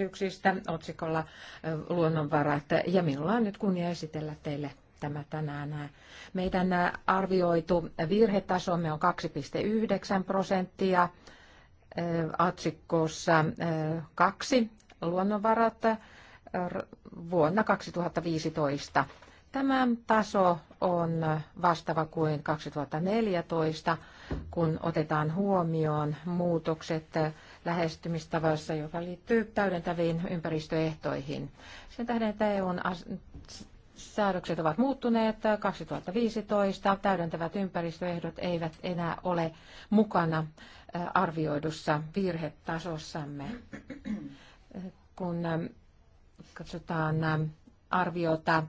yksistä otsikolla luonnonvarat. Ja minulla on nyt kunnia esitellä teille tämä tänään. Meidän arvioitu virhetasomme on 2,9 prosenttia otsikossa kaksi luonnonvarat vuonna 2015. Tämä taso on vastaava kuin 2014, kun otetaan huomioon muutokset lähestymistavassa, joka liittyy täydentäviin ympäristöehtoihin. Sen tähden, että EUn säädökset ovat muuttuneet 2015. Täydentävät ympäristöehdot eivät enää ole mukana arvioidussa virhetasossamme. Kun katsotaan arviota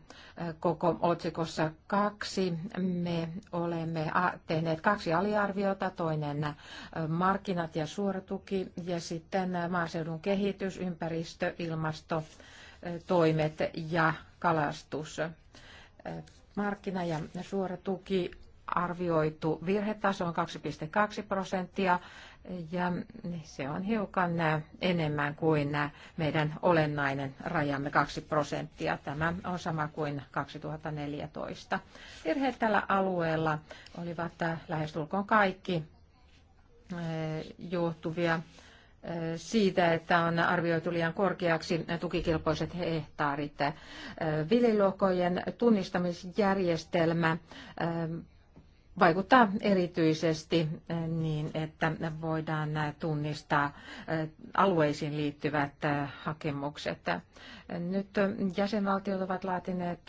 koko otsikossa kaksi. Me olemme tehneet kaksi aliarviota, toinen markkinat ja suoratuki ja sitten maaseudun kehitys, ympäristö, ilmasto, toimet ja kalastus. Markkina ja suoratuki arvioitu virhetaso on 2,2 prosenttia ja se on hiukan äh, enemmän kuin äh, meidän olennainen rajamme 2 prosenttia. Tämä on sama kuin 2014. Virheet tällä alueella olivat äh, lähestulkoon kaikki johtuvia siitä, että on arvioitu liian korkeaksi tukikelpoiset hehtaarit. Viljelylohkojen tunnistamisjärjestelmä vaikuttaa erityisesti eh, niin, että voidaan tunnistaa eh, alueisiin liittyvät eh, hakemukset. Nyt jäsenvaltiot ovat laatineet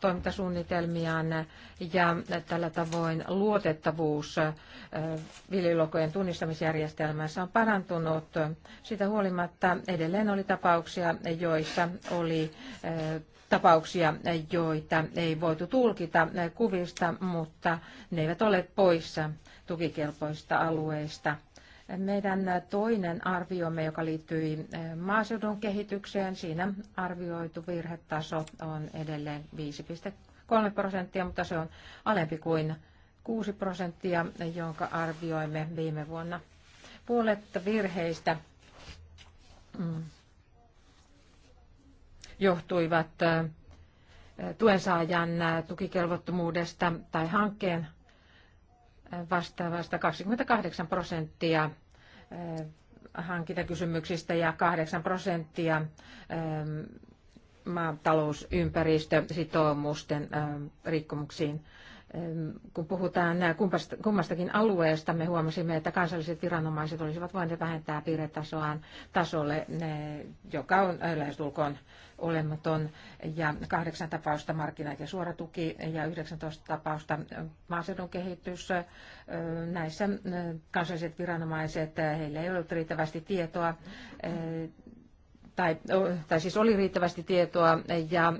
toimintasuunnitelmiaan ja tällä tavoin luotettavuus viljelokojen tunnistamisjärjestelmässä on parantunut. Sitä huolimatta edelleen oli tapauksia, joissa oli tapauksia, joita ei voitu tulkita kuvista, mutta ne eivät ole poissa tukikelpoista alueista. Meidän toinen arviomme, joka liittyy maaseudun kehitykseen, siinä arvioitu virhetaso on edelleen 5,3 prosenttia, mutta se on alempi kuin 6 prosenttia, jonka arvioimme viime vuonna. Puolet virheistä mm, johtuivat tuensaajan tukikelvottomuudesta tai hankkeen vastaavasta 28 prosenttia hankintakysymyksistä ja 8 prosenttia maatalousympäristö rikkomuksiin kun puhutaan äh, kummastakin alueesta, me huomasimme, että kansalliset viranomaiset olisivat voineet vähentää piirretasoaan tasolle, äh, joka on äh, lähestulkoon olematon, ja kahdeksan tapausta markkinat ja suoratuki ja 19 tapausta maaseudun kehitys. Näissä kansalliset viranomaiset, heillä ei ollut riittävästi tietoa tai, tai siis oli riittävästi tietoa, ja,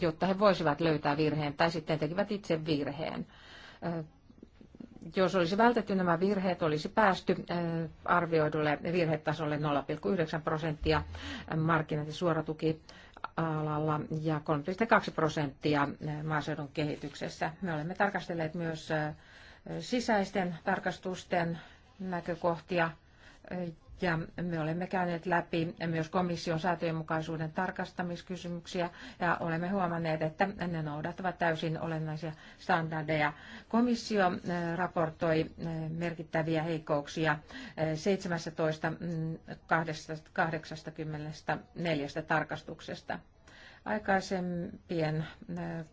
jotta he voisivat löytää virheen, tai sitten tekivät itse virheen. Jos olisi vältetty nämä virheet, olisi päästy arvioidulle virhetasolle 0,9 prosenttia markkinat- ja suoratuki alalla ja 3,2 prosenttia maaseudun kehityksessä. Me olemme tarkastelleet myös sisäisten tarkastusten näkökohtia ja me olemme käyneet läpi myös komission säätöjenmukaisuuden tarkastamiskysymyksiä ja olemme huomanneet, että ne noudattavat täysin olennaisia standardeja. Komissio eh, raportoi eh, merkittäviä heikkouksia 17 eh, 84 mm, tarkastuksesta. Aikaisempien äh,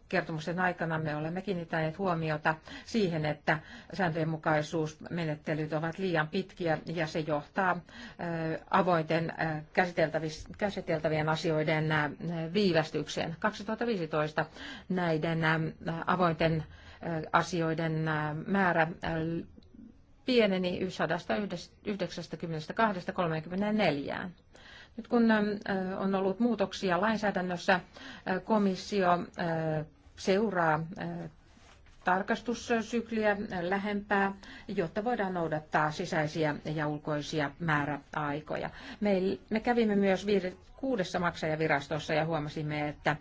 kertomusten aikana me olemme kiinnittäneet huomiota siihen, että sääntöjenmukaisuusmenettelyt ovat liian pitkiä ja se johtaa äh, avointen äh, käsiteltävien asioiden viivästykseen. 2015 näiden avointen asioiden määrä pieneni 192-34. Nyt kun on ollut muutoksia lainsäädännössä, komissio seuraa tarkastussykliä lähempää, jotta voidaan noudattaa sisäisiä ja ulkoisia määräaikoja. Me kävimme myös kuudessa maksajavirastossa ja huomasimme, että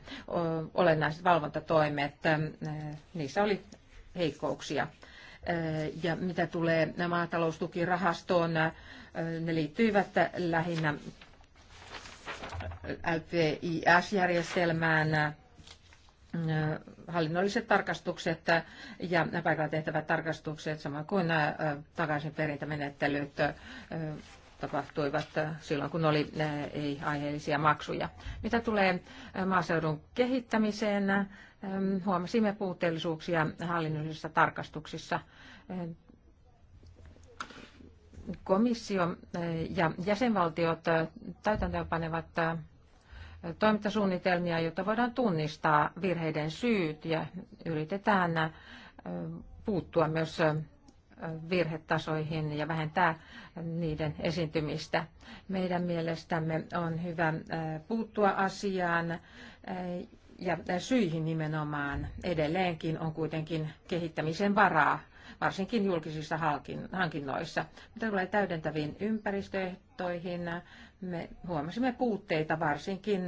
olennaiset valvontatoimet, niissä oli heikkouksia. Ja mitä tulee maataloustukirahastoon, ne liittyivät lähinnä LTIS-järjestelmään äh, hallinnolliset tarkastukset ja paikalla tehtävät tarkastukset, samoin kuin äh, takaisinperintämenettelyt äh, tapahtuivat silloin, kun oli ei-aiheellisia maksuja. Mitä tulee maaseudun kehittämiseen, huomasimme puutteellisuuksia hallinnollisissa tarkastuksissa. Komissio ja jäsenvaltiot täytäntöönpanevat panevat toimintasuunnitelmia, jotta voidaan tunnistaa virheiden syyt ja yritetään puuttua myös virhetasoihin ja vähentää niiden esiintymistä. Meidän mielestämme on hyvä puuttua asiaan ja syihin nimenomaan. Edelleenkin on kuitenkin kehittämisen varaa, varsinkin julkisissa hankinnoissa. Mitä tulee täydentäviin ympäristöehtoihin, me huomasimme puutteita varsinkin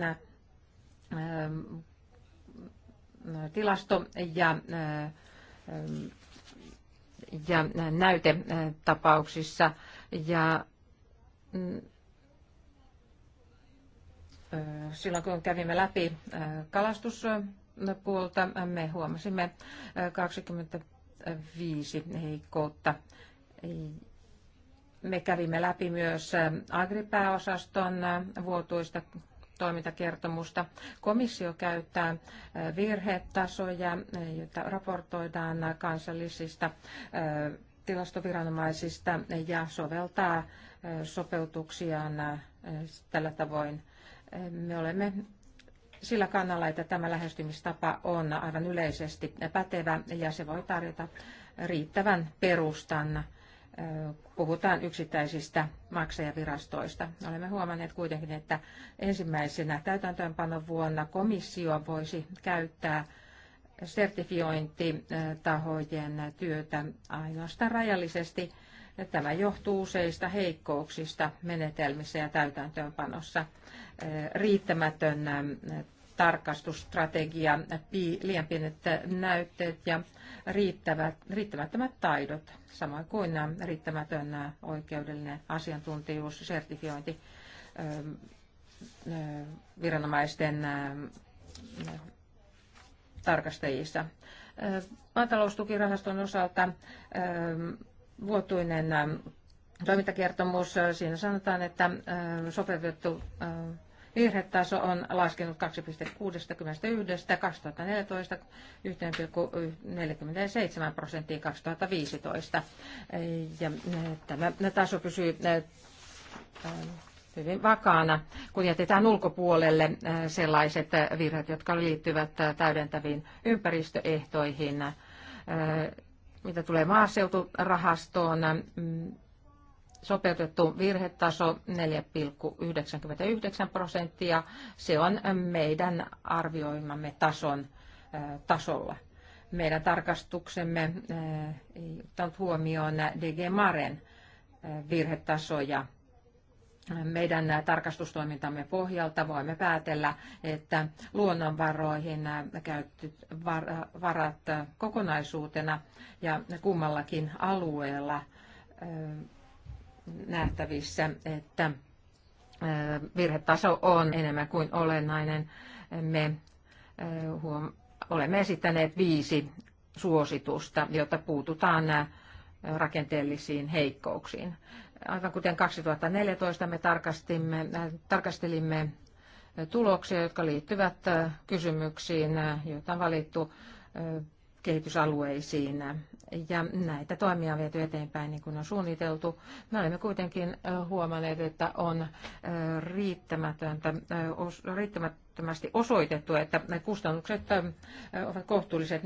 tilasto- ja, ja näytetapauksissa ja silloin kun kävimme läpi kalastuspuolta, me huomasimme 25 heikkoutta me kävimme läpi myös agripääosaston vuotuista toimintakertomusta. Komissio käyttää virhetasoja, joita raportoidaan kansallisista tilastoviranomaisista ja soveltaa sopeutuksiaan tällä tavoin. Me olemme sillä kannalla, että tämä lähestymistapa on aivan yleisesti pätevä ja se voi tarjota riittävän perustan puhutaan yksittäisistä maksajavirastoista. Olemme huomanneet kuitenkin, että ensimmäisenä täytäntöönpanon vuonna komissio voisi käyttää sertifiointitahojen työtä ainoastaan rajallisesti. Tämä johtuu useista heikkouksista menetelmissä ja täytäntöönpanossa. Riittämätön tarkastusstrategia, liian pienet näytteet ja riittävät, riittämättömät taidot, samoin kuin nämä riittämätön äh, oikeudellinen asiantuntijuus, sertifiointi, ähm, äh, viranomaisten ähm, tarkastajissa. Äh, maataloustukirahaston osalta ähm, vuotuinen toimintakertomus, siinä sanotaan, että sopeutettu Virhetaso on laskenut 2,61 2014 1,47 prosenttiin 2015. Ja tämä taso pysyy hyvin vakaana, kun jätetään ulkopuolelle sellaiset virheet, jotka liittyvät täydentäviin ympäristöehtoihin. Mitä tulee maaseuturahastoon, sopeutettu virhetaso 4,99 prosenttia. Se on meidän arvioimamme tason tasolla. Meidän tarkastuksemme ei ottanut huomioon DG Maren virhetasoja. Meidän tarkastustoimintamme pohjalta voimme päätellä, että luonnonvaroihin käytetyt varat kokonaisuutena ja kummallakin alueella nähtävissä, että virhetaso on enemmän kuin olennainen. Me olemme esittäneet viisi suositusta, jotta puututaan rakenteellisiin heikkouksiin. Aivan kuten 2014 me tarkastimme, tarkastelimme tuloksia, jotka liittyvät kysymyksiin, joita on valittu kehitysalueisiin. Ja näitä toimia on viety eteenpäin niin kuin on suunniteltu. Me olemme kuitenkin huomanneet, että on riittämätöntä, riittämättömästi osoitettu, että kustannukset ovat kohtuulliset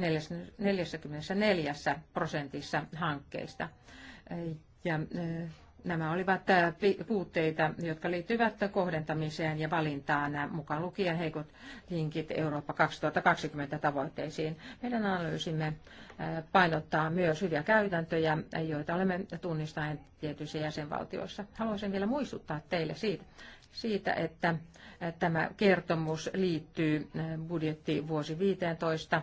44 prosentissa hankkeista. Ja Nämä olivat äh, puutteita, jotka liittyvät kohdentamiseen ja valintaan, äh, mukaan lukien heikot linkit Eurooppa 2020 tavoitteisiin. Meidän analyysimme äh, painottaa myös hyviä käytäntöjä, joita olemme tunnistaneet tietyissä jäsenvaltioissa. Haluaisin vielä muistuttaa teille siitä, siitä, että äh, tämä kertomus liittyy äh, budjetti vuosi 15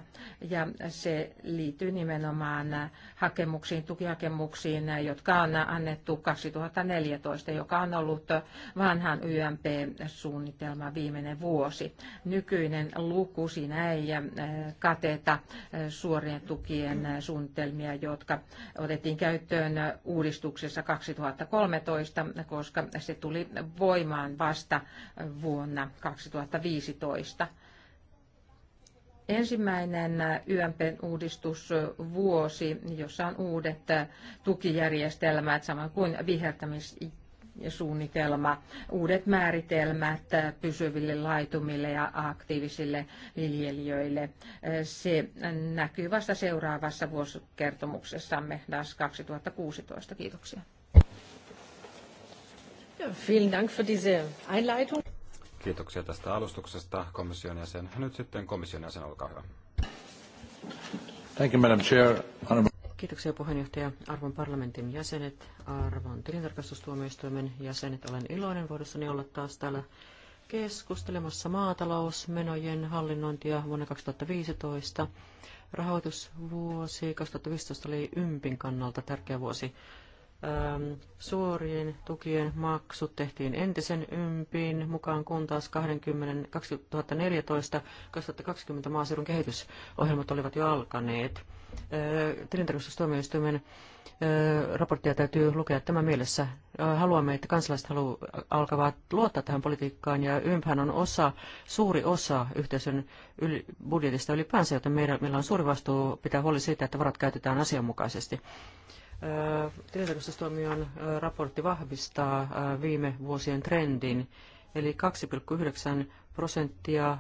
ja se liittyy nimenomaan äh, hakemuksiin, tukihakemuksiin, jotka on annettu 2014, joka on ollut vanhan ymp suunnitelma viimeinen vuosi. Nykyinen luku siinä ei kateta suorien tukien suunnitelmia, jotka otettiin käyttöön uudistuksessa 2013, koska se tuli voimaan vasta vuonna 2015. Ensimmäinen YMPn uudistusvuosi, jossa on uudet tukijärjestelmät, samoin kuin vihertämis- suunnitelma, uudet määritelmät pysyville laitumille ja aktiivisille viljelijöille. Se näkyy vasta seuraavassa vuosikertomuksessamme DAS 2016. Kiitoksia. Vielen Dank für diese Einleitung. Kiitoksia tästä alustuksesta komission jäsen. Nyt sitten komission jäsen, olkaa hyvä. Thank you, Madam Chair. Kiitoksia puheenjohtaja, arvon parlamentin jäsenet, arvon tilintarkastustuomioistuimen jäsenet. Olen iloinen vuodessani olla taas täällä keskustelemassa maatalousmenojen hallinnointia vuonna 2015. Rahoitusvuosi 2015 oli ympin kannalta tärkeä vuosi. Ähm, suorien tukien maksut tehtiin entisen ympiin mukaan, kun taas 20, 2014-2020 maaseudun kehitysohjelmat olivat jo alkaneet. Äh, tilintarkastustuomioistuimen äh, raporttia täytyy lukea tämä mielessä. Äh, haluamme, että kansalaiset halu, alkavat luottaa tähän politiikkaan ja ympähän on osa, suuri osa yhteisön yli, budjetista ylipäänsä, joten meillä, meillä on suuri vastuu pitää huoli siitä, että varat käytetään asianmukaisesti. Tilintarkastustuomion raportti vahvistaa viime vuosien trendin, eli 2,9 prosenttia,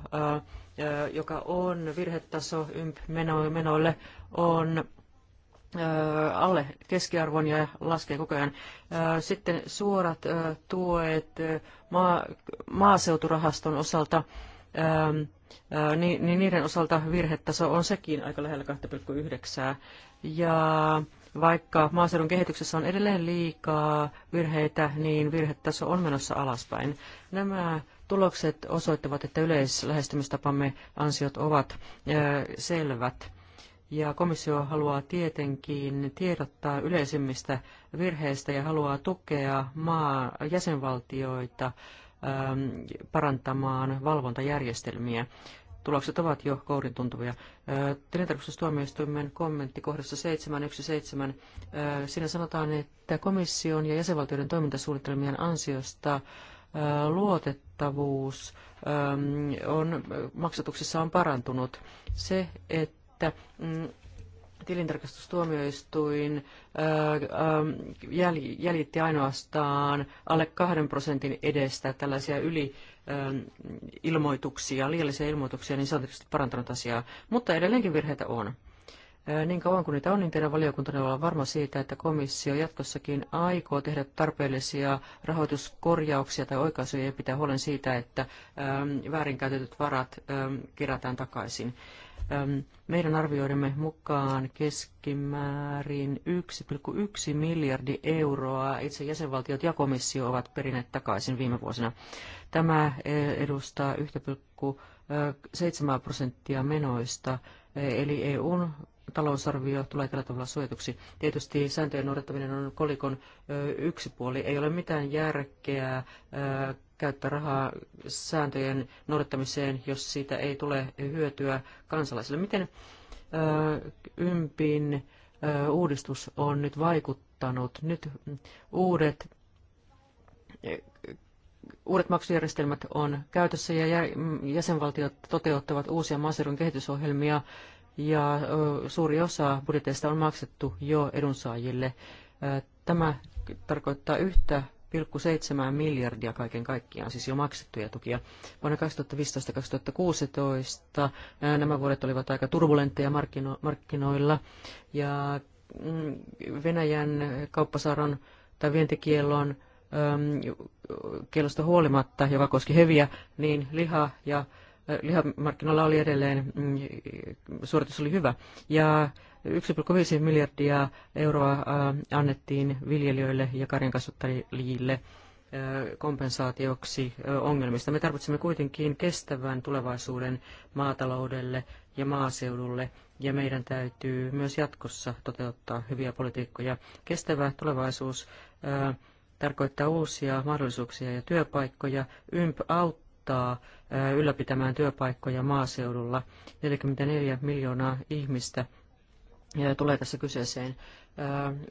joka on virhetaso YMP-menoille, on alle keskiarvon ja laskee koko ajan. Sitten suorat tuet maaseuturahaston osalta, niin niiden osalta virhetaso on sekin aika lähellä 2,9. Ja vaikka maaseudun kehityksessä on edelleen liikaa virheitä, niin virhetaso on menossa alaspäin. Nämä tulokset osoittavat, että yleislähestymistapamme ansiot ovat selvät. Ja komissio haluaa tietenkin tiedottaa yleisimmistä virheistä ja haluaa tukea maa jäsenvaltioita parantamaan valvontajärjestelmiä tulokset ovat jo kourin tuntuvia. Tilintarkastustuomioistuimen kommentti kohdassa 717. Siinä sanotaan, että komission ja jäsenvaltioiden toimintasuunnitelmien ansiosta luotettavuus on, maksatuksessa on parantunut. Se, että mm, tilintarkastustuomioistuin jäljitti ainoastaan alle kahden prosentin edestä tällaisia yli ilmoituksia, liiallisia ilmoituksia, niin se on tietysti parantanut asiaa. Mutta edelleenkin virheitä on. Niin kauan kuin niitä on, niin teidän valiokuntanne olla varma siitä, että komissio jatkossakin aikoo tehdä tarpeellisia rahoituskorjauksia tai oikaisuja ja pitää huolen siitä, että väärinkäytetyt varat kirjataan takaisin. Meidän arvioidemme mukaan keskimäärin 1,1 miljardi euroa itse jäsenvaltiot ja komissio ovat perineet takaisin viime vuosina. Tämä edustaa 1,7 prosenttia menoista, eli EUn talousarvio tulee tällä tavalla suojatuksi. Tietysti sääntöjen noudattaminen on kolikon yksi puoli. Ei ole mitään järkeä käyttää rahaa sääntöjen noudattamiseen, jos siitä ei tule hyötyä kansalaisille. Miten ympin uudistus on nyt vaikuttanut? Nyt uudet, uudet maksujärjestelmät on käytössä ja jäsenvaltiot toteuttavat uusia maaseudun kehitysohjelmia ja suuri osa budjeteista on maksettu jo edunsaajille. Tämä tarkoittaa yhtä 1,7 miljardia kaiken kaikkiaan, siis jo maksettuja tukia. Vuonna 2015-2016 nämä vuodet olivat aika turbulentteja markkino- markkinoilla ja mm, Venäjän kauppasaaron tai vientikiellon kielosta huolimatta, joka koski heviä, niin liha ja lihamarkkinoilla oli edelleen, mm, suoritus oli hyvä. Ja 1,5 miljardia euroa annettiin viljelijöille ja karjankasvattajille kompensaatioksi ongelmista. Me tarvitsemme kuitenkin kestävän tulevaisuuden maataloudelle ja maaseudulle, ja meidän täytyy myös jatkossa toteuttaa hyviä politiikkoja. Kestävä tulevaisuus tarkoittaa uusia mahdollisuuksia ja työpaikkoja. YMP auttaa ylläpitämään työpaikkoja maaseudulla. 44 miljoonaa ihmistä tulee tässä kyseeseen.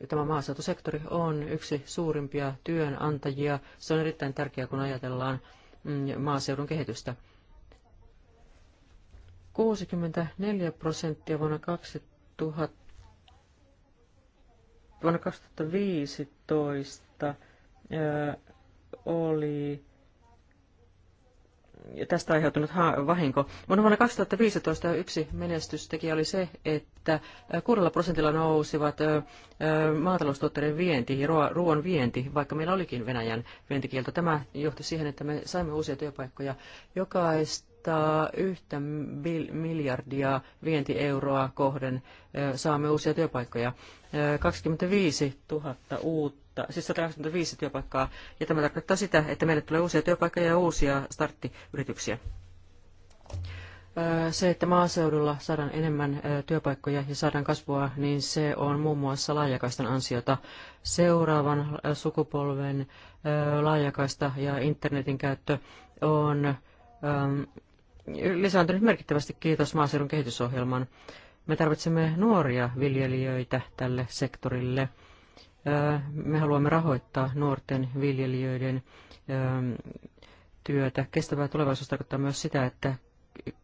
Tämä maaseutusektori on yksi suurimpia työnantajia. Se on erittäin tärkeää, kun ajatellaan mm, maaseudun kehitystä. 64 prosenttia vuonna 2000 vuonna 2015 oli tästä aiheutunut vahinko. Vuonna 2015 yksi menestystekijä oli se, että äh, kuudella prosentilla nousivat äh, äh, maataloustuotteiden vienti ja ruoan vienti, vaikka meillä olikin Venäjän vientikielto. Tämä johti siihen, että me saimme uusia työpaikkoja. Jokaista vastaa yhtä miljardia vientieuroa kohden. Saamme uusia työpaikkoja. 25 000 uutta, siis 125 työpaikkaa. Ja tämä tarkoittaa sitä, että meille tulee uusia työpaikkoja ja uusia starttiyrityksiä. Se, että maaseudulla saadaan enemmän työpaikkoja ja saadaan kasvua, niin se on muun muassa laajakaistan ansiota. Seuraavan sukupolven laajakaista ja internetin käyttö on lisääntynyt merkittävästi kiitos maaseudun kehitysohjelman. Me tarvitsemme nuoria viljelijöitä tälle sektorille. Me haluamme rahoittaa nuorten viljelijöiden työtä. Kestävää tulevaisuus tarkoittaa myös sitä, että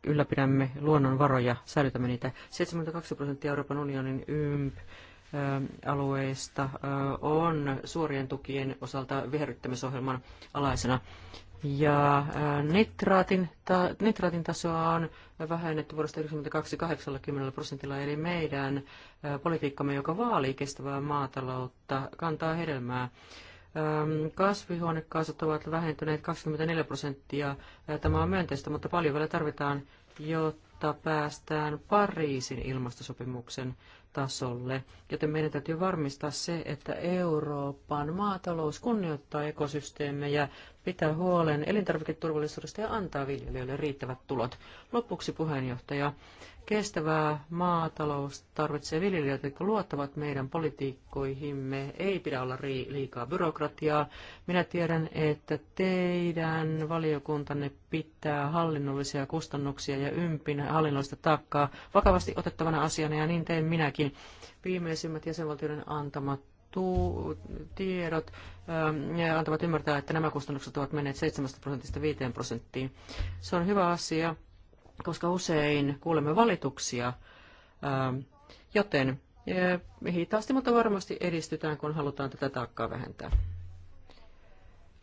ylläpidämme luonnonvaroja, säilytämme niitä. 72 prosenttia Euroopan unionin ymp alueista on suorien tukien osalta viherryttämisohjelman alaisena ja äh, nitraatin, ta, nitraatin tasoa on vähennetty vuodesta 1992 80 prosentilla, eli meidän äh, politiikkamme, joka vaalii kestävää maataloutta, kantaa hedelmää. Ähm, kasvihuonekaasut ovat vähentyneet 24 prosenttia. Äh, tämä on myönteistä, mutta paljon vielä tarvitaan, jotta päästään Pariisin ilmastosopimuksen tasolle. Joten meidän täytyy varmistaa se, että Euroopan maatalous kunnioittaa ekosysteemejä, pitää huolen elintarviketurvallisuudesta ja antaa viljelijöille riittävät tulot. Lopuksi puheenjohtaja, kestävää maatalous tarvitsee viljelijöitä, jotka luottavat meidän politiikkoihimme. Ei pidä olla liikaa byrokratiaa. Minä tiedän, että teidän valiokuntanne pitää hallinnollisia kustannuksia ja ympin hallinnollista taakkaa vakavasti otettavana asiana, ja niin teen minäkin. Viimeisimmät jäsenvaltioiden antamat tu- tiedot ähm, ja antavat ymmärtää, että nämä kustannukset ovat menneet 7 prosentista 5 prosenttiin. Se on hyvä asia, koska usein kuulemme valituksia, ähm, joten äh, hitaasti, mutta varmasti edistytään, kun halutaan tätä taakkaa vähentää.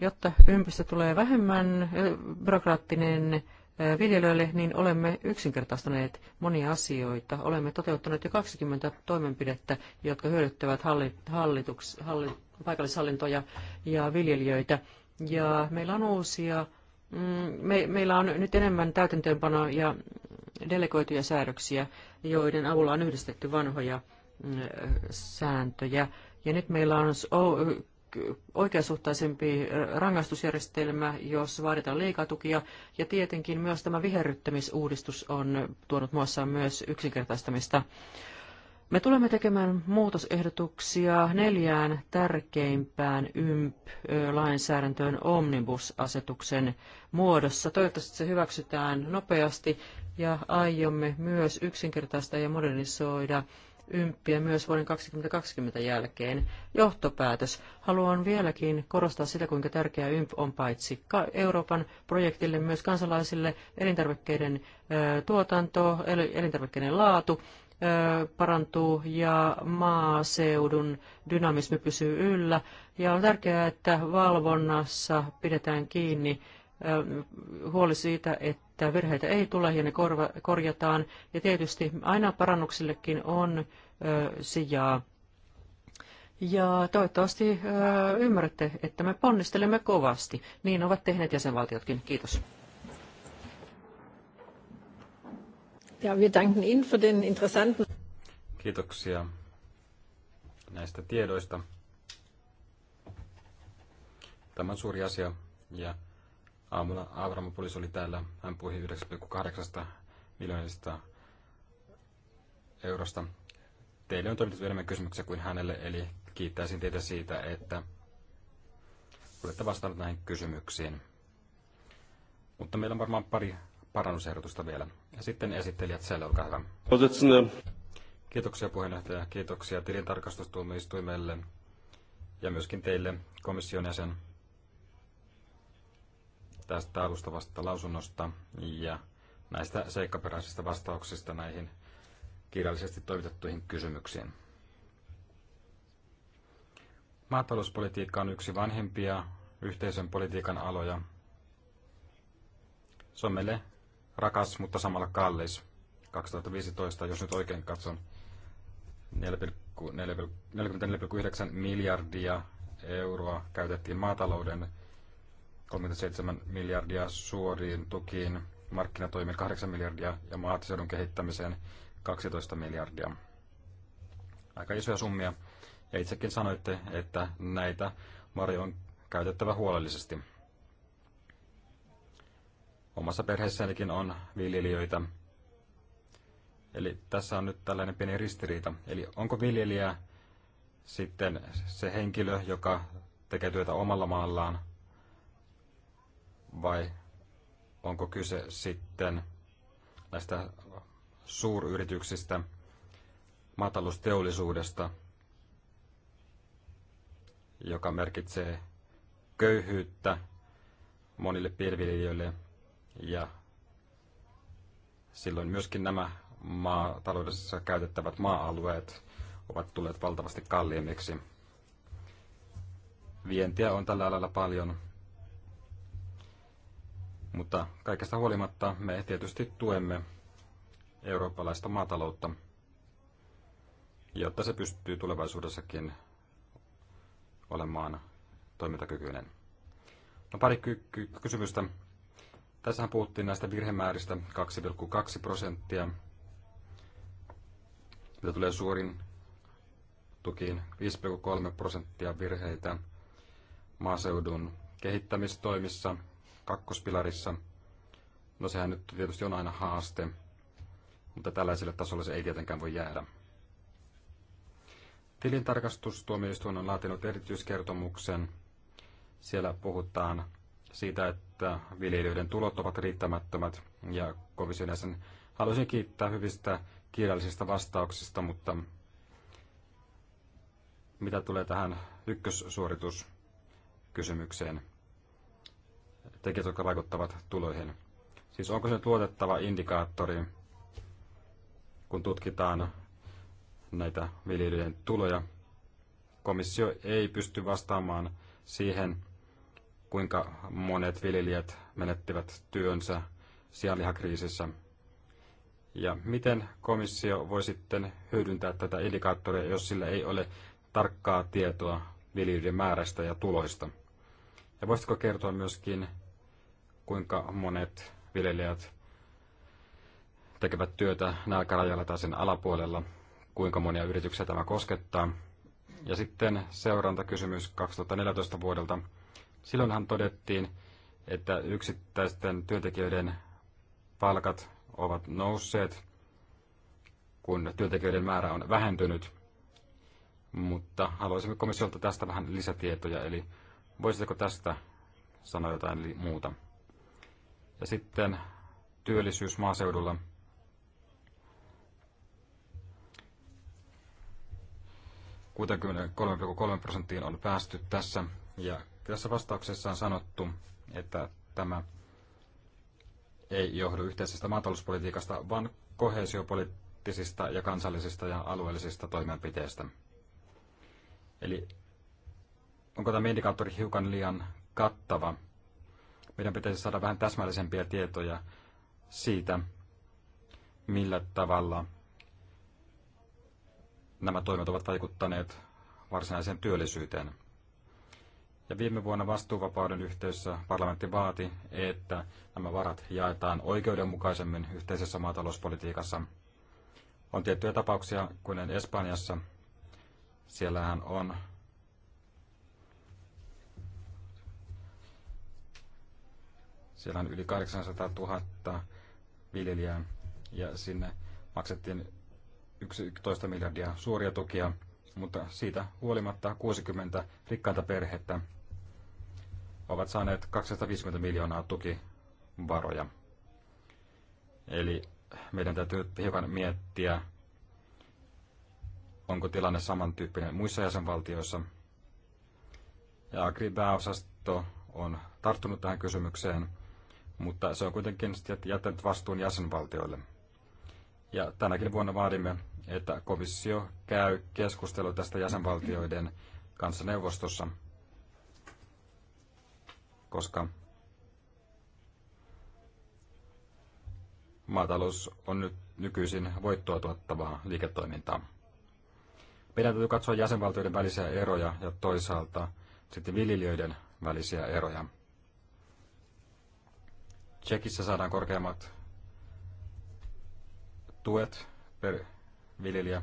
Jotta ympäristö tulee vähemmän äh, byrokraattinen, viljelijöille, niin olemme yksinkertaistaneet monia asioita. Olemme toteuttaneet jo 20 toimenpidettä, jotka hyödyttävät hallituks, halli, paikallishallintoja ja viljelijöitä. Ja meillä on uusia, mm, me, meillä on nyt enemmän täytäntöönpanoja ja delegoituja säädöksiä, joiden avulla on yhdistetty vanhoja mm, sääntöjä. Ja nyt meillä on oikeasuhtaisempi rangaistusjärjestelmä, jos vaaditaan liikatukia. Ja tietenkin myös tämä viherryttämisuudistus on tuonut muassaan myös yksinkertaistamista. Me tulemme tekemään muutosehdotuksia neljään tärkeimpään YMP-lainsäädäntöön omnibusasetuksen muodossa. Toivottavasti se hyväksytään nopeasti ja aiomme myös yksinkertaista ja modernisoida ympiä myös vuoden 2020 jälkeen. Johtopäätös. Haluan vieläkin korostaa sitä, kuinka tärkeä YMP on paitsi Euroopan projektille, myös kansalaisille elintarvikkeiden tuotanto, elintarvikkeiden laatu parantuu ja maaseudun dynamismi pysyy yllä. Ja on tärkeää, että valvonnassa pidetään kiinni huoli siitä, että virheitä ei tule ja ne korva, korjataan. Ja tietysti aina parannuksillekin on sijaa. Ja toivottavasti ymmärrätte, että me ponnistelemme kovasti. Niin ovat tehneet jäsenvaltiotkin. Kiitos. Ja wir danken Ihnen für den interessanten... Kiitoksia näistä tiedoista. Tämä on suuri asia ja Aamulla Avramopolis oli täällä. Hän puhui 9,8 miljoonista eurosta. Teille on toimitettu enemmän kysymyksiä kuin hänelle, eli kiittäisin teitä siitä, että olette vastannut näihin kysymyksiin. Mutta meillä on varmaan pari parannusehdotusta vielä. Ja sitten esittelijät siellä, olkaa hyvä. Kiitoksia puheenjohtaja, kiitoksia tilintarkastustuomioistuimelle ja myöskin teille komission jäsen tästä alustavasta lausunnosta ja näistä seikkaperäisistä vastauksista näihin kirjallisesti toimitettuihin kysymyksiin. Maatalouspolitiikka on yksi vanhimpia yhteisön politiikan aloja. Se on meille rakas, mutta samalla kallis. 2015, jos nyt oikein katson, 44,9 miljardia euroa käytettiin maatalouden 37 miljardia suoriin tukiin, markkinatoimiin 8 miljardia ja maaseudun kehittämiseen 12 miljardia. Aika isoja summia. Ja itsekin sanoitte, että näitä Mario on käytettävä huolellisesti. Omassa perheessänikin on viljelijöitä. Eli tässä on nyt tällainen pieni ristiriita. Eli onko viljelijä sitten se henkilö, joka tekee työtä omalla maallaan, vai onko kyse sitten näistä suuryrityksistä, matalusteollisuudesta, joka merkitsee köyhyyttä monille pienviljelijöille ja silloin myöskin nämä maataloudessa käytettävät maa-alueet ovat tulleet valtavasti kalliimmiksi. Vientiä on tällä alalla paljon mutta kaikesta huolimatta me tietysti tuemme eurooppalaista maataloutta, jotta se pystyy tulevaisuudessakin olemaan toimintakykyinen. No pari ky- ky- kysymystä. Tässähän puhuttiin näistä virhemääristä 2,2 prosenttia, mitä tulee suorin tukiin 5,3 prosenttia virheitä maaseudun kehittämistoimissa – kakkospilarissa. No sehän nyt tietysti on aina haaste, mutta tällaiselle tasolle se ei tietenkään voi jäädä. Tilintarkastustuomioistuin on laatinut erityiskertomuksen. Siellä puhutaan siitä, että viljelijöiden tulot ovat riittämättömät ja komission jäsen haluaisin kiittää hyvistä kirjallisista vastauksista, mutta mitä tulee tähän ykkössuorituskysymykseen, tekijät, jotka vaikuttavat tuloihin. Siis onko se tuotettava luotettava indikaattori, kun tutkitaan näitä viljelyiden tuloja? Komissio ei pysty vastaamaan siihen, kuinka monet viljelijät menettivät työnsä sianlihakriisissä. Ja miten komissio voi sitten hyödyntää tätä indikaattoria, jos sillä ei ole tarkkaa tietoa viljelyiden määrästä ja tuloista? Ja voisitko kertoa myöskin kuinka monet viljelijät tekevät työtä nälkärajalla tai sen alapuolella, kuinka monia yrityksiä tämä koskettaa. Ja sitten seurantakysymys 2014 vuodelta. Silloinhan todettiin, että yksittäisten työntekijöiden palkat ovat nousseet, kun työntekijöiden määrä on vähentynyt. Mutta haluaisimme komissiolta tästä vähän lisätietoja, eli voisitteko tästä sanoa jotain muuta? Ja sitten työllisyys maaseudulla. 3,3 prosenttiin on päästy tässä. Ja tässä vastauksessa on sanottu, että tämä ei johdu yhteisestä maatalouspolitiikasta, vaan kohesiopoliittisista ja kansallisista ja alueellisista toimenpiteistä. Eli onko tämä indikaattori hiukan liian kattava? meidän pitäisi saada vähän täsmällisempiä tietoja siitä, millä tavalla nämä toimet ovat vaikuttaneet varsinaiseen työllisyyteen. Ja viime vuonna vastuuvapauden yhteydessä parlamentti vaati, että nämä varat jaetaan oikeudenmukaisemmin yhteisessä maatalouspolitiikassa. On tiettyjä tapauksia, kuten Espanjassa. Siellähän on Siellä on yli 800 000 viljelijää ja sinne maksettiin 11 miljardia suoria tukia, mutta siitä huolimatta 60 rikkainta perhettä ovat saaneet 250 miljoonaa tukivaroja. Eli meidän täytyy hiukan miettiä, onko tilanne samantyyppinen muissa jäsenvaltioissa. Ja Agri-pääosasto on tarttunut tähän kysymykseen mutta se on kuitenkin jättänyt vastuun jäsenvaltioille. Ja tänäkin vuonna vaadimme, että komissio käy keskustelua tästä jäsenvaltioiden kanssa neuvostossa, koska maatalous on nyt nykyisin voittoa tuottavaa liiketoimintaa. Meidän täytyy katsoa jäsenvaltioiden välisiä eroja ja toisaalta sitten viljelijöiden välisiä eroja. Tsekissä saadaan korkeammat tuet per viljelijä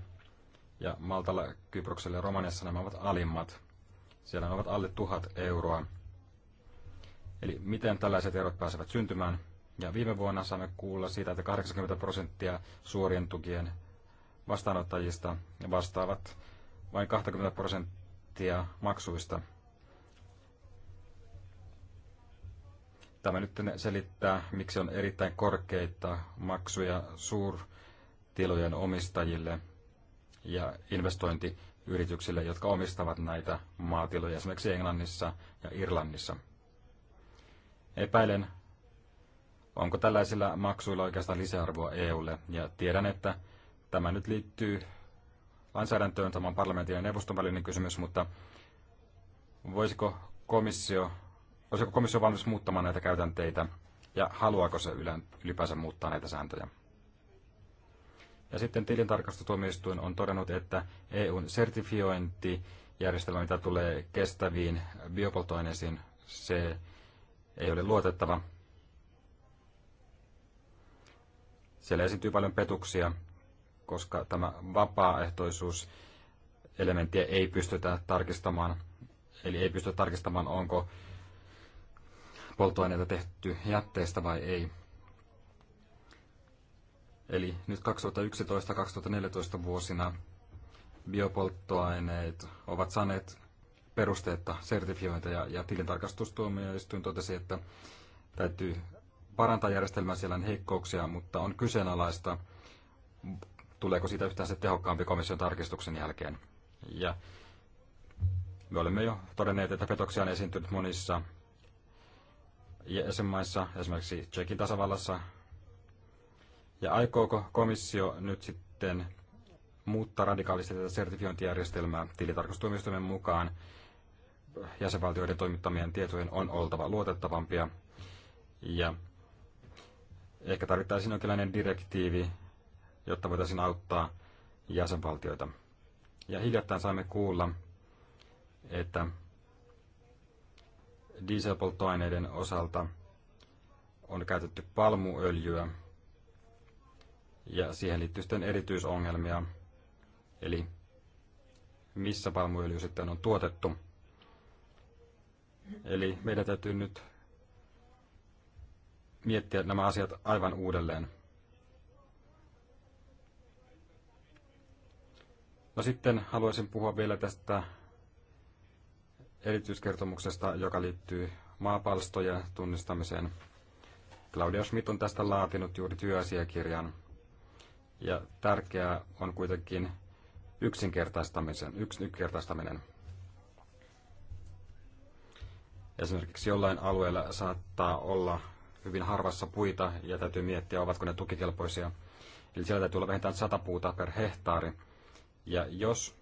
ja Maltalla, Kyproksella ja Romaniassa nämä ovat alimmat. Siellä ne ovat alle tuhat euroa. Eli miten tällaiset erot pääsevät syntymään? Ja viime vuonna saamme kuulla siitä, että 80 prosenttia suorien tukien vastaanottajista vastaavat vain 20 prosenttia maksuista – Tämä nyt selittää, miksi on erittäin korkeita maksuja suurtilojen omistajille ja investointiyrityksille, jotka omistavat näitä maatiloja esimerkiksi Englannissa ja Irlannissa. Epäilen, onko tällaisilla maksuilla oikeastaan lisäarvoa EUlle, ja tiedän, että tämä nyt liittyy lainsäädäntöön, on parlamentin ja neuvoston välinen kysymys, mutta voisiko komissio olisiko komissio valmis muuttamaan näitä käytänteitä ja haluaako se ylipäänsä muuttaa näitä sääntöjä. Ja sitten tilintarkastustuomioistuin on todennut, että EUn sertifiointijärjestelmä, mitä tulee kestäviin biopoltoaineisiin, se ei ole luotettava. Siellä esiintyy paljon petuksia, koska tämä vapaaehtoisuus elementtiä ei pystytä tarkistamaan. Eli ei pystytä tarkistamaan, onko polttoaineita tehty jätteistä vai ei. Eli nyt 2011-2014 vuosina biopolttoaineet ovat saaneet perusteetta sertifiointeja ja tilintarkastustuomioistuin totesi, että täytyy parantaa järjestelmää, siellä heikkouksia, mutta on kyseenalaista, tuleeko siitä yhtään se tehokkaampi komission tarkistuksen jälkeen. Ja me olemme jo todenneet, että petoksia on esiintynyt monissa jäsenmaissa, esimerkiksi Tsekin tasavallassa. Ja aikooko komissio nyt sitten muuttaa radikaalisti tätä sertifiointijärjestelmää tilitarkastustuomioistuimen mukaan? Jäsenvaltioiden toimittamien tietojen on oltava luotettavampia. Ja ehkä tarvittaisiin jonkinlainen direktiivi, jotta voitaisiin auttaa jäsenvaltioita. Ja hiljattain saimme kuulla, että dieselpolttoaineiden osalta on käytetty palmuöljyä ja siihen liittyy sitten erityisongelmia, eli missä palmuöljy sitten on tuotettu. Eli meidän täytyy nyt miettiä nämä asiat aivan uudelleen. No sitten haluaisin puhua vielä tästä erityiskertomuksesta, joka liittyy maapalstojen tunnistamiseen. Claudia Schmidt on tästä laatinut juuri työasiakirjan. Ja tärkeää on kuitenkin yksinkertaistamisen, yksinkertaistaminen. Esimerkiksi jollain alueella saattaa olla hyvin harvassa puita ja täytyy miettiä, ovatko ne tukikelpoisia. Eli siellä täytyy olla vähintään 100 puuta per hehtaari. Ja jos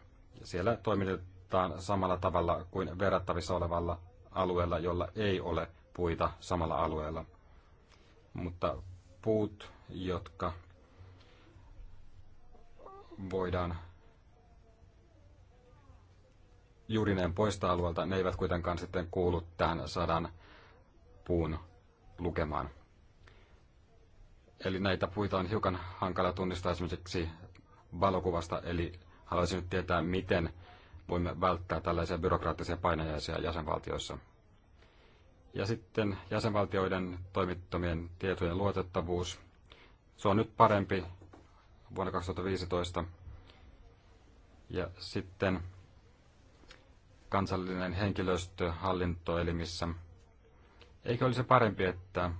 siellä toimitetaan poltetaan samalla tavalla kuin verrattavissa olevalla alueella, jolla ei ole puita samalla alueella. Mutta puut, jotka voidaan juurineen poistaa alueelta, ne eivät kuitenkaan sitten kuulu tähän sadan puun lukemaan. Eli näitä puita on hiukan hankala tunnistaa esimerkiksi valokuvasta, eli haluaisin nyt tietää, miten voimme välttää tällaisia byrokraattisia painajaisia jäsenvaltioissa. Ja sitten jäsenvaltioiden toimittomien tietojen luotettavuus. Se on nyt parempi vuonna 2015. Ja sitten kansallinen henkilöstö hallintoelimissä. Eikö olisi parempi, että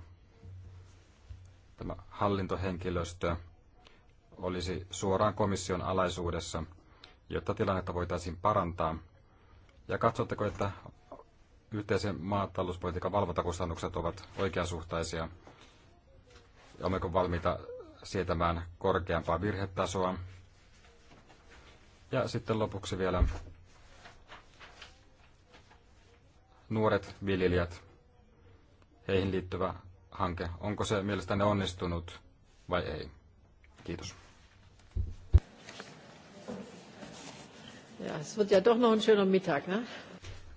tämä hallintohenkilöstö olisi suoraan komission alaisuudessa – jotta tilannetta voitaisiin parantaa? Ja katsotteko, että yhteisen maatalouspolitiikan valvontakustannukset ovat oikeasuhtaisia? Ja olemmeko valmiita sietämään korkeampaa virhetasoa? Ja sitten lopuksi vielä nuoret viljelijät, heihin liittyvä hanke. Onko se mielestäni onnistunut vai ei? Kiitos. Ja, es wird ja doch noch ein schöner Mittag, ne?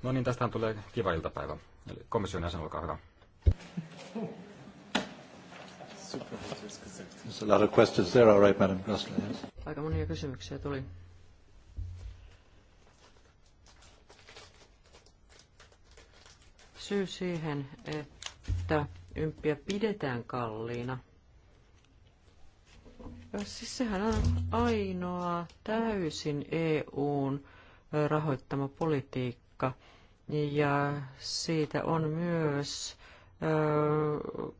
No niin, tästähän tulee kiva iltapäivä. Eli komission jäsen, olkaa hyvä. There's a lot of questions there, all right, Madam Gressler, yes. Aika monia kysymyksiä tuli. Syy siihen, että ympiä pidetään kalliina Siis sehän on ainoa täysin EUn rahoittama politiikka ja siitä on myös ö,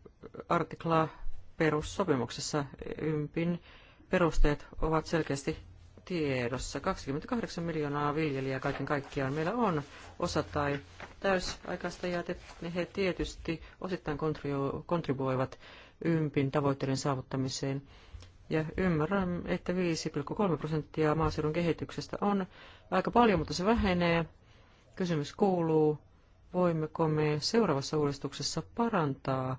artikla perussopimuksessa ympin perusteet ovat selkeästi tiedossa. 28 miljoonaa viljelijää kaiken kaikkiaan meillä on osa tai täysaikaista ja niin he tietysti osittain kontribuoivat ympin tavoitteiden saavuttamiseen. Ja ymmärrän, että 5,3 prosenttia maaseudun kehityksestä on aika paljon, mutta se vähenee. Kysymys kuuluu, voimmeko me seuraavassa uudistuksessa parantaa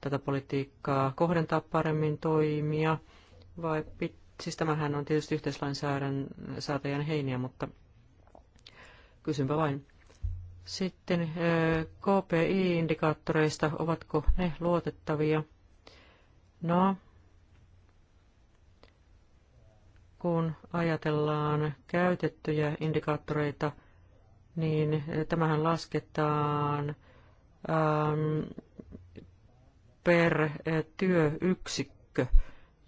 tätä politiikkaa, kohdentaa paremmin toimia, vai pit, siis tämähän on tietysti yhteislainsäätäjän heiniä, mutta kysynpä vain. Sitten KPI-indikaattoreista, ovatko ne luotettavia? No, kun ajatellaan käytettyjä indikaattoreita, niin tämähän lasketaan ähm, per äh, työyksikkö.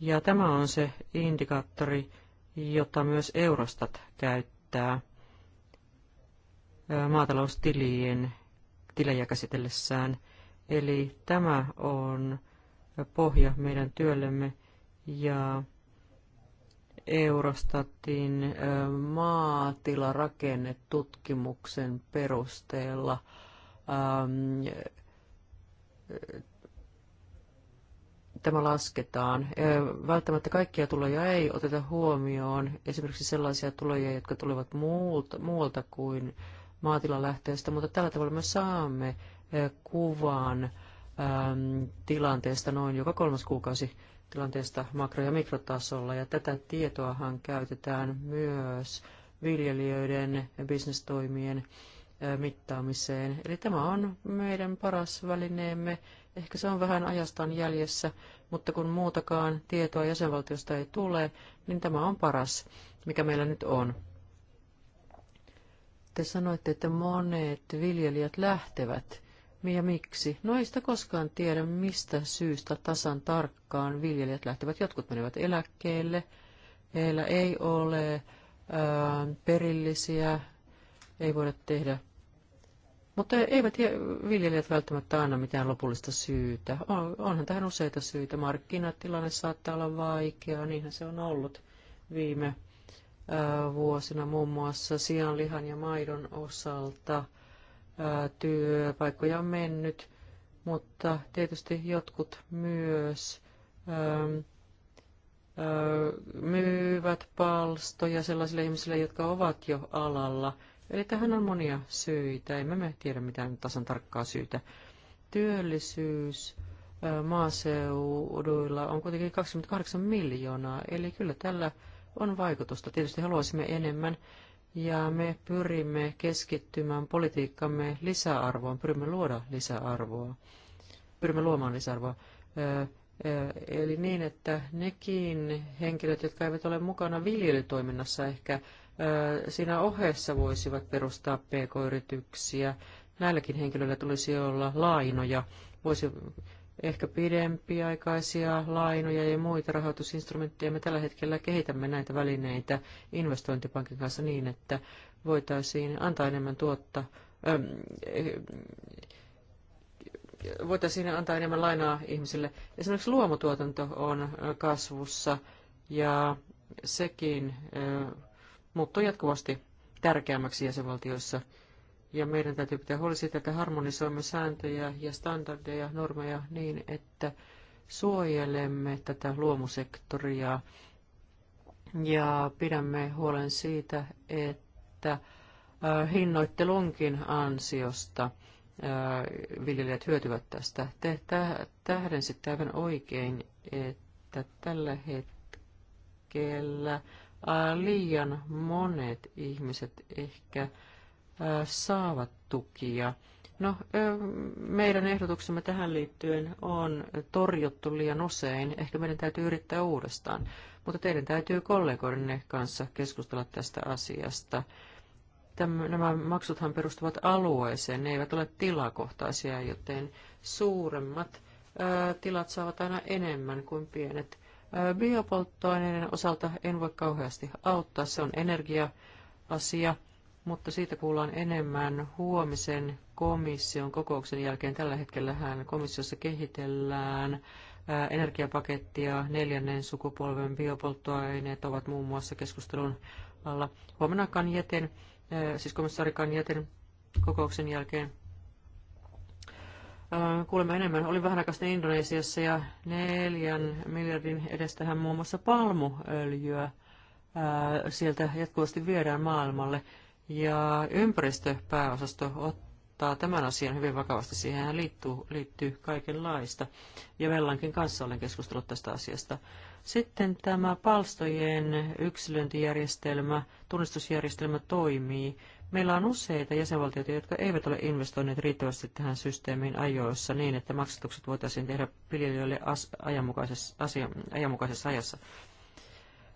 Ja tämä on se indikaattori, jota myös Eurostat käyttää äh, maataloustilien tilejä käsitellessään. Eli tämä on pohja meidän työllemme ja Eurostatin maatilarakennetutkimuksen perusteella ähm, tämä lasketaan. Välttämättä kaikkia tuloja ei oteta huomioon, esimerkiksi sellaisia tuloja, jotka tulevat muulta, muulta kuin maatilalähteestä, mutta tällä tavalla me saamme kuvan tilanteesta noin joka kolmas kuukausi tilanteesta makro- ja mikrotasolla. Ja tätä tietoahan käytetään myös viljelijöiden ja bisnestoimien mittaamiseen. Eli tämä on meidän paras välineemme. Ehkä se on vähän ajastaan jäljessä, mutta kun muutakaan tietoa jäsenvaltiosta ei tule, niin tämä on paras, mikä meillä nyt on. Te sanoitte, että monet viljelijät lähtevät ja miksi? No ei sitä koskaan tiedä, mistä syystä tasan tarkkaan viljelijät lähtevät. Jotkut menevät eläkkeelle, heillä ei ole ää, perillisiä, ei voida tehdä. Mutta eivät viljelijät välttämättä anna mitään lopullista syytä. On, onhan tähän useita syitä. Markkinatilanne saattaa olla vaikea, niinhän se on ollut viime ää, vuosina muun muassa sianlihan ja maidon osalta – työpaikkoja on mennyt, mutta tietysti jotkut myös myyvät palstoja sellaisille ihmisille, jotka ovat jo alalla. Eli tähän on monia syitä. Emme me tiedä mitään tasan tarkkaa syytä. Työllisyys maaseuduilla on kuitenkin 28 miljoonaa, eli kyllä tällä on vaikutusta. Tietysti haluaisimme enemmän ja me pyrimme keskittymään politiikkamme lisäarvoon, pyrimme luoda lisäarvoa, pyrimme luomaan lisäarvoa. Eli niin, että nekin henkilöt, jotka eivät ole mukana viljelytoiminnassa ehkä siinä ohessa voisivat perustaa pk-yrityksiä. Näilläkin henkilöillä tulisi olla lainoja, voisi ehkä pidempiaikaisia lainoja ja muita rahoitusinstrumentteja. Me tällä hetkellä kehitämme näitä välineitä investointipankin kanssa niin, että voitaisiin antaa enemmän tuotta, ähm, eh, voitaisiin antaa enemmän lainaa ihmisille. Esimerkiksi luomutuotanto on äh, kasvussa ja sekin äh, muuttuu jatkuvasti tärkeämmäksi jäsenvaltioissa – ja meidän täytyy pitää huoli siitä, että harmonisoimme sääntöjä ja standardeja, normeja niin, että suojelemme tätä luomusektoria ja pidämme huolen siitä, että hinnoittelunkin ansiosta viljelijät hyötyvät tästä. Te tähdensitte aivan oikein, että tällä hetkellä liian monet ihmiset ehkä saavat tukia. No, meidän ehdotuksemme tähän liittyen on torjuttu liian usein. Ehkä meidän täytyy yrittää uudestaan, mutta teidän täytyy kollegoidenne kanssa keskustella tästä asiasta. Täm, nämä maksuthan perustuvat alueeseen, ne eivät ole tilakohtaisia, joten suuremmat tilat saavat aina enemmän kuin pienet. biopolttoaineiden osalta en voi kauheasti auttaa, se on energia-asia mutta siitä kuullaan enemmän huomisen komission kokouksen jälkeen. Tällä hetkellähän komissiossa kehitellään energiapakettia, neljännen sukupolven biopolttoaineet ovat muun muassa keskustelun alla. Huomenna Kanjeten, siis komissaari Kanjeten kokouksen jälkeen kuulemme enemmän. Oli vähän aikaa Indonesiassa ja neljän miljardin edestähän muun muassa palmuöljyä sieltä jatkuvasti viedään maailmalle. Ja ympäristöpääosasto ottaa tämän asian hyvin vakavasti. Siihen liittyy, liittyy kaikenlaista. Ja Vellankin kanssa olen keskustellut tästä asiasta. Sitten tämä palstojen yksilöintijärjestelmä, tunnistusjärjestelmä toimii. Meillä on useita jäsenvaltioita, jotka eivät ole investoineet riittävästi tähän systeemiin ajoissa niin, että maksatukset voitaisiin tehdä viljelijöille as- ajanmukaisessa, asia- ajanmukaisessa ajassa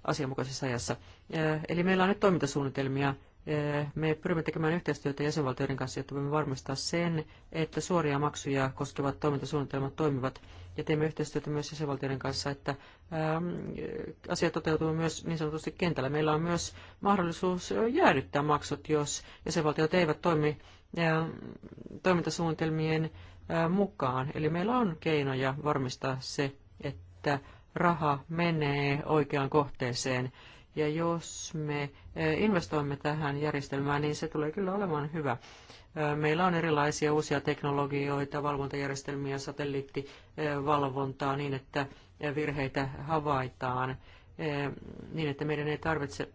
asianmukaisessa ajassa. Eli meillä on nyt toimintasuunnitelmia me pyrimme tekemään yhteistyötä jäsenvaltioiden kanssa, jotta voimme varmistaa sen, että suoria maksuja koskevat toimintasuunnitelmat toimivat. Ja teemme yhteistyötä myös jäsenvaltioiden kanssa, että ähm, asia toteutuu myös niin sanotusti kentällä. Meillä on myös mahdollisuus jäädyttää maksut, jos jäsenvaltiot eivät toimi mm, toimintasuunnitelmien äh, mukaan. Eli meillä on keinoja varmistaa se, että raha menee oikeaan kohteeseen ja jos me e, investoimme tähän järjestelmään, niin se tulee kyllä olemaan hyvä. E, meillä on erilaisia uusia teknologioita, valvontajärjestelmiä, satelliittivalvontaa niin, että virheitä havaitaan, e, niin että meidän ei tarvitse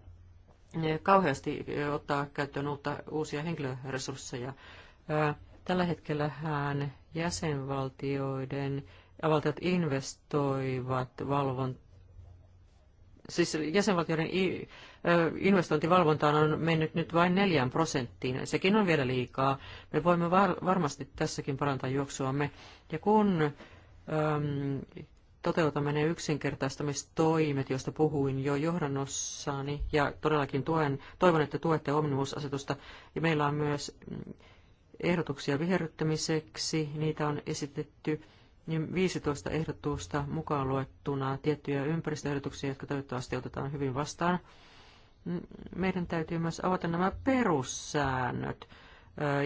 kauheasti ottaa käyttöön uutta, uusia henkilöresursseja. Tällä hetkellä jäsenvaltioiden valtiot investoivat valvontaan siis jäsenvaltioiden investointivalvontaan on mennyt nyt vain neljään prosenttiin. Sekin on vielä liikaa. Me voimme varmasti tässäkin parantaa juoksuamme. Ja kun äm, toteutamme ne yksinkertaistamistoimet, joista puhuin jo johdannossani, ja todellakin tuen, toivon, että tuette omnivuusasetusta, ja meillä on myös ehdotuksia viherryttämiseksi, niitä on esitetty 15 niin ehdotusta mukaan luettuna tiettyjä ympäristöehdotuksia, jotka toivottavasti otetaan hyvin vastaan. Meidän täytyy myös avata nämä perussäännöt,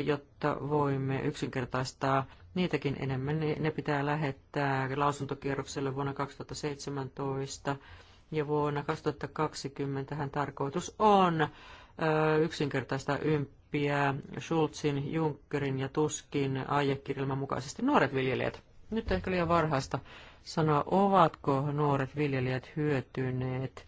jotta voimme yksinkertaistaa niitäkin enemmän. Ne pitää lähettää lausuntokierrokselle vuonna 2017 ja vuonna 2020 hän tarkoitus on yksinkertaista ympiä Schulzin, Junckerin ja Tuskin aiekirjelmän mukaisesti nuoret viljelijät. Nyt ehkä liian varhaista sanoa, ovatko nuoret viljelijät hyötyneet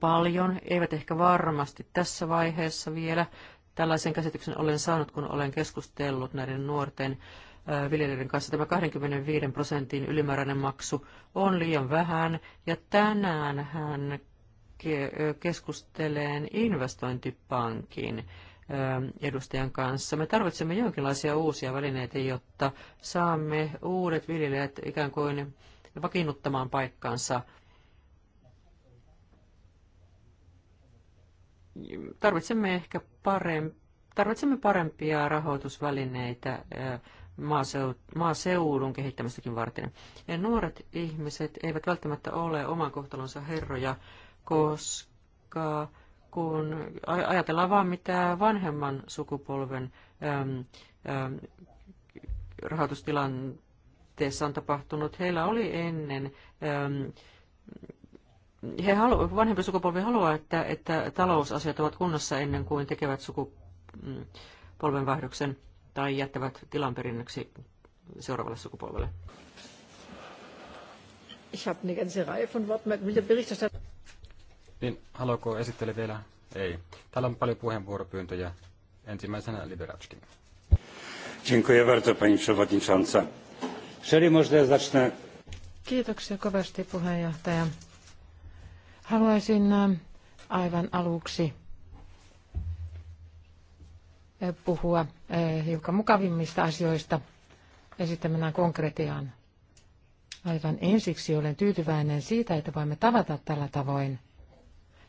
paljon, eivät ehkä varmasti tässä vaiheessa vielä. Tällaisen käsityksen olen saanut, kun olen keskustellut näiden nuorten viljelijöiden kanssa. Tämä 25 prosentin ylimääräinen maksu on liian vähän, ja tänään hän keskustelee investointipankin edustajan kanssa. Me tarvitsemme jonkinlaisia uusia välineitä, jotta saamme uudet viljelijät ikään kuin vakiinnuttamaan paikkaansa. Tarvitsemme ehkä parempia tarvitsemme parempia rahoitusvälineitä maaseudun kehittämistäkin varten. Ja nuoret ihmiset eivät välttämättä ole oman kohtalonsa herroja, koska kun ajatellaan vaan mitä vanhemman sukupolven äm, äm, rahoitustilanteessa on tapahtunut, heillä oli ennen äm, he halu, vanhempi sukupolvi haluaa, että, että talousasiat ovat kunnossa ennen kuin tekevät sukupolvenvaihdoksen tai jättävät tilan perinnöksi seuraavalle sukupolvelle. Ich habe eine ganze Reihe von Wortmerkungen. Niin, haluatko esittele vielä? Ei. Täällä on paljon puheenvuoropyyntöjä. Ensimmäisenä Liberatskin. Dziękuję bardzo, pani przewodnicząca. Jeżeli można, zacznę. Kiitoksia kovasti, puheenjohtaja. Haluaisin äh, aivan aluksi äh, puhua äh, hiukan mukavimmista asioista esittämänä konkretiaan. Aivan ensiksi olen tyytyväinen siitä, että voimme tavata tällä tavoin –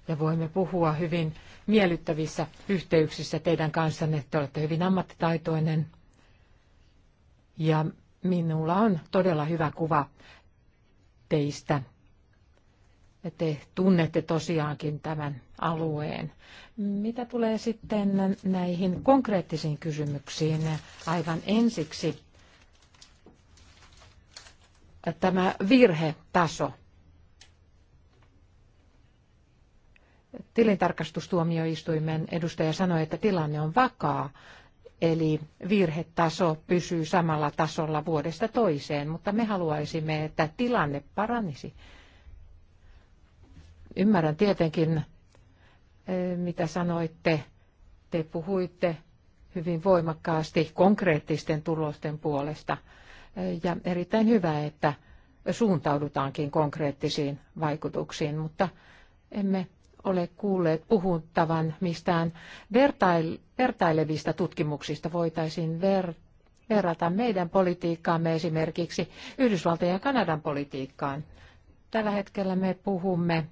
ja voimme puhua hyvin miellyttävissä yhteyksissä teidän kanssanne. Te olette hyvin ammattitaitoinen ja minulla on todella hyvä kuva teistä. Te tunnette tosiaankin tämän alueen. Mitä tulee sitten näihin konkreettisiin kysymyksiin aivan ensiksi? Tämä virhetaso tilintarkastustuomioistuimen edustaja sanoi, että tilanne on vakaa, eli virhetaso pysyy samalla tasolla vuodesta toiseen, mutta me haluaisimme, että tilanne paranisi. Ymmärrän tietenkin, eh, mitä sanoitte. Te puhuitte hyvin voimakkaasti konkreettisten tulosten puolesta. Eh, ja erittäin hyvä, että suuntaudutaankin konkreettisiin vaikutuksiin, mutta emme ole kuulleet puhuttavan mistään vertail- vertailevista tutkimuksista. Voitaisiin ver- verrata meidän politiikkaamme esimerkiksi Yhdysvaltojen ja Kanadan politiikkaan. Tällä hetkellä me puhumme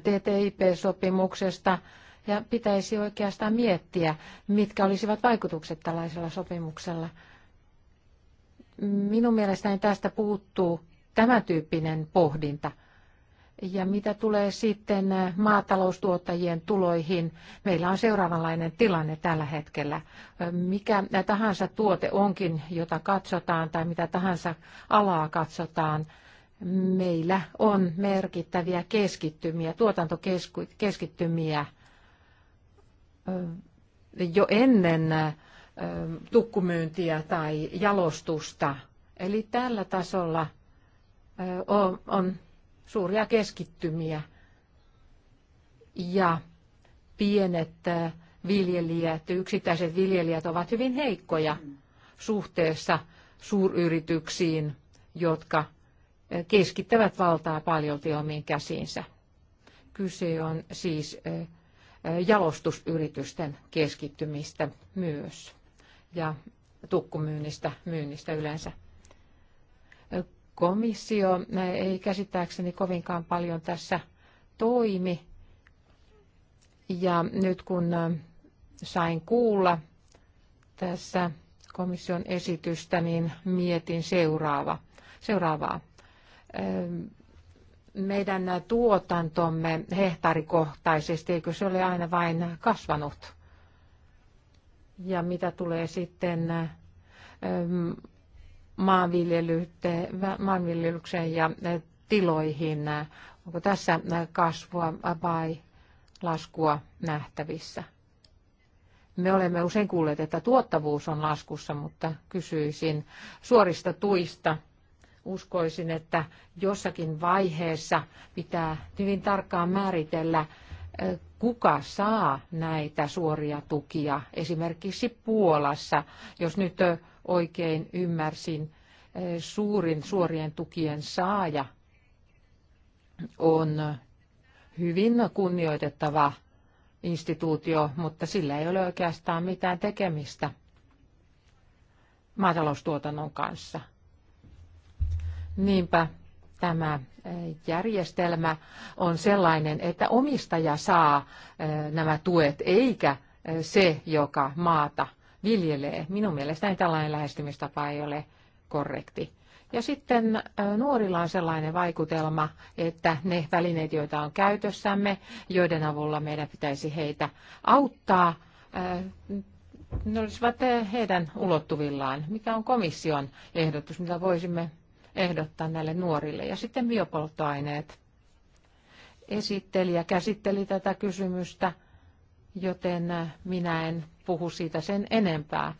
TTIP-sopimuksesta ja pitäisi oikeastaan miettiä, mitkä olisivat vaikutukset tällaisella sopimuksella. Minun mielestäni tästä puuttuu tämän tyyppinen pohdinta – ja mitä tulee sitten äh, maataloustuottajien tuloihin, meillä on seuraavanlainen tilanne tällä hetkellä. Mikä äh, tahansa tuote onkin, jota katsotaan tai mitä tahansa alaa katsotaan, meillä on merkittäviä keskittymiä, tuotantokeskittymiä jo ennen tukkumyyntiä tai jalostusta. Eli tällä tasolla on suuria keskittymiä ja pienet äh, viljelijät, yksittäiset viljelijät ovat hyvin heikkoja suhteessa suuryrityksiin, jotka äh, keskittävät valtaa paljolti omiin käsiinsä. Kyse on siis äh, jalostusyritysten keskittymistä myös ja tukkumyynnistä, myynnistä yleensä komissio ei käsittääkseni kovinkaan paljon tässä toimi. Ja nyt kun sain kuulla tässä komission esitystä, niin mietin seuraava, seuraavaa. Meidän tuotantomme hehtaarikohtaisesti, eikö se ole aina vain kasvanut? Ja mitä tulee sitten maanviljelykseen ja tiloihin. Onko tässä kasvua vai laskua nähtävissä? Me olemme usein kuulleet, että tuottavuus on laskussa, mutta kysyisin suorista tuista. Uskoisin, että jossakin vaiheessa pitää hyvin tarkkaan määritellä, kuka saa näitä suoria tukia. Esimerkiksi Puolassa, jos nyt oikein ymmärsin, eh, suurin suorien tukien saaja on hyvin kunnioitettava instituutio, mutta sillä ei ole oikeastaan mitään tekemistä maataloustuotannon kanssa. Niinpä tämä eh, järjestelmä on sellainen, että omistaja saa eh, nämä tuet eikä se, joka maata viljelee. Minun mielestäni tällainen lähestymistapa ei ole korrekti. Ja sitten nuorilla on sellainen vaikutelma, että ne välineet, joita on käytössämme, joiden avulla meidän pitäisi heitä auttaa, ne olisivat heidän ulottuvillaan. Mikä on komission ehdotus, mitä voisimme ehdottaa näille nuorille? Ja sitten biopolttoaineet. Esittelijä käsitteli tätä kysymystä – joten minä en puhu siitä sen enempää.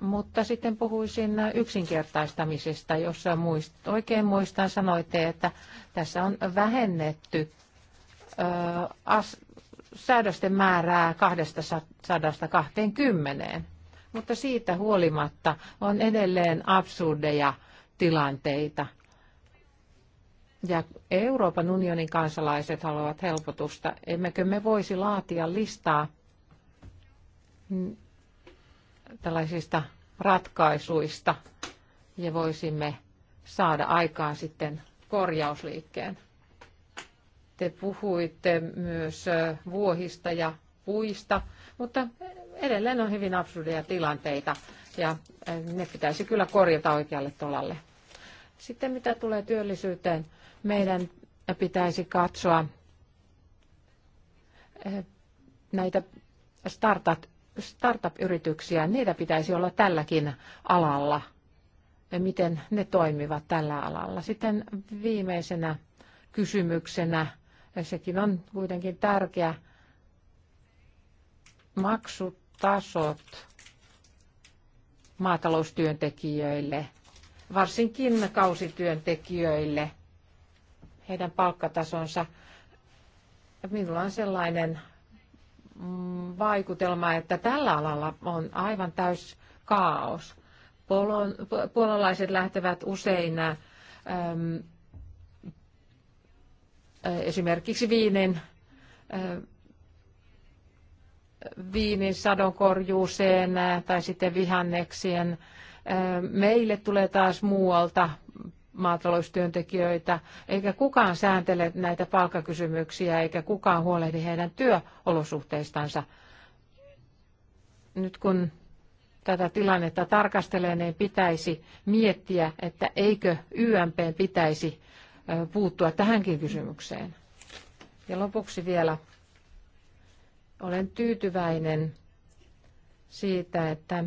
Mutta sitten puhuisin yksinkertaistamisesta, jossa muist, oikein muistan sanoitte, että tässä on vähennetty ö, as, säädösten määrää 220, mutta siitä huolimatta on edelleen absurdeja tilanteita – ja Euroopan unionin kansalaiset haluavat helpotusta. Emmekö me voisi laatia listaa tällaisista ratkaisuista ja voisimme saada aikaan sitten korjausliikkeen. Te puhuitte myös vuohista ja puista, mutta edelleen on hyvin absurdeja tilanteita ja ne pitäisi kyllä korjata oikealle tolalle. Sitten mitä tulee työllisyyteen, meidän pitäisi katsoa eh, näitä startup, startup-yrityksiä. Niitä pitäisi olla tälläkin alalla. Miten ne toimivat tällä alalla. Sitten viimeisenä kysymyksenä, sekin on kuitenkin tärkeä, maksutasot maataloustyöntekijöille, varsinkin kausityöntekijöille heidän palkkatasonsa. Minulla on sellainen mm, vaikutelma, että tällä alalla on aivan täys kaos. Polon, puolalaiset lähtevät usein äm, äh, esimerkiksi viinin, äh, viinin sadonkorjuuseen äh, tai sitten vihanneksien. Äh, meille tulee taas muualta maataloustyöntekijöitä, eikä kukaan sääntele näitä palkkakysymyksiä, eikä kukaan huolehdi heidän työolosuhteistansa. Nyt kun tätä tilannetta tarkastelee, niin pitäisi miettiä, että eikö YMP pitäisi puuttua tähänkin kysymykseen. Ja lopuksi vielä olen tyytyväinen siitä, että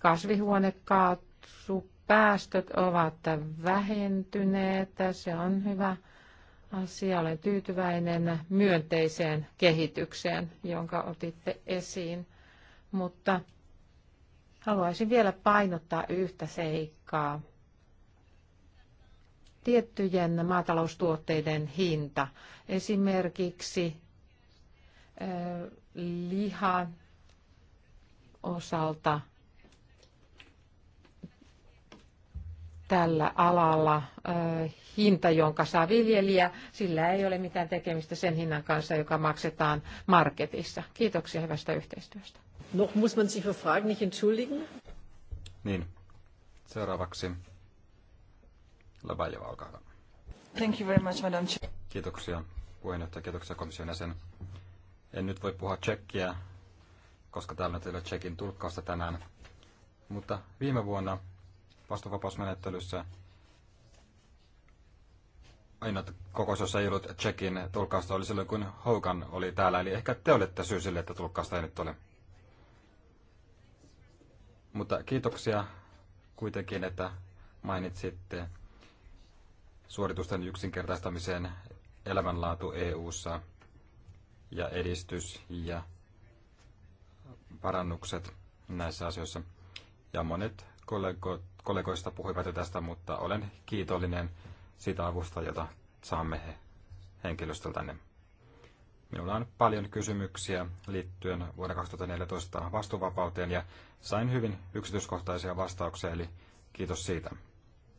kasvihuonekaasu päästöt ovat vähentyneet. Se on hyvä asia. Olen tyytyväinen myönteiseen kehitykseen, jonka otitte esiin. Mutta haluaisin vielä painottaa yhtä seikkaa. Tiettyjen maataloustuotteiden hinta, esimerkiksi liha osalta tällä alalla hinta, jonka saa viljelijä, sillä ei ole mitään tekemistä sen hinnan kanssa, joka maksetaan marketissa. Kiitoksia hyvästä yhteistyöstä. Noch muss man sich für Fragen nicht entschuldigen. Niin. Seuraavaksi Labajeva, olkaa hyvä. Thank you very much, Madam Chair. Kiitoksia puheenjohtaja, kiitoksia komission jäsen. En nyt voi puhua tsekkiä, koska täällä nyt ei ole tsekin tulkkausta tänään. Mutta viime vuonna vastuvapausmenettelyssä aina kokous, jossa ei ollut Tsekin tulkkausta, oli silloin, kun Hogan oli täällä. Eli ehkä te olette syy sille, että tulkkausta ei nyt ole. Mutta kiitoksia kuitenkin, että mainitsitte suoritusten yksinkertaistamiseen elämänlaatu EU:ssa ja edistys ja parannukset näissä asioissa. Ja monet kollegot kollegoista puhuivat jo tästä, mutta olen kiitollinen siitä avusta, jota saamme he henkilöstöltänne. Minulla on paljon kysymyksiä liittyen vuoden 2014 vastuuvapauteen ja sain hyvin yksityiskohtaisia vastauksia, eli kiitos siitä.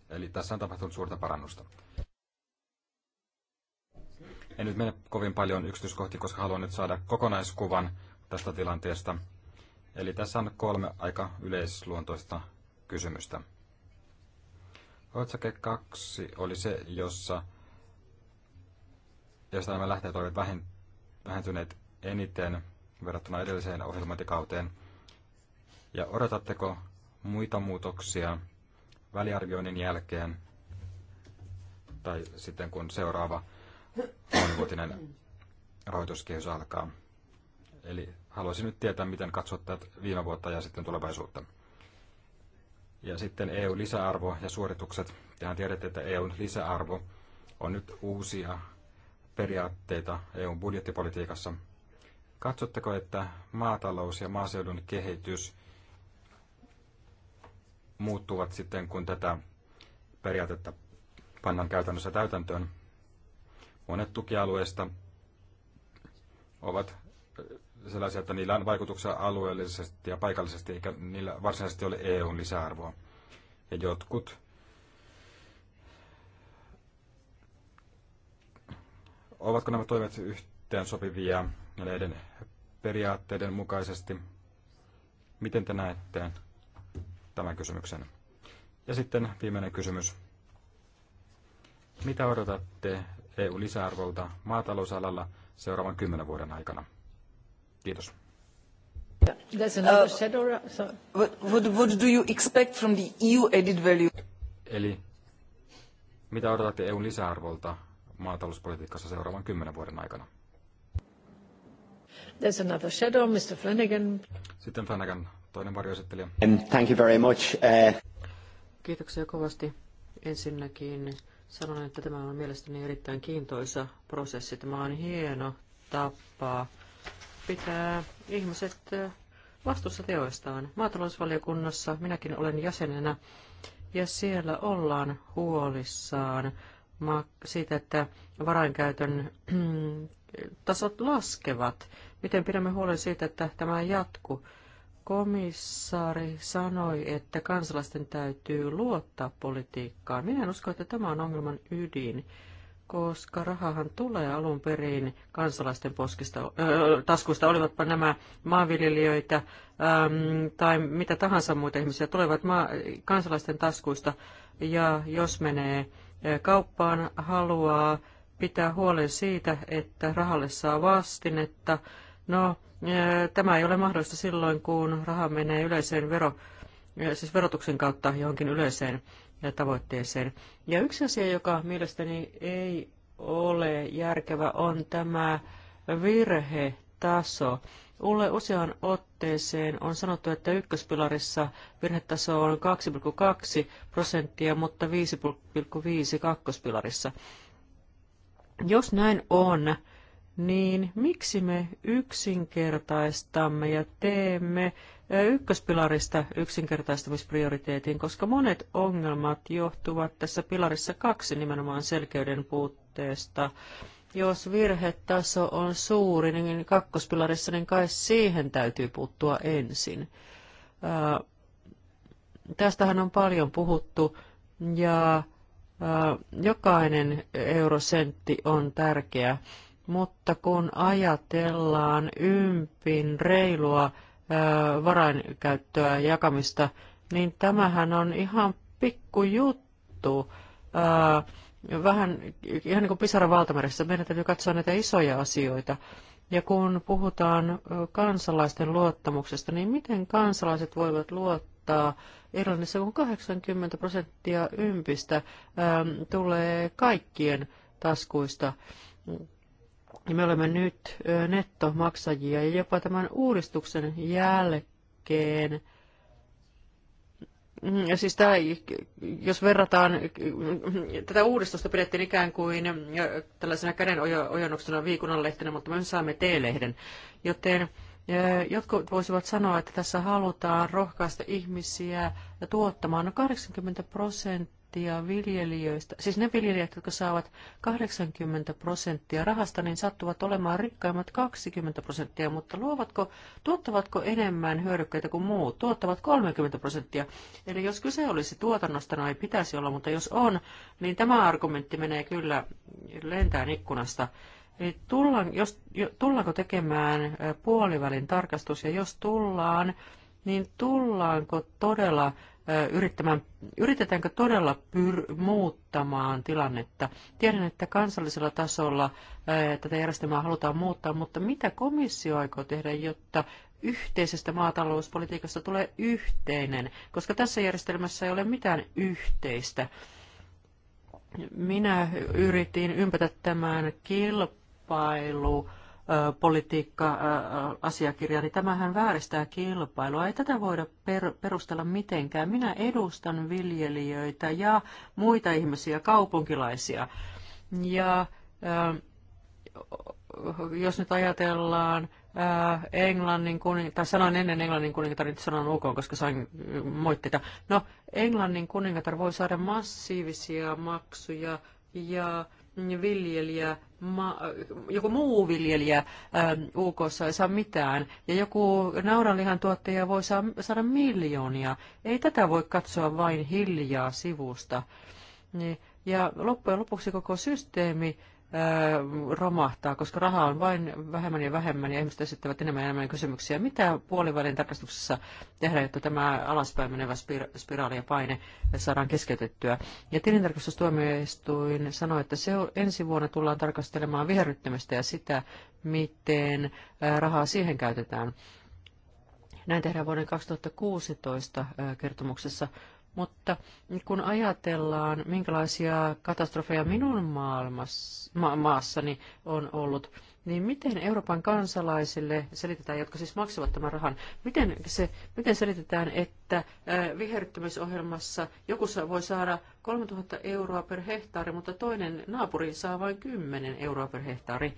Eli tässä on tapahtunut suurta parannusta. En nyt mene kovin paljon yksityiskohtiin, koska haluan nyt saada kokonaiskuvan tästä tilanteesta. Eli tässä on kolme aika yleisluontoista kysymystä. Otsake 2 oli se, jossa, josta nämä lähteet olivat vähentyneet eniten verrattuna edelliseen ohjelmointikauteen. Ja odotatteko muita muutoksia väliarvioinnin jälkeen tai sitten kun seuraava monivuotinen rahoituskehys alkaa? Eli haluaisin nyt tietää, miten katsottaa viime vuotta ja sitten tulevaisuutta. Ja sitten EU-lisäarvo ja suoritukset. Tehän tiedätte, että eu lisäarvo on nyt uusia periaatteita EUn budjettipolitiikassa. Katsotteko, että maatalous ja maaseudun kehitys muuttuvat sitten, kun tätä periaatetta pannaan käytännössä täytäntöön? Monet tukialueista ovat sellaisia, että niillä on vaikutuksia alueellisesti ja paikallisesti, eikä niillä varsinaisesti ole EUn lisäarvoa. Ja jotkut ovatko nämä toimet yhteen sopivia näiden periaatteiden mukaisesti? Miten te näette tämän kysymyksen? Ja sitten viimeinen kysymys. Mitä odotatte EU-lisäarvolta maatalousalalla seuraavan kymmenen vuoden aikana? Kiitos. Uh, Eli mitä odotatte EUn lisäarvolta maatalouspolitiikassa seuraavan kymmenen vuoden aikana? There's another shadow, Mr. Flanagan. Sitten Flanagan, toinen varjoesittelijä. Um, thank you very much. Uh... Kiitoksia kovasti. Ensinnäkin sanon, että tämä on mielestäni erittäin kiintoisa prosessi. Tämä on hieno tapa pitää ihmiset vastuussa teoistaan. Maatalousvaliokunnassa minäkin olen jäsenenä ja siellä ollaan huolissaan siitä, että varainkäytön tasot laskevat. Miten pidämme huolen siitä, että tämä jatkuu? komissaari sanoi, että kansalaisten täytyy luottaa politiikkaan. Minä en usko, että tämä on ongelman ydin koska rahahan tulee alun perin kansalaisten poskista, äh, taskuista, olivatpa nämä maanviljelijöitä ähm, tai mitä tahansa muita ihmisiä, tulevat maa, kansalaisten taskuista. Ja jos menee kauppaan, haluaa pitää huolen siitä, että rahalle saa vastinetta. No, tämä ei ole mahdollista silloin, kun raha menee yleiseen vero, siis verotuksen kautta johonkin yleiseen ja tavoitteeseen. Ja yksi asia, joka mielestäni ei ole järkevä, on tämä virhetaso. Ulle useaan otteeseen on sanottu, että ykköspilarissa virhetaso on 2,2 prosenttia, mutta 5,5 kakkospilarissa. Jos näin on, niin miksi me yksinkertaistamme ja teemme ykköspilarista yksinkertaistamisprioriteetin, koska monet ongelmat johtuvat tässä pilarissa kaksi nimenomaan selkeyden puutteesta. Jos virhetaso on suuri, niin kakkospilarissa, niin kai siihen täytyy puuttua ensin. Ää, tästähän on paljon puhuttu ja ää, jokainen eurosentti on tärkeä, mutta kun ajatellaan ympin reilua varainkäyttöä ja jakamista, niin tämähän on ihan pikkujuttu. Vähän ihan niin kuin pisara valtameressä, meidän täytyy katsoa näitä isoja asioita. Ja kun puhutaan kansalaisten luottamuksesta, niin miten kansalaiset voivat luottaa Irlannissa, kun 80 prosenttia ympistä tulee kaikkien taskuista? Ja niin me olemme nyt nettomaksajia ja jopa tämän uudistuksen jälkeen mm, ja siis tämä, jos verrataan, mm, tätä uudistusta pidettiin ikään kuin tällaisena käden ojennuksena viikunanlehtenä, mutta me saamme T-lehden. Joten jotkut voisivat sanoa, että tässä halutaan rohkaista ihmisiä tuottamaan. No 80 prosenttia prosenttia viljelijöistä, siis ne viljelijät, jotka saavat 80 prosenttia rahasta, niin sattuvat olemaan rikkaimmat 20 prosenttia, mutta luovatko, tuottavatko enemmän hyödykkeitä kuin muut? Tuottavat 30 prosenttia. Eli jos kyse olisi tuotannosta, no ei pitäisi olla, mutta jos on, niin tämä argumentti menee kyllä lentään ikkunasta. Eli tullaan, jos, tullaanko tekemään puolivälin tarkastus ja jos tullaan, niin tullaanko todella yrittämään, yritetäänkö todella pyr- muuttamaan tilannetta. Tiedän, että kansallisella tasolla tätä järjestelmää halutaan muuttaa, mutta mitä komissio aikoo tehdä, jotta yhteisestä maatalouspolitiikasta tulee yhteinen, koska tässä järjestelmässä ei ole mitään yhteistä. Minä yritin ympätä tämän kilpailu politiikka-asiakirja, niin tämähän vääristää kilpailua. Ei tätä voida per, perustella mitenkään. Minä edustan viljelijöitä ja muita ihmisiä, kaupunkilaisia. Ja jos nyt ajatellaan Englannin kuningatar, tai sanoin ennen Englannin kuningatar, nyt sanon UK, koska sain moitteita. No, Englannin kuningatar voi saada massiivisia maksuja ja viljelijä, ma, joku muu viljelijä ähm, UK ei saa mitään ja joku nauranlihan tuottaja voi saa, saada miljoonia. Ei tätä voi katsoa vain hiljaa sivusta. Niin, ja loppujen lopuksi koko systeemi romahtaa, koska rahaa on vain vähemmän ja vähemmän ja ihmiset esittävät enemmän ja enemmän kysymyksiä. Mitä puolivälin tarkastuksessa tehdään, jotta tämä alaspäin menevä spiraali ja paine saadaan keskeytettyä? Ja tilintarkastustuomioistuin sanoi, että se ensi vuonna tullaan tarkastelemaan viherryttämistä ja sitä, miten rahaa siihen käytetään. Näin tehdään vuoden 2016 kertomuksessa. Mutta kun ajatellaan, minkälaisia katastrofeja minun maailmassa, ma- maassani on ollut, niin miten Euroopan kansalaisille selitetään, jotka siis maksavat tämän rahan, miten, se, miten selitetään, että viherryttämisohjelmassa joku voi saada 3000 euroa per hehtaari, mutta toinen naapuri saa vain 10 euroa per hehtaari?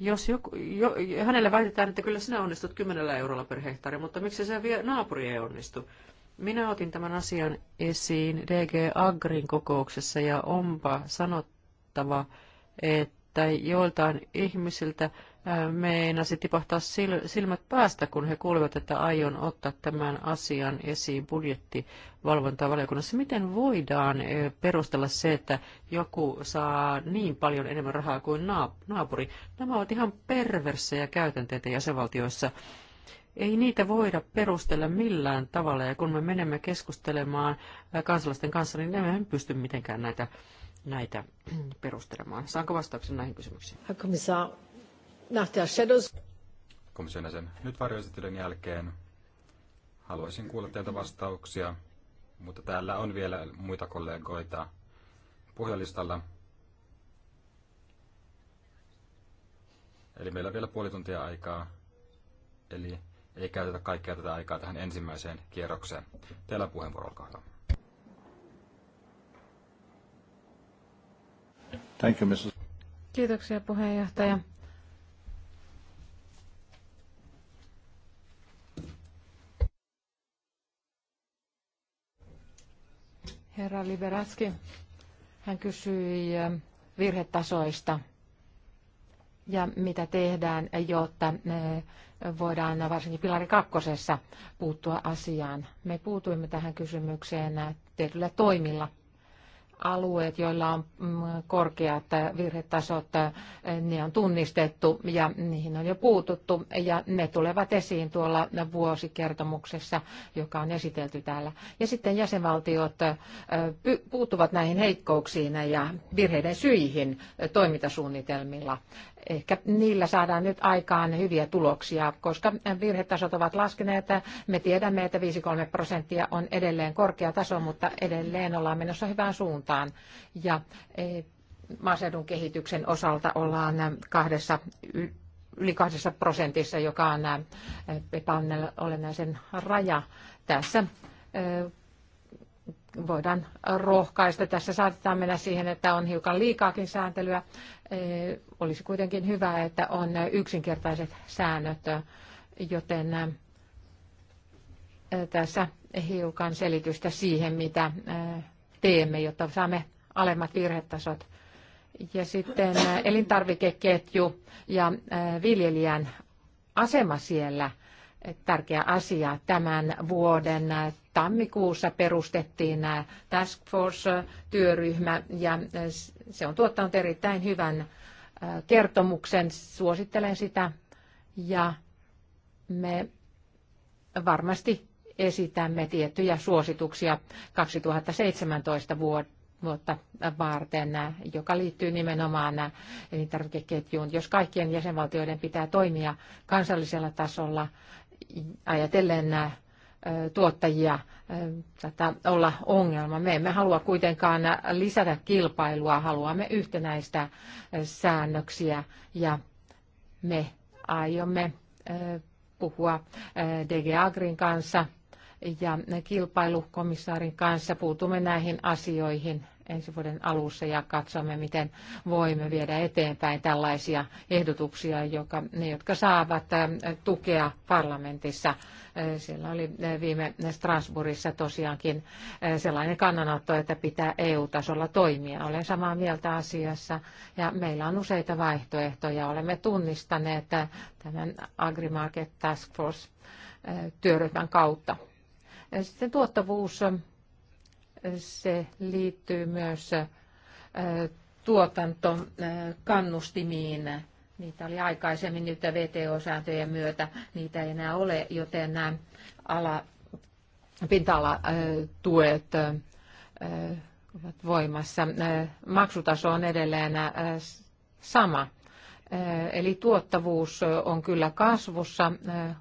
Jos joku, jo, hänelle väitetään, että kyllä sinä onnistut 10 eurolla per hehtaari, mutta miksi se naapuri ei onnistu? Minä otin tämän asian esiin DG Agrin kokouksessa ja onpa sanottava, että joiltain ihmisiltä meinasi tipahtaa silmät päästä, kun he kuulivat, että aion ottaa tämän asian esiin budjettivalvontavaliokunnassa. Miten voidaan perustella se, että joku saa niin paljon enemmän rahaa kuin naapuri? Nämä ovat ihan perversejä käytänteitä jäsenvaltioissa. Ei niitä voida perustella millään tavalla, ja kun me menemme keskustelemaan äh, kansalaisten kanssa, niin emme pysty mitenkään näitä, näitä perustelemaan. Saanko vastauksen näihin kysymyksiin? Komission jäsen, nyt varjoesittelyn jälkeen haluaisin kuulla teiltä vastauksia, mutta täällä on vielä muita kollegoita puhelistalla. Eli meillä on vielä puoli tuntia aikaa. Eli ei käytetä kaikkea tätä aikaa tähän ensimmäiseen kierrokseen. Teillä on puheenvuoro, olkaa hyvä. Thank you, Mrs. Kiitoksia puheenjohtaja. Herra Liberatski, hän kysyi virhetasoista ja mitä tehdään, jotta voidaan varsinkin Pilari kakkosessa puuttua asiaan. Me puutuimme tähän kysymykseen tietyillä toimilla. Alueet, joilla on mm, korkeat virhetasot, ne on tunnistettu ja niihin on jo puututtu ja ne tulevat esiin tuolla vuosikertomuksessa, joka on esitelty täällä. Ja sitten jäsenvaltiot puuttuvat näihin heikkouksiin ja virheiden syihin toimintasuunnitelmilla ehkä niillä saadaan nyt aikaan hyviä tuloksia, koska virhetasot ovat laskeneet. Me tiedämme, että 53 prosenttia on edelleen korkea taso, mutta edelleen ollaan menossa hyvään suuntaan. Ja e, maaseudun kehityksen osalta ollaan kahdessa yli kahdessa prosentissa, joka on e, epäolennaisen raja tässä e, voidaan rohkaista. Tässä saatetaan mennä siihen, että on hiukan liikaakin sääntelyä. Eh, olisi kuitenkin hyvä, että on yksinkertaiset säännöt, joten eh, tässä hiukan selitystä siihen, mitä eh, teemme, jotta saamme alemmat virhetasot. Ja sitten elintarvikeketju ja viljelijän asema siellä tärkeä asia tämän vuoden tammikuussa perustettiin Task Force-työryhmä ja se on tuottanut erittäin hyvän kertomuksen. Suosittelen sitä ja me varmasti esitämme tiettyjä suosituksia 2017 vuotta varten, joka liittyy nimenomaan elintarvikeketjuun. Jos kaikkien jäsenvaltioiden pitää toimia kansallisella tasolla ajatellen tuottajia tätä olla ongelma. Me emme halua kuitenkaan lisätä kilpailua, haluamme yhtenäistä säännöksiä ja me aiomme puhua DG Agrin kanssa ja kilpailukomissaarin kanssa. Puutumme näihin asioihin ensi vuoden alussa ja katsomme, miten voimme viedä eteenpäin tällaisia ehdotuksia, joka, ne, jotka saavat äh, tukea parlamentissa. Äh, siellä oli äh, viime Strasbourgissa tosiaankin sellainen kannanotto, että pitää EU-tasolla toimia. Olen samaa mieltä asiassa ja meillä on useita vaihtoehtoja. Olemme tunnistaneet tämän Agrimarket Task Force työryhmän kautta. Sitten tuottavuus se liittyy myös tuotantokannustimiin. Niitä oli aikaisemmin nyt VTO-sääntöjen myötä, niitä ei enää ole, joten nämä ala, pinta-alatuet ovat voimassa. Maksutaso on edelleen sama. Eli tuottavuus on kyllä kasvussa,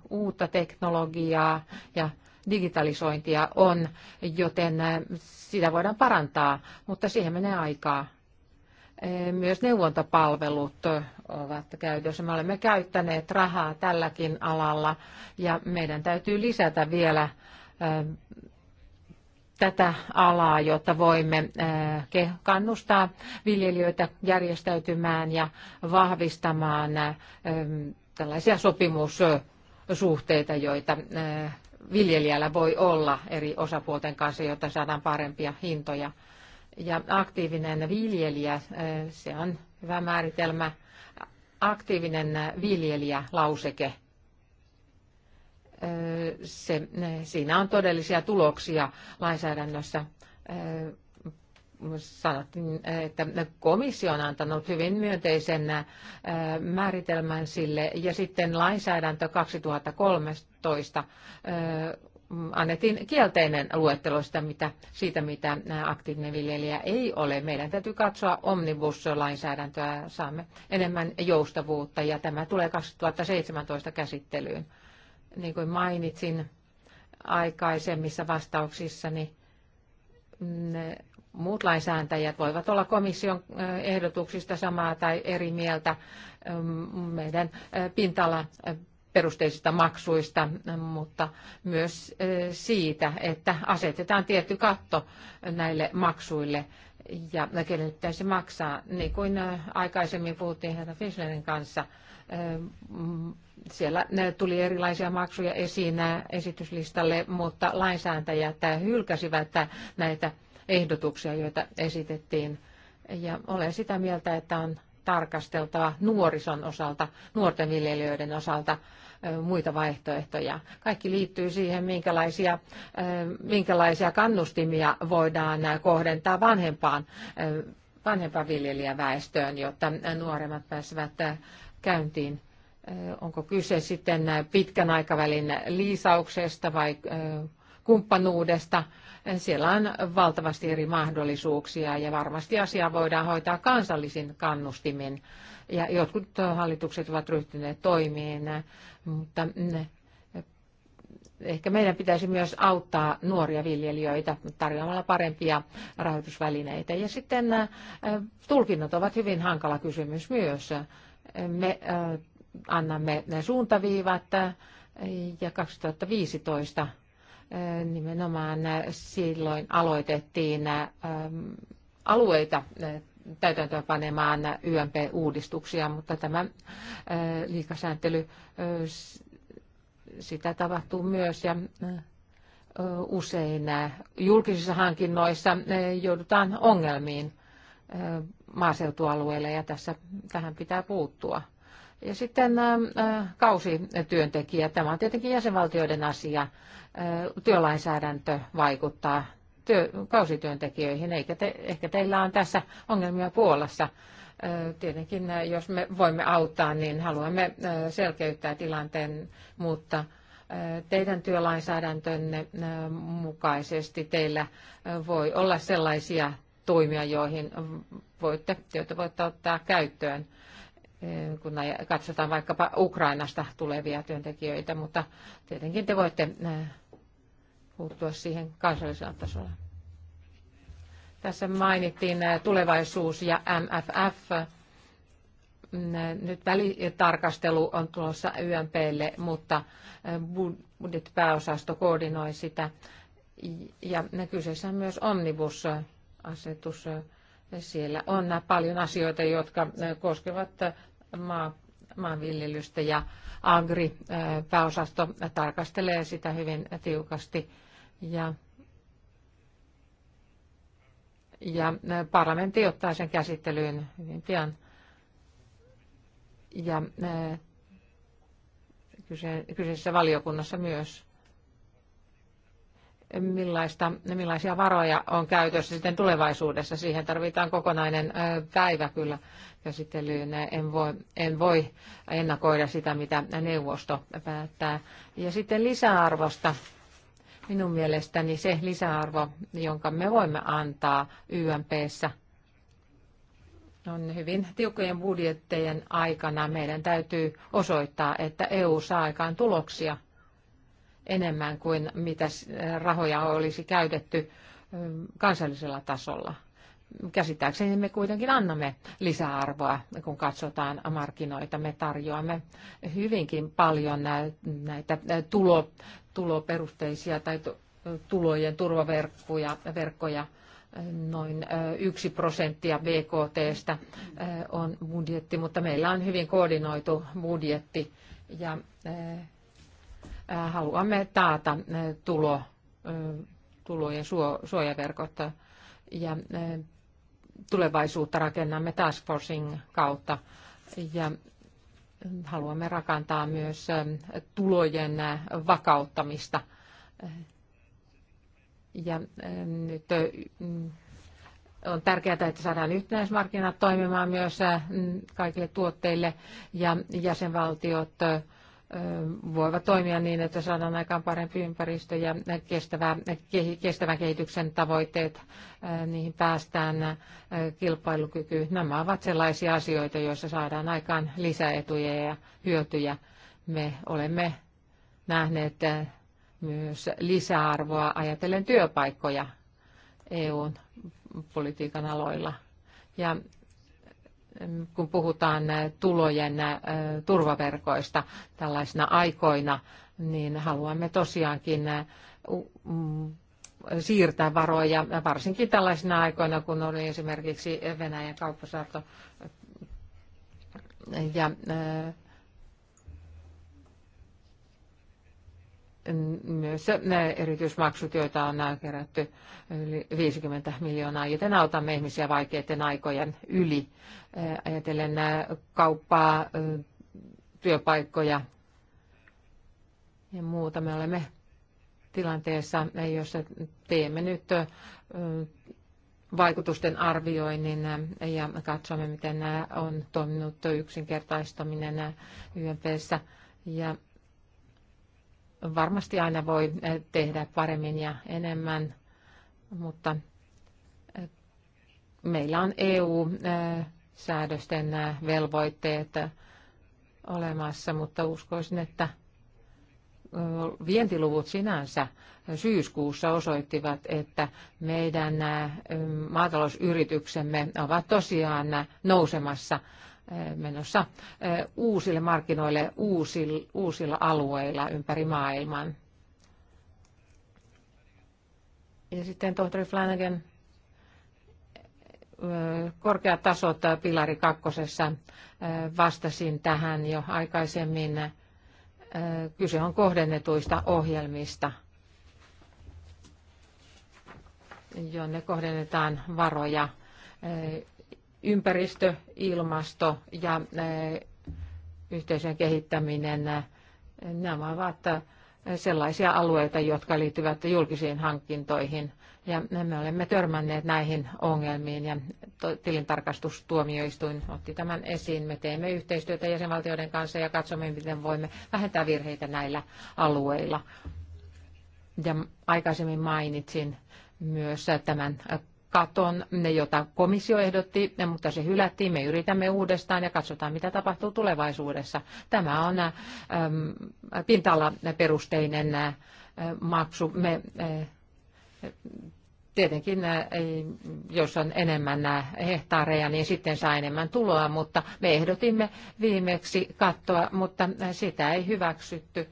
uutta teknologiaa ja digitalisointia on, joten sitä voidaan parantaa, mutta siihen menee aikaa. Myös neuvontapalvelut ovat käytössä. Me olemme käyttäneet rahaa tälläkin alalla ja meidän täytyy lisätä vielä tätä alaa, jotta voimme kannustaa viljelijöitä järjestäytymään ja vahvistamaan tällaisia sopimussuhteita, joita viljelijällä voi olla eri osapuolten kanssa, jotta saadaan parempia hintoja. Ja aktiivinen viljelijä, eh, se on hyvä määritelmä, aktiivinen viljelijä lauseke. Eh, se, eh, siinä on todellisia tuloksia lainsäädännössä sanottiin, että komissio on antanut hyvin myönteisen määritelmän sille, ja sitten lainsäädäntö 2013 annettiin kielteinen luettelo sitä, mitä, siitä, mitä aktiivinen viljelijä ei ole. Meidän täytyy katsoa omnibus-lainsäädäntöä, saamme enemmän joustavuutta, ja tämä tulee 2017 käsittelyyn. Niin kuin mainitsin aikaisemmissa vastauksissani, muut lainsääntäjät voivat olla komission ehdotuksista samaa tai eri mieltä meidän pintala perusteisista maksuista, mutta myös siitä, että asetetaan tietty katto näille maksuille ja kenelle pitäisi maksaa. Niin kuin aikaisemmin puhuttiin herra Fischlerin kanssa, siellä tuli erilaisia maksuja esiin esityslistalle, mutta lainsääntäjät hylkäsivät näitä ehdotuksia, joita esitettiin. Ja olen sitä mieltä, että on tarkasteltava nuorison osalta, nuorten viljelijöiden osalta muita vaihtoehtoja. Kaikki liittyy siihen, minkälaisia, minkälaisia kannustimia voidaan kohdentaa vanhempaan, vanhempaan viljelijäväestöön, jotta nuoremmat pääsevät käyntiin. Onko kyse sitten pitkän aikavälin liisauksesta vai kumppanuudesta? Siellä on valtavasti eri mahdollisuuksia ja varmasti asiaa voidaan hoitaa kansallisin kannustimin. Ja jotkut hallitukset ovat ryhtyneet toimiin, mutta ehkä meidän pitäisi myös auttaa nuoria viljelijöitä tarjoamalla parempia rahoitusvälineitä. Ja sitten tulkinnat ovat hyvin hankala kysymys myös. Me annamme ne suuntaviivat ja 2015 nimenomaan silloin aloitettiin alueita täytäntöön panemaan YMP-uudistuksia, mutta tämä liikasääntely, sitä tapahtuu myös ja usein julkisissa hankinnoissa joudutaan ongelmiin maaseutualueille ja tässä, tähän pitää puuttua. Ja sitten kausityöntekijä. Tämä on tietenkin jäsenvaltioiden asia. Työlainsäädäntö vaikuttaa työ, kausityöntekijöihin, eikä te, ehkä teillä on tässä ongelmia Puolassa. Tietenkin, jos me voimme auttaa, niin haluamme selkeyttää tilanteen, mutta teidän työlainsäädäntönne mukaisesti teillä voi olla sellaisia toimia, joihin voitte, joita voitte ottaa käyttöön Eh, kun katsotaan vaikkapa Ukrainasta tulevia työntekijöitä, mutta tietenkin te voitte eh, puuttua siihen kansallisella tasolla. Tässä mainittiin eh, tulevaisuus ja MFF. Mm, nyt välitarkastelu on tulossa YMPlle, mutta budjettipääosasto koordinoi sitä. Ja kyseessä on myös omnibus-asetus, siellä on paljon asioita, jotka koskevat maa, maanviljelystä ja Agri-pääosasto tarkastelee sitä hyvin tiukasti. Ja, ja parlamentti ottaa sen käsittelyyn hyvin pian. Ja kyseisessä valiokunnassa myös millaista, millaisia varoja on käytössä sitten tulevaisuudessa. Siihen tarvitaan kokonainen päivä kyllä käsittelyyn. En voi, en voi ennakoida sitä, mitä neuvosto päättää. Ja sitten lisäarvosta. Minun mielestäni se lisäarvo, jonka me voimme antaa YMPssä, on hyvin tiukkojen budjettejen aikana. Meidän täytyy osoittaa, että EU saa aikaan tuloksia – enemmän kuin mitä rahoja olisi käytetty mm, kansallisella tasolla. Käsittääkseni me kuitenkin annamme lisäarvoa, kun katsotaan markkinoita. Me tarjoamme hyvinkin paljon näitä tulo, tuloperusteisia tai tulojen turvaverkkoja verkkoja noin yksi prosenttia BKTstä on budjetti, mutta meillä on hyvin koordinoitu budjetti ja Äh, haluamme taata äh, tulo, äh, tulojen suojaverkot ja tulevaisuutta rakennamme task forcing kautta ja haluamme rakentaa myös tulojen vakauttamista. Ja nyt mm, on tärkeää, että saadaan yhtenäismarkkinat toimimaan myös kaikille tuotteille ja jäsenvaltiot voivat toimia niin, että saadaan aikaan parempi ympäristö ja kestävä, kestävän kehityksen tavoitteet, niihin päästään, kilpailukyky. Nämä ovat sellaisia asioita, joissa saadaan aikaan lisäetuja ja hyötyjä. Me olemme nähneet myös lisäarvoa ajatellen työpaikkoja EUn politiikan aloilla. Ja kun puhutaan tulojen turvaverkoista tällaisina aikoina, niin haluamme tosiaankin mm, siirtää varoja, varsinkin tällaisina aikoina, kun oli esimerkiksi Venäjän kauppasaatto ja myös erityismaksut, joita on kerätty yli 50 miljoonaa, joten autamme ihmisiä vaikeiden aikojen yli. Ajatellen kauppaa, työpaikkoja ja muuta. Me olemme tilanteessa, jossa teemme nyt vaikutusten arvioinnin ja katsomme, miten on toiminut yksinkertaistaminen YMPssä. Ja varmasti aina voi eh, tehdä paremmin ja enemmän, mutta eh, meillä on EU-säädösten eh, velvoitteet olemassa, mutta uskoisin, että vientiluvut sinänsä syyskuussa osoittivat, että meidän maatalousyrityksemme ovat tosiaan nousemassa Eh, menossa eh, uusille markkinoille uusilla alueilla ympäri maailman. Ja sitten tohtori Flanagan, eh, korkeat tasot pilari kakkosessa, vastasin tähän jo aikaisemmin. Kyse on kohdennetuista ohjelmista, jonne kohdennetaan varoja ympäristö, ilmasto ja eh, yhteisön kehittäminen, nämä ovat eh, sellaisia alueita, jotka liittyvät julkisiin hankintoihin. Ja me olemme törmänneet näihin ongelmiin ja tilintarkastustuomioistuin otti tämän esiin. Me teemme yhteistyötä jäsenvaltioiden kanssa ja katsomme, miten voimme vähentää virheitä näillä alueilla. Ja aikaisemmin mainitsin myös tämän katon, jota komissio ehdotti, mutta se hylättiin. Me yritämme uudestaan ja katsotaan, mitä tapahtuu tulevaisuudessa. Tämä on pintalla ähm, pinta-alaperusteinen äh, maksu. Me, äh, Tietenkin, äh, jos on enemmän hehtaareja, niin sitten saa enemmän tuloa, mutta me ehdotimme viimeksi kattoa, mutta sitä ei hyväksytty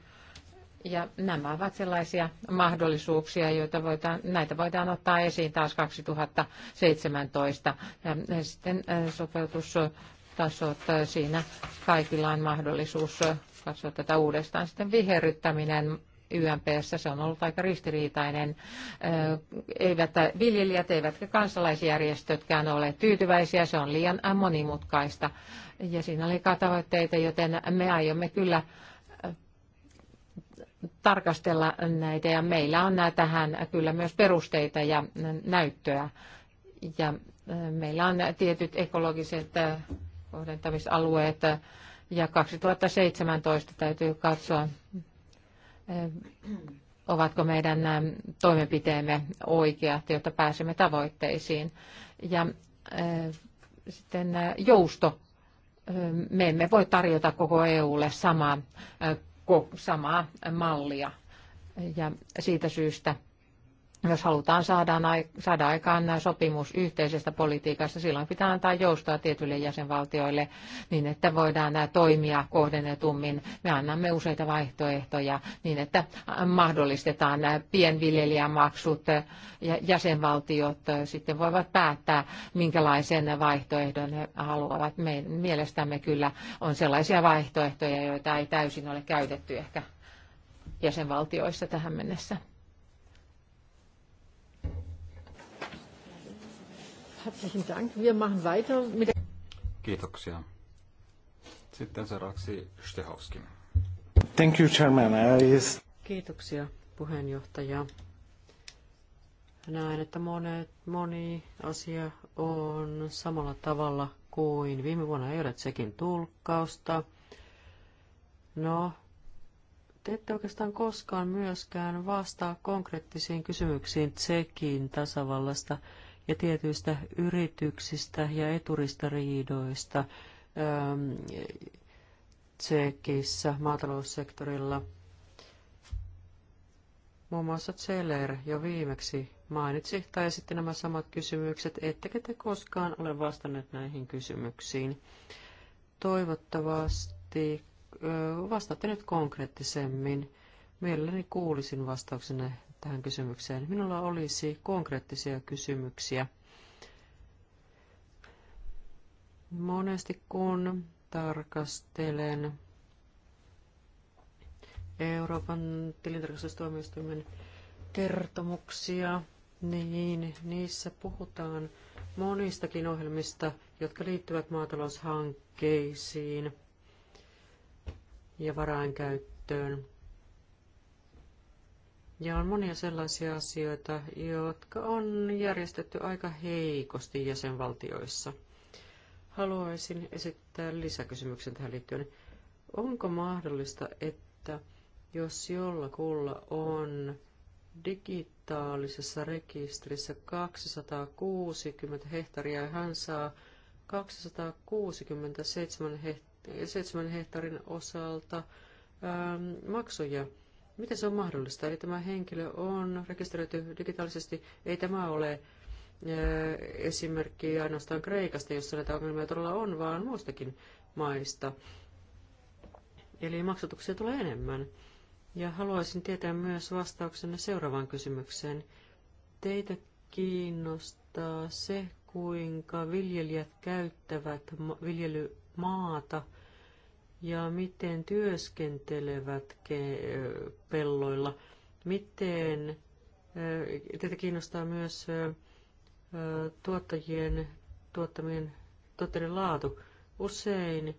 ja nämä ovat sellaisia mahdollisuuksia, joita voidaan, näitä voidaan ottaa esiin taas 2017. Ja sitten sopeutustasot, siinä kaikilla on mahdollisuus katsoa tätä uudestaan. Sitten viherryttäminen YMPS, se on ollut aika ristiriitainen. Eivät viljelijät eivätkä kansalaisjärjestötkään ole tyytyväisiä, se on liian monimutkaista. Ja siinä oli tavoitteita, joten me aiomme kyllä tarkastella näitä ja meillä on tähän kyllä myös perusteita ja näyttöä. Ja äh, meillä on tietyt ekologiset äh, kohdentamisalueet ja 2017 täytyy katsoa, äh, ovatko meidän toimenpiteemme oikeat, jotta pääsemme tavoitteisiin. Ja sitten jousto. Me emme voi tarjota koko EUlle samaa samaa mallia. Ja siitä syystä jos halutaan saada aikaan sopimus yhteisestä politiikasta, silloin pitää antaa joustoa tietyille jäsenvaltioille niin, että voidaan toimia kohdennetummin. Me annamme useita vaihtoehtoja niin, että mahdollistetaan pienviljelijämaksut ja jäsenvaltiot sitten voivat päättää, minkälaisen vaihtoehdon he haluavat. Me, mielestämme kyllä on sellaisia vaihtoehtoja, joita ei täysin ole käytetty ehkä jäsenvaltioissa tähän mennessä. Herzlichen Dank. Wir machen weiter mit Kiitoksia. Sitten seuraavaksi Stehovski. Thank you, Chairman. Kiitoksia, puheenjohtaja. Näen, että monet, moni asia on samalla tavalla kuin viime vuonna ei ole sekin tulkkausta. No, te ette oikeastaan koskaan myöskään vastaa konkreettisiin kysymyksiin Tsekin tasavallasta ja tietyistä yrityksistä ja eturistariidoista ähm, Tsekissä maataloussektorilla. Muun muassa Zeller jo viimeksi mainitsi tai esitti nämä samat kysymykset, ettekä te koskaan ole vastanneet näihin kysymyksiin. Toivottavasti vastaatte nyt konkreettisemmin. Mielelläni kuulisin vastauksenne tähän kysymykseen. Minulla olisi konkreettisia kysymyksiä. Monesti kun tarkastelen Euroopan tilintarkastustuomioistuimen kertomuksia, niin niissä puhutaan monistakin ohjelmista, jotka liittyvät maataloushankkeisiin ja varainkäyttöön. Ja on monia sellaisia asioita, jotka on järjestetty aika heikosti jäsenvaltioissa. Haluaisin esittää lisäkysymyksen tähän liittyen. Onko mahdollista, että jos jollakulla on digitaalisessa rekisterissä 260 hehtaaria ja hän saa 267 hehtaarin osalta ähm, maksuja, Miten se on mahdollista? Eli tämä henkilö on rekisteröity digitaalisesti. Ei tämä ole esimerkki ainoastaan Kreikasta, jossa näitä ongelmia todella on, vaan muistakin maista. Eli maksatuksia tulee enemmän. Ja haluaisin tietää myös vastauksenne seuraavaan kysymykseen. Teitä kiinnostaa se, kuinka viljelijät käyttävät viljelymaata – ja miten työskentelevät pelloilla. Miten teitä kiinnostaa myös tuottajien tuottamien tuotteiden laatu. Usein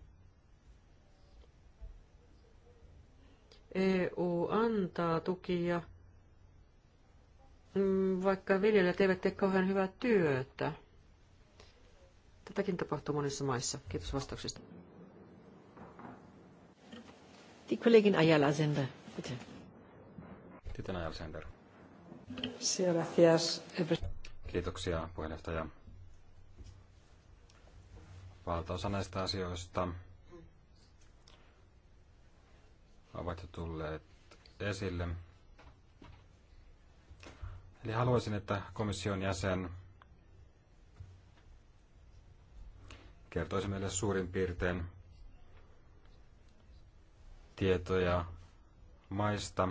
EU antaa tukia, mm, vaikka viljelijät eivät tee kauhean hyvää työtä. Tätäkin tapahtuu monissa maissa. Kiitos vastauksista. Die Kollegin Ayala Sender, bitte. Titen Ayala Sender. Kiitoksia puheenjohtaja. Valtaosa näistä asioista ovat jo tulleet esille. Eli haluaisin, että komission jäsen kertoisi meille suurin piirtein, tietoja maista,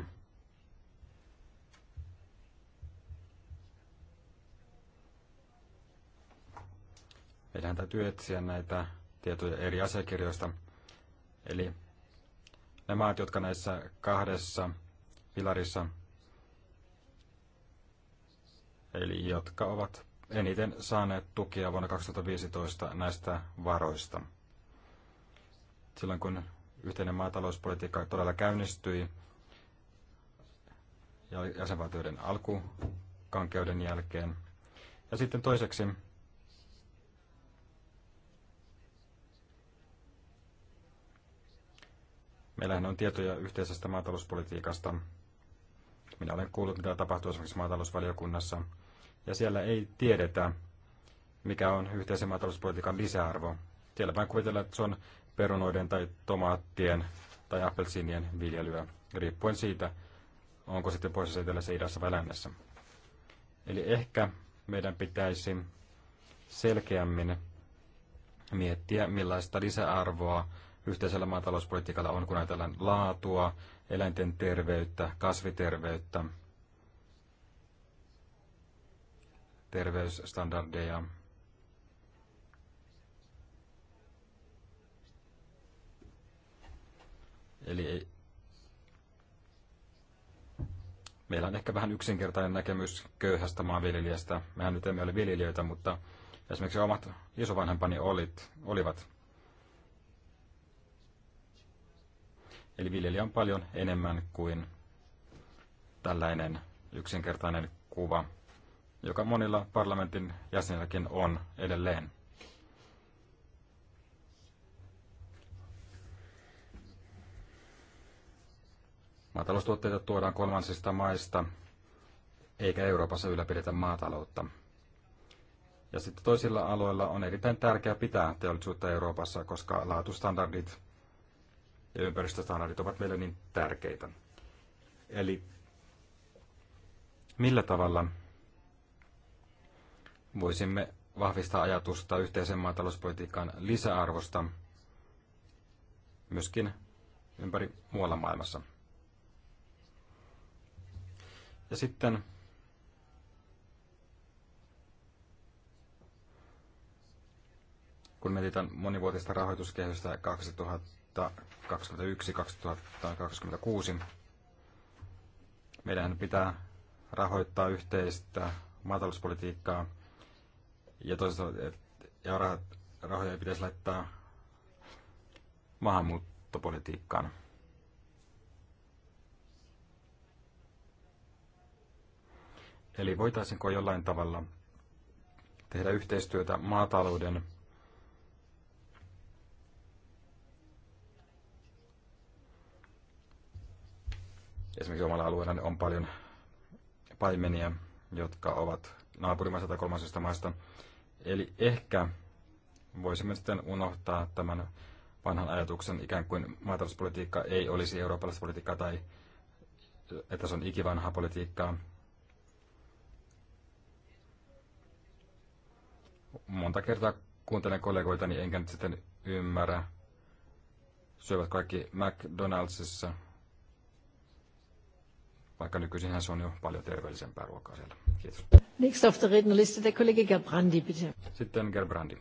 Meidän täytyy etsiä näitä tietoja eri asiakirjoista. Eli ne maat, jotka näissä kahdessa pilarissa, eli jotka ovat eniten saaneet tukia vuonna 2015 näistä varoista. Silloin kun yhteinen maatalouspolitiikka todella käynnistyi jäsenvaltioiden alkukankeuden jälkeen. Ja sitten toiseksi Meillähän on tietoja yhteisestä maatalouspolitiikasta. Minä olen kuullut, mitä tapahtuu esimerkiksi maatalousvaliokunnassa. Ja siellä ei tiedetä, mikä on yhteisen maatalouspolitiikan lisäarvo. Siellä vain kuvitellaan, että se on perunoiden tai tomaattien tai appelsiinien viljelyä, riippuen siitä, onko sitten pohjoisessa, etelässä, idässä vai lännessä. Eli ehkä meidän pitäisi selkeämmin miettiä, millaista lisäarvoa yhteisellä maatalouspolitiikalla on, kun ajatellaan laatua, eläinten terveyttä, kasviterveyttä, terveysstandardeja Eli ei... meillä on ehkä vähän yksinkertainen näkemys köyhästä maanviljelijästä. Mehän nyt emme ole viljelijöitä, mutta esimerkiksi omat isovanhempani olit, olivat. Eli viljelijä on paljon enemmän kuin tällainen yksinkertainen kuva, joka monilla parlamentin jäsenilläkin on edelleen. Maataloustuotteita tuodaan kolmansista maista, eikä Euroopassa ylläpidetä maataloutta. Ja sitten toisilla aloilla on erittäin tärkeää pitää teollisuutta Euroopassa, koska laatustandardit ja ympäristöstandardit ovat meille niin tärkeitä. Eli millä tavalla voisimme vahvistaa ajatusta yhteisen maatalouspolitiikan lisäarvosta myöskin ympäri muualla maailmassa. Ja sitten kun mietitään monivuotista rahoituskehystä 2021-2026, meidän pitää rahoittaa yhteistä maatalouspolitiikkaa ja toisaalta rahat, rahoja pitäisi laittaa maahanmuuttopolitiikkaan. Eli voitaisinko jollain tavalla tehdä yhteistyötä maatalouden Esimerkiksi omalla alueella on paljon paimenia, jotka ovat naapurimaista tai kolmansista maista. Eli ehkä voisimme sitten unohtaa tämän vanhan ajatuksen ikään kuin maatalouspolitiikka ei olisi eurooppalaista politiikkaa tai että se on ikivanhaa politiikkaa. monta kertaa kuuntelen kollegoitani, enkä nyt sitten ymmärrä, syövät kaikki McDonaldsissa, vaikka nykyisinhän se on jo paljon terveellisempää ruokaa siellä. Kiitos. Next off the Rednerliste, the Kollege Gerbrandi, bitte. Sitten Gerbrandi.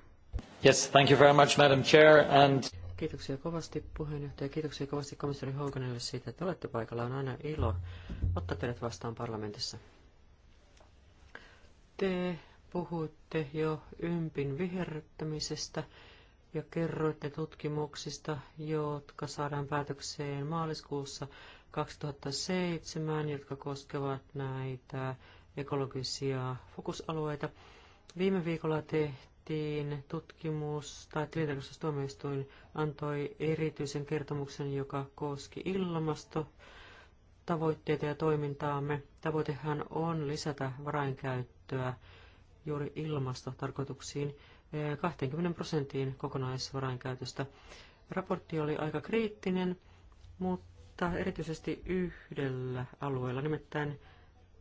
Yes, thank you very much, Madam Chair, and... Kiitoksia kovasti puheenjohtaja, kiitoksia kovasti komissari Hoganille siitä, että olette paikalla. On aina ilo ottaa teidät vastaan parlamentissa. Te puhuitte jo ympin viherryttämisestä ja kerroitte tutkimuksista, jotka saadaan päätökseen maaliskuussa 2007, jotka koskevat näitä ekologisia fokusalueita. Viime viikolla tehtiin tutkimus, tai tilintarkastustuomioistuin antoi erityisen kertomuksen, joka koski ilmasto tavoitteita ja toimintaamme. Tavoitehan on lisätä varainkäyttöä juuri ilmastotarkoituksiin 20 eh, prosenttiin kokonaisvarainkäytöstä. Raportti oli aika kriittinen, mutta erityisesti yhdellä alueella, nimittäin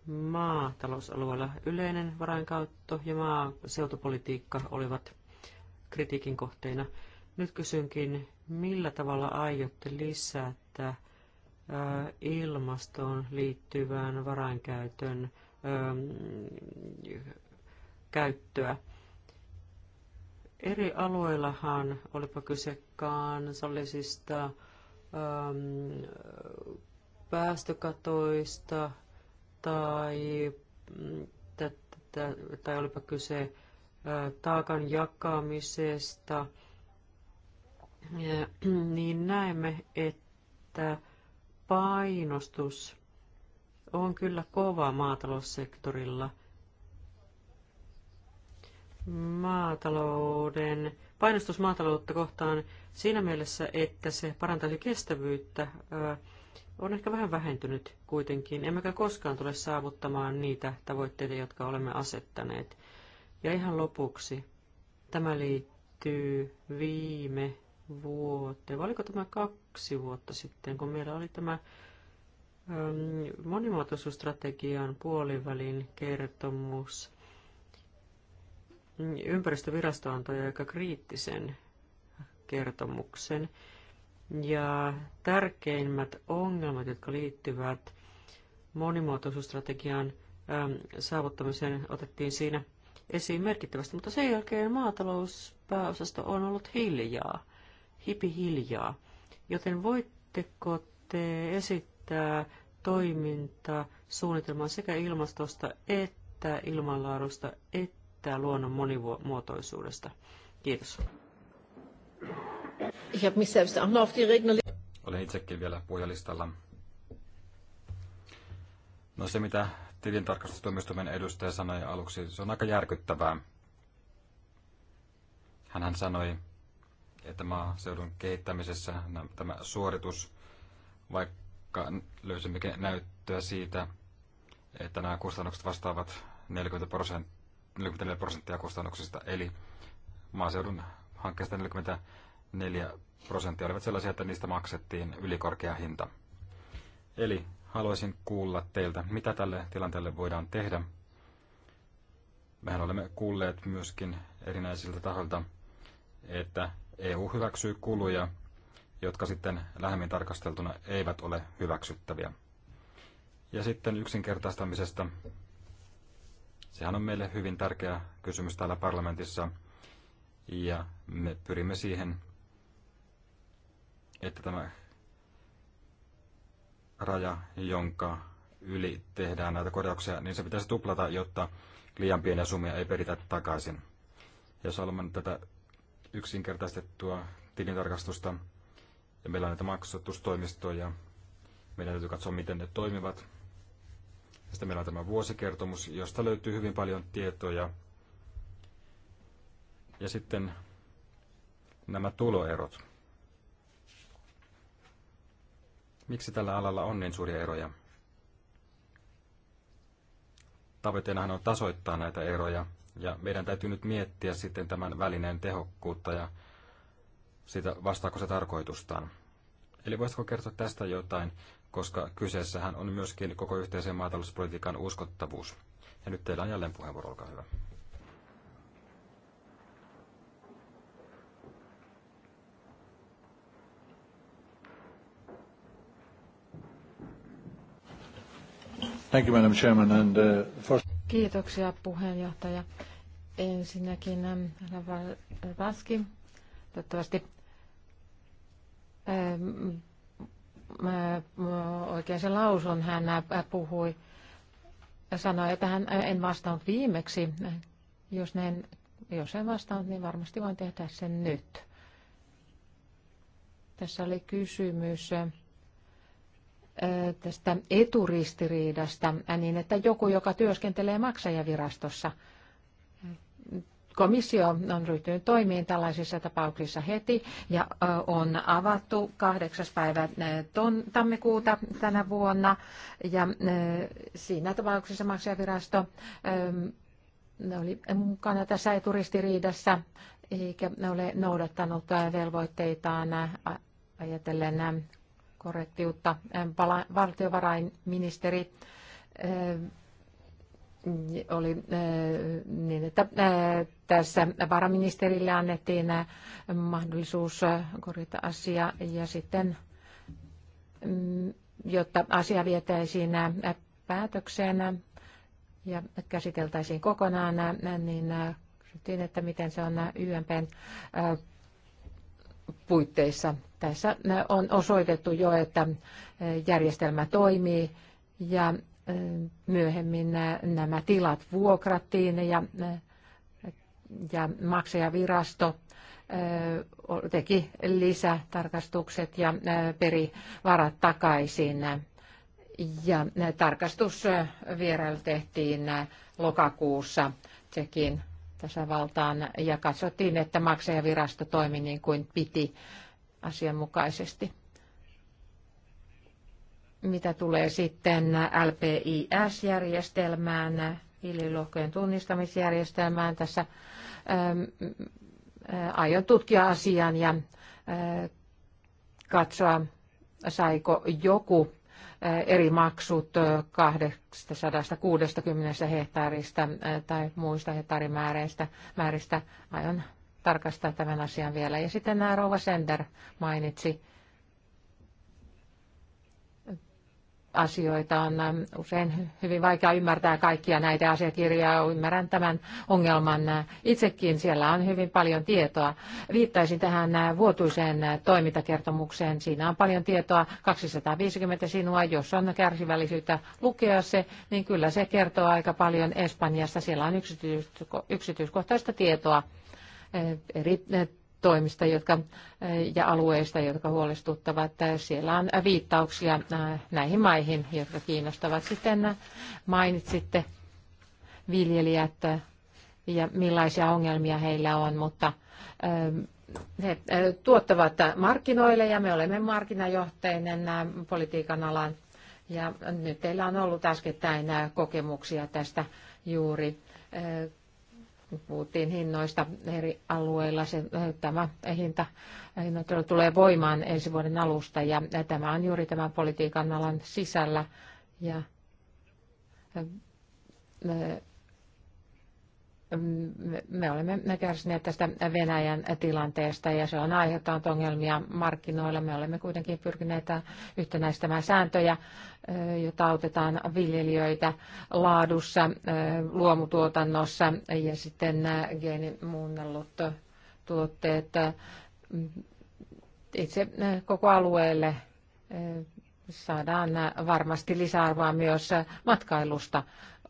maatalousalueella yleinen varainkäyttö ja maaseutupolitiikka olivat kritiikin kohteina. Nyt kysynkin, millä tavalla aiotte lisätä eh, ilmastoon liittyvän varainkäytön eh, käyttöä. Eri alueillahan, olipa kyse kansallisista ähm, päästökatoista tai, mm, tai olipa kyse äh, taakan jakamisesta, niin näemme, että painostus on kyllä kova maataloussektorilla – maatalouden, painostus maataloutta kohtaan siinä mielessä, että se parantaisi kestävyyttä, on ehkä vähän vähentynyt kuitenkin. Emmekä koskaan tule saavuttamaan niitä tavoitteita, jotka olemme asettaneet. Ja ihan lopuksi, tämä liittyy viime vuoteen. Oliko tämä kaksi vuotta sitten, kun meillä oli tämä monimuotoisuusstrategian puolivälin kertomus – Ympäristövirasto antoi aika kriittisen kertomuksen. Ja tärkeimmät ongelmat, jotka liittyvät monimuotoisuusstrategian ähm, saavuttamiseen, otettiin siinä esiin merkittävästi, mutta sen jälkeen maatalouspääosasto on ollut hiljaa, hipi hiljaa. Joten voitteko te esittää toimintasuunnitelman sekä ilmastosta että ilmanlaadusta että välittää luonnon monimuotoisuudesta. Kiitos. Olen itsekin vielä puhujalistalla. No se, mitä tilintarkastustuomioistuimen edustaja sanoi aluksi, se on aika järkyttävää. Hänhän sanoi, että maaseudun kehittämisessä tämä suoritus, vaikka löysimmekin näyttöä siitä, että nämä kustannukset vastaavat 40 prosenttia, 44 prosenttia kustannuksista, eli maaseudun hankkeista 44 prosenttia olivat sellaisia, että niistä maksettiin ylikorkea hinta. Eli haluaisin kuulla teiltä, mitä tälle tilanteelle voidaan tehdä. Mehän olemme kuulleet myöskin erinäisiltä tahoilta, että EU hyväksyy kuluja, jotka sitten lähemmin tarkasteltuna eivät ole hyväksyttäviä. Ja sitten yksinkertaistamisesta Sehän on meille hyvin tärkeä kysymys täällä parlamentissa ja me pyrimme siihen, että tämä raja, jonka yli tehdään näitä korjauksia, niin se pitäisi tuplata, jotta liian pieniä summia ei peritä takaisin. Jos haluamme tätä yksinkertaistettua tilintarkastusta ja meillä on näitä maksatustoimistoja, meidän täytyy katsoa, miten ne toimivat sitten meillä on tämä vuosikertomus, josta löytyy hyvin paljon tietoja. Ja sitten nämä tuloerot. Miksi tällä alalla on niin suuria eroja? Tavoitteenahan on tasoittaa näitä eroja, ja meidän täytyy nyt miettiä sitten tämän välineen tehokkuutta ja sitä vastaako se tarkoitustaan. Eli voisitko kertoa tästä jotain koska kyseessähän on myöskin koko yhteisen maatalouspolitiikan uskottavuus. Ja nyt teillä on jälleen puheenvuoro, olkaa hyvä. Thank you, Madam Chairman. And, uh, first... Kiitoksia puheenjohtaja. Ensinnäkin ähm, Ravaski, toivottavasti ähm, Äh, äh, oikein se lausun, hän äh, puhui, sanoi, että hän en vastannut viimeksi. Jos en, jos en vastannut, niin varmasti voin tehdä sen nyt. Tässä oli kysymys tästä eturistiriidasta, niin että joku, joka työskentelee maksajavirastossa – komissio on ryhtynyt toimiin tällaisissa tapauksissa heti ja on avattu 8. päivä tammikuuta tänä vuonna ja siinä tapauksessa maksajavirasto oli mukana tässä turistiriidassa eikä ole noudattanut velvoitteitaan ajatellen korrektiutta. Valtiovarainministeri oli eh, niin, että eh, tässä varaministerille annettiin eh, mahdollisuus korjata asia ja sitten, mm, jotta asia vietäisiin päätökseen ja käsiteltäisiin kokonaan, niin kysyttiin, että miten se on YMPn puitteissa. Tässä on osoitettu jo, että järjestelmä toimii ja myöhemmin nämä tilat vuokrattiin ja, ja maksajavirasto teki lisätarkastukset ja peri varat takaisin. Ja tarkastusvierailu tehtiin lokakuussa Tsekin tasavaltaan ja katsottiin, että maksajavirasto toimi niin kuin piti asianmukaisesti mitä tulee sitten LPIS-järjestelmään, viljelylohkojen tunnistamisjärjestelmään, tässä ähm, äh, aion tutkia asian ja äh, katsoa, saiko joku äh, eri maksut 260 hehtaarista tai muista hehtaarimääristä. Määristä aion tarkastaa tämän asian vielä. Ja sitten nämä Rova Sender mainitsi asioita. On ähm, usein hyvin vaikea ymmärtää kaikkia näitä asiakirjoja. Ymmärrän tämän ongelman äh, itsekin. Siellä on hyvin paljon tietoa. Viittaisin tähän äh, vuotuiseen äh, toimintakertomukseen. Siinä on paljon tietoa, 250 sinua. Jos on kärsivällisyyttä lukea se, niin kyllä se kertoo aika paljon Espanjasta. Siellä on yksityiskohtaista tietoa eri toimista jotka, ja alueista, jotka huolestuttavat. Siellä on viittauksia äh, näihin maihin, jotka kiinnostavat. Sitten äh, mainitsitte viljelijät äh, ja millaisia ongelmia heillä on, mutta he tuottavat markkinoille ja me olemme markkinajohteinen politiikan alan. Ja nyt teillä on ollut äskettäin kokemuksia tästä juuri puhuttiin hinnoista eri alueilla. Se, eh, tämä hinta tulee voimaan ensi vuoden alusta ja eh, tämä on juuri tämän politiikan alan sisällä. Ja eh, me olemme kärsineet tästä Venäjän tilanteesta ja se on aiheuttanut ongelmia markkinoilla. Me olemme kuitenkin pyrkineet yhtenäistämään sääntöjä, joita autetaan viljelijöitä laadussa, luomutuotannossa ja sitten geenimuunnellut tuotteet itse koko alueelle saadaan varmasti lisäarvoa myös matkailusta.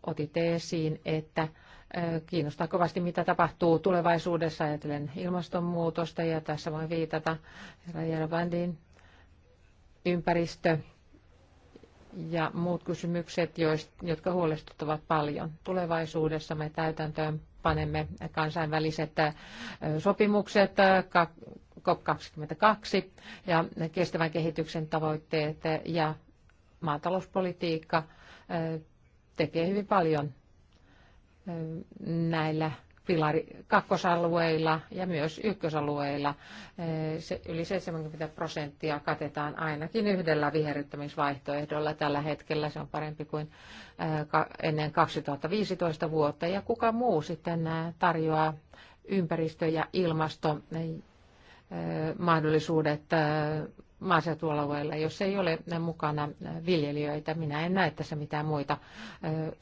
Otitte esiin, että Kiinnostaa kovasti, mitä tapahtuu tulevaisuudessa ajatellen ilmastonmuutosta ja tässä voin viitata Rajarabandin ympäristö ja muut kysymykset, jotka huolestuttavat paljon. Tulevaisuudessa me täytäntöön panemme kansainväliset sopimukset COP22 ja kestävän kehityksen tavoitteet ja maatalouspolitiikka tekee hyvin paljon näillä pilari kakkosalueilla ja myös ykkösalueilla. Se, yli 70 prosenttia katetaan ainakin yhdellä viherryttämisvaihtoehdolla tällä hetkellä. Se on parempi kuin äh, ennen 2015 vuotta. Ja kuka muu sitten äh, tarjoaa ympäristö- ja ilmastomahdollisuudet äh, maaseutualueilla, jos ei ole mukana viljelijöitä. Minä en näe tässä mitään muita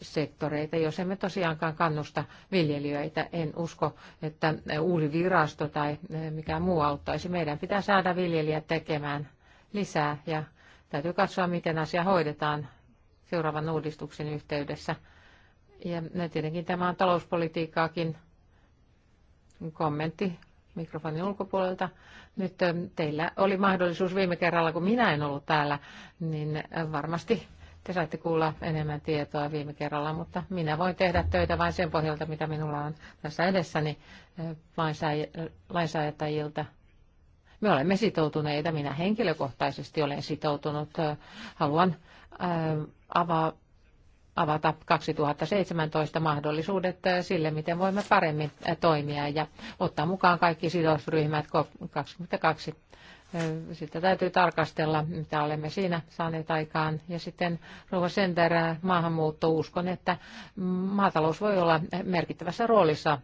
sektoreita, jos emme tosiaankaan kannusta viljelijöitä. En usko, että uulivirasto tai mikään muu auttaisi. Meidän pitää saada viljelijät tekemään lisää ja täytyy katsoa, miten asia hoidetaan seuraavan uudistuksen yhteydessä. Ja tietenkin tämä on talouspolitiikkaakin kommentti mikrofonin ulkopuolelta. Nyt teillä oli mahdollisuus viime kerralla, kun minä en ollut täällä, niin varmasti te saitte kuulla enemmän tietoa viime kerralla, mutta minä voin tehdä töitä vain sen pohjalta, mitä minulla on tässä edessäni lainsäätäjiltä. Me olemme sitoutuneita, minä henkilökohtaisesti olen sitoutunut. Haluan avaa avata 2017 mahdollisuudet eh, sille, miten voimme paremmin eh, toimia ja ottaa mukaan kaikki sidosryhmät COP22 sitä täytyy tarkastella, mitä olemme siinä saaneet aikaan. Ja sitten Rouva Sender, maahanmuutto, uskon, että maatalous voi olla merkittävässä roolissa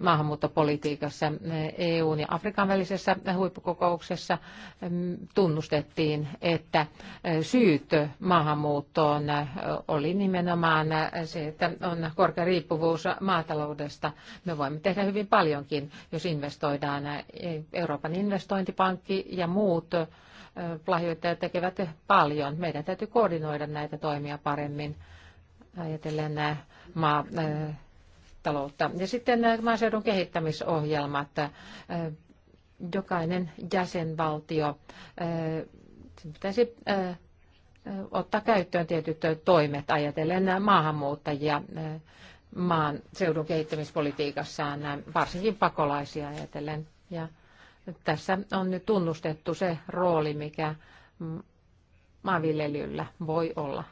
maahanmuuttopolitiikassa. EUn ja Afrikan välisessä huippukokouksessa tunnustettiin, että syyt maahanmuuttoon oli nimenomaan se, että on korkea riippuvuus maataloudesta. Me voimme tehdä hyvin paljonkin, jos investoidaan Euroopan investointipankki ja muut lahjoittajat tekevät paljon. Meidän täytyy koordinoida näitä toimia paremmin ajatellen nämä maa, taloutta. Ja sitten nämä maaseudun kehittämisohjelmat. Jokainen jäsenvaltio pitäisi ottaa käyttöön tietyt toimet ajatellen maahanmuuttajia maan seudun kehittämispolitiikassaan, varsinkin pakolaisia ajatellen. Ja tässä on nyt tunnustettu se rooli, mikä maanviljelijöillä voi olla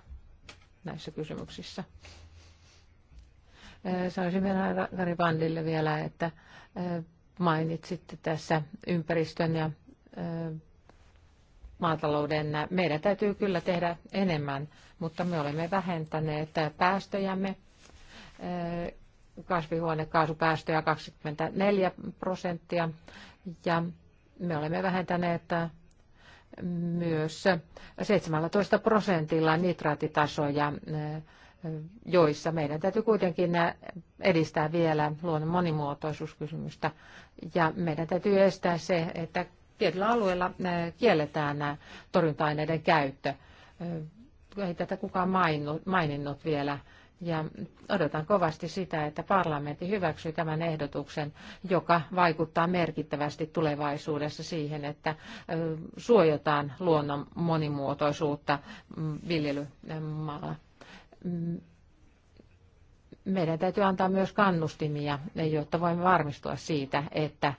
näissä kysymyksissä. Sanoisin vielä Kari Vandille vielä, että mainitsitte tässä ympäristön ja maatalouden. Meidän täytyy kyllä tehdä enemmän, mutta me olemme vähentäneet päästöjämme kasvihuonekaasupäästöjä 24 prosenttia ja me olemme vähentäneet myös 17 prosentilla nitraatitasoja, joissa meidän täytyy kuitenkin edistää vielä luonnon monimuotoisuuskysymystä. Ja meidän täytyy estää se, että tietyllä alueella kielletään torjunta-aineiden käyttö. Ei tätä kukaan maininnut vielä ja odotan kovasti sitä, että parlamentti hyväksyy tämän ehdotuksen, joka vaikuttaa merkittävästi tulevaisuudessa siihen, että suojataan luonnon monimuotoisuutta mm, viljelymaalla. Mm, meidän täytyy antaa myös kannustimia, jotta voimme varmistua siitä, että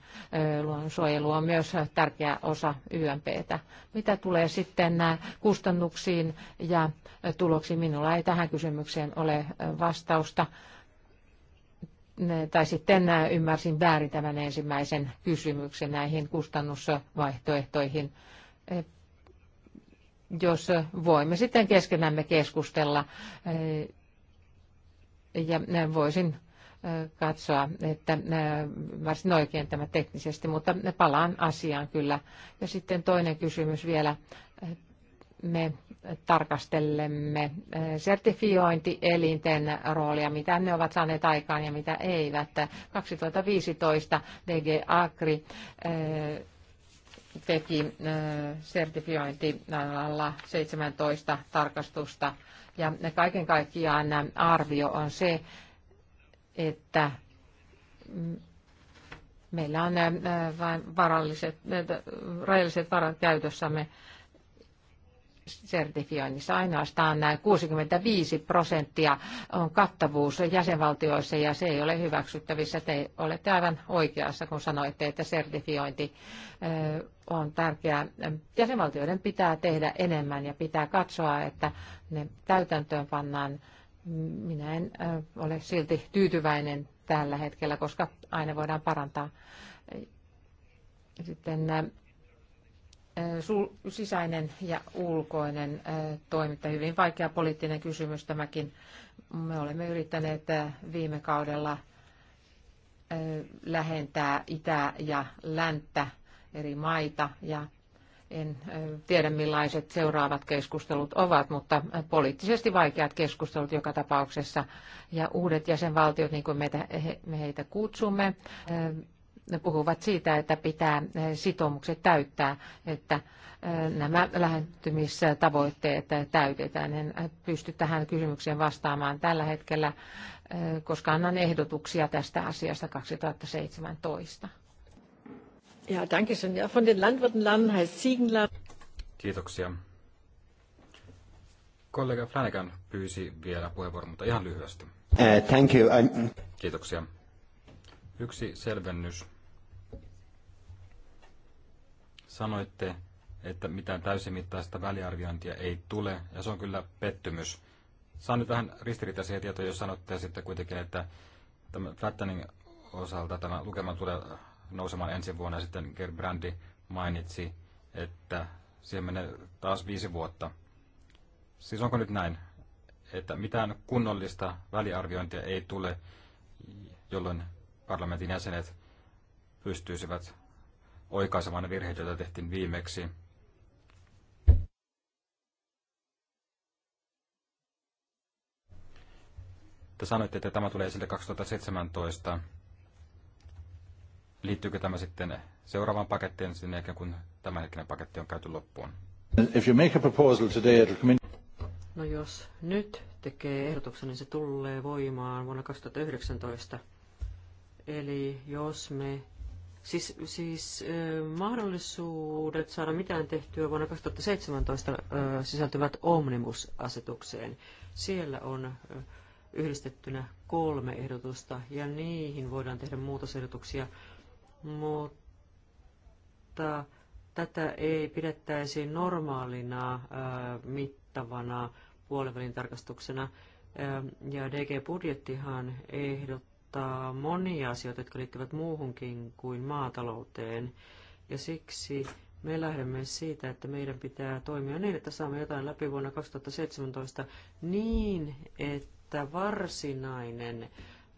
luonnonsuojelu on myös tärkeä osa YMPtä. Mitä tulee sitten äh, kustannuksiin ja äh, tuloksiin, minulla ei tähän kysymykseen ole äh, vastausta. Tai sitten ymmärsin väärin tämän ensimmäisen kysymyksen näihin kustannusvaihtoehtoihin jos voimme sitten keskenämme keskustella ja äh, voisin äh, katsoa, että äh, varsin oikein tämä teknisesti, mutta palaan asiaan kyllä. Ja sitten toinen kysymys vielä. Me tarkastelemme sertifiointielinten roolia, mitä ne ovat saaneet aikaan ja mitä eivät. 2015 DG Agri teki sertifiointialalla 17 tarkastusta ja kaiken kaikkiaan arvio on se, että meillä on vain varalliset, rajalliset varat käytössämme sertifioinnissa ainoastaan 65 prosenttia on kattavuus jäsenvaltioissa ja se ei ole hyväksyttävissä. Te olette aivan oikeassa, kun sanoitte, että sertifiointi on tärkeää. Jäsenvaltioiden pitää tehdä enemmän ja pitää katsoa, että ne täytäntöön pannaan. Minä en ole silti tyytyväinen tällä hetkellä, koska aina voidaan parantaa. Sitten sisäinen ja ulkoinen toiminta. Hyvin vaikea poliittinen kysymys tämäkin. Me olemme yrittäneet viime kaudella lähentää itää ja länttä eri maita ja en tiedä millaiset seuraavat keskustelut ovat, mutta poliittisesti vaikeat keskustelut joka tapauksessa. Ja uudet jäsenvaltiot, niin kuin me heitä kutsumme, puhuvat siitä, että pitää eh, sitoumukset täyttää, että eh, nämä lähentymistavoitteet täytetään. En eh, pysty tähän kysymykseen vastaamaan tällä hetkellä, koska annan ehdotuksia tästä asiasta 2017. Ja, danke schön. Ja, von den Landwirtenlanden heißt Siegenland. Kiitoksia. Kollega Flanagan pyysi vielä puheenvuoron, mutta ihan lyhyesti. Uh, thank you. I'm... Kiitoksia. Yksi selvennys sanoitte, että mitään täysimittaista väliarviointia ei tule, ja se on kyllä pettymys. Saan nyt vähän ristiriitaisia tietoja, jos sanotte sitten kuitenkin, että tämä flattening osalta tämä lukema tulee nousemaan ensi vuonna, ja sitten Gerbrandi mainitsi, että siihen menee taas viisi vuotta. Siis onko nyt näin, että mitään kunnollista väliarviointia ei tule, jolloin parlamentin jäsenet pystyisivät oikaisemaan virheet, joita tehtiin viimeksi. Te sanoitte, että tämä tulee esille 2017. Liittyykö tämä sitten seuraavaan pakettiin sen jälkeen, kun tämänhetkinen paketti on käyty loppuun? If you make a proposal today, it'll... No jos nyt tekee ehdotuksen, niin se tulee voimaan vuonna 2019. Eli jos me Siis, siis eh, mahdollisuudet saada mitään tehtyä vuonna 2017 eh, sisältyvät Omnibus-asetukseen. Siellä on eh, yhdistettynä kolme ehdotusta ja niihin voidaan tehdä muutosehdotuksia, mutta tätä ei pidettäisi normaalina mittavana puolivälin tarkastuksena. Ja DG-budjettihan ehdottaa, kattaa monia asioita, jotka liittyvät muuhunkin kuin maatalouteen. Ja siksi me lähdemme siitä, että meidän pitää toimia niin, että saamme jotain läpi vuonna 2017 niin, että varsinainen,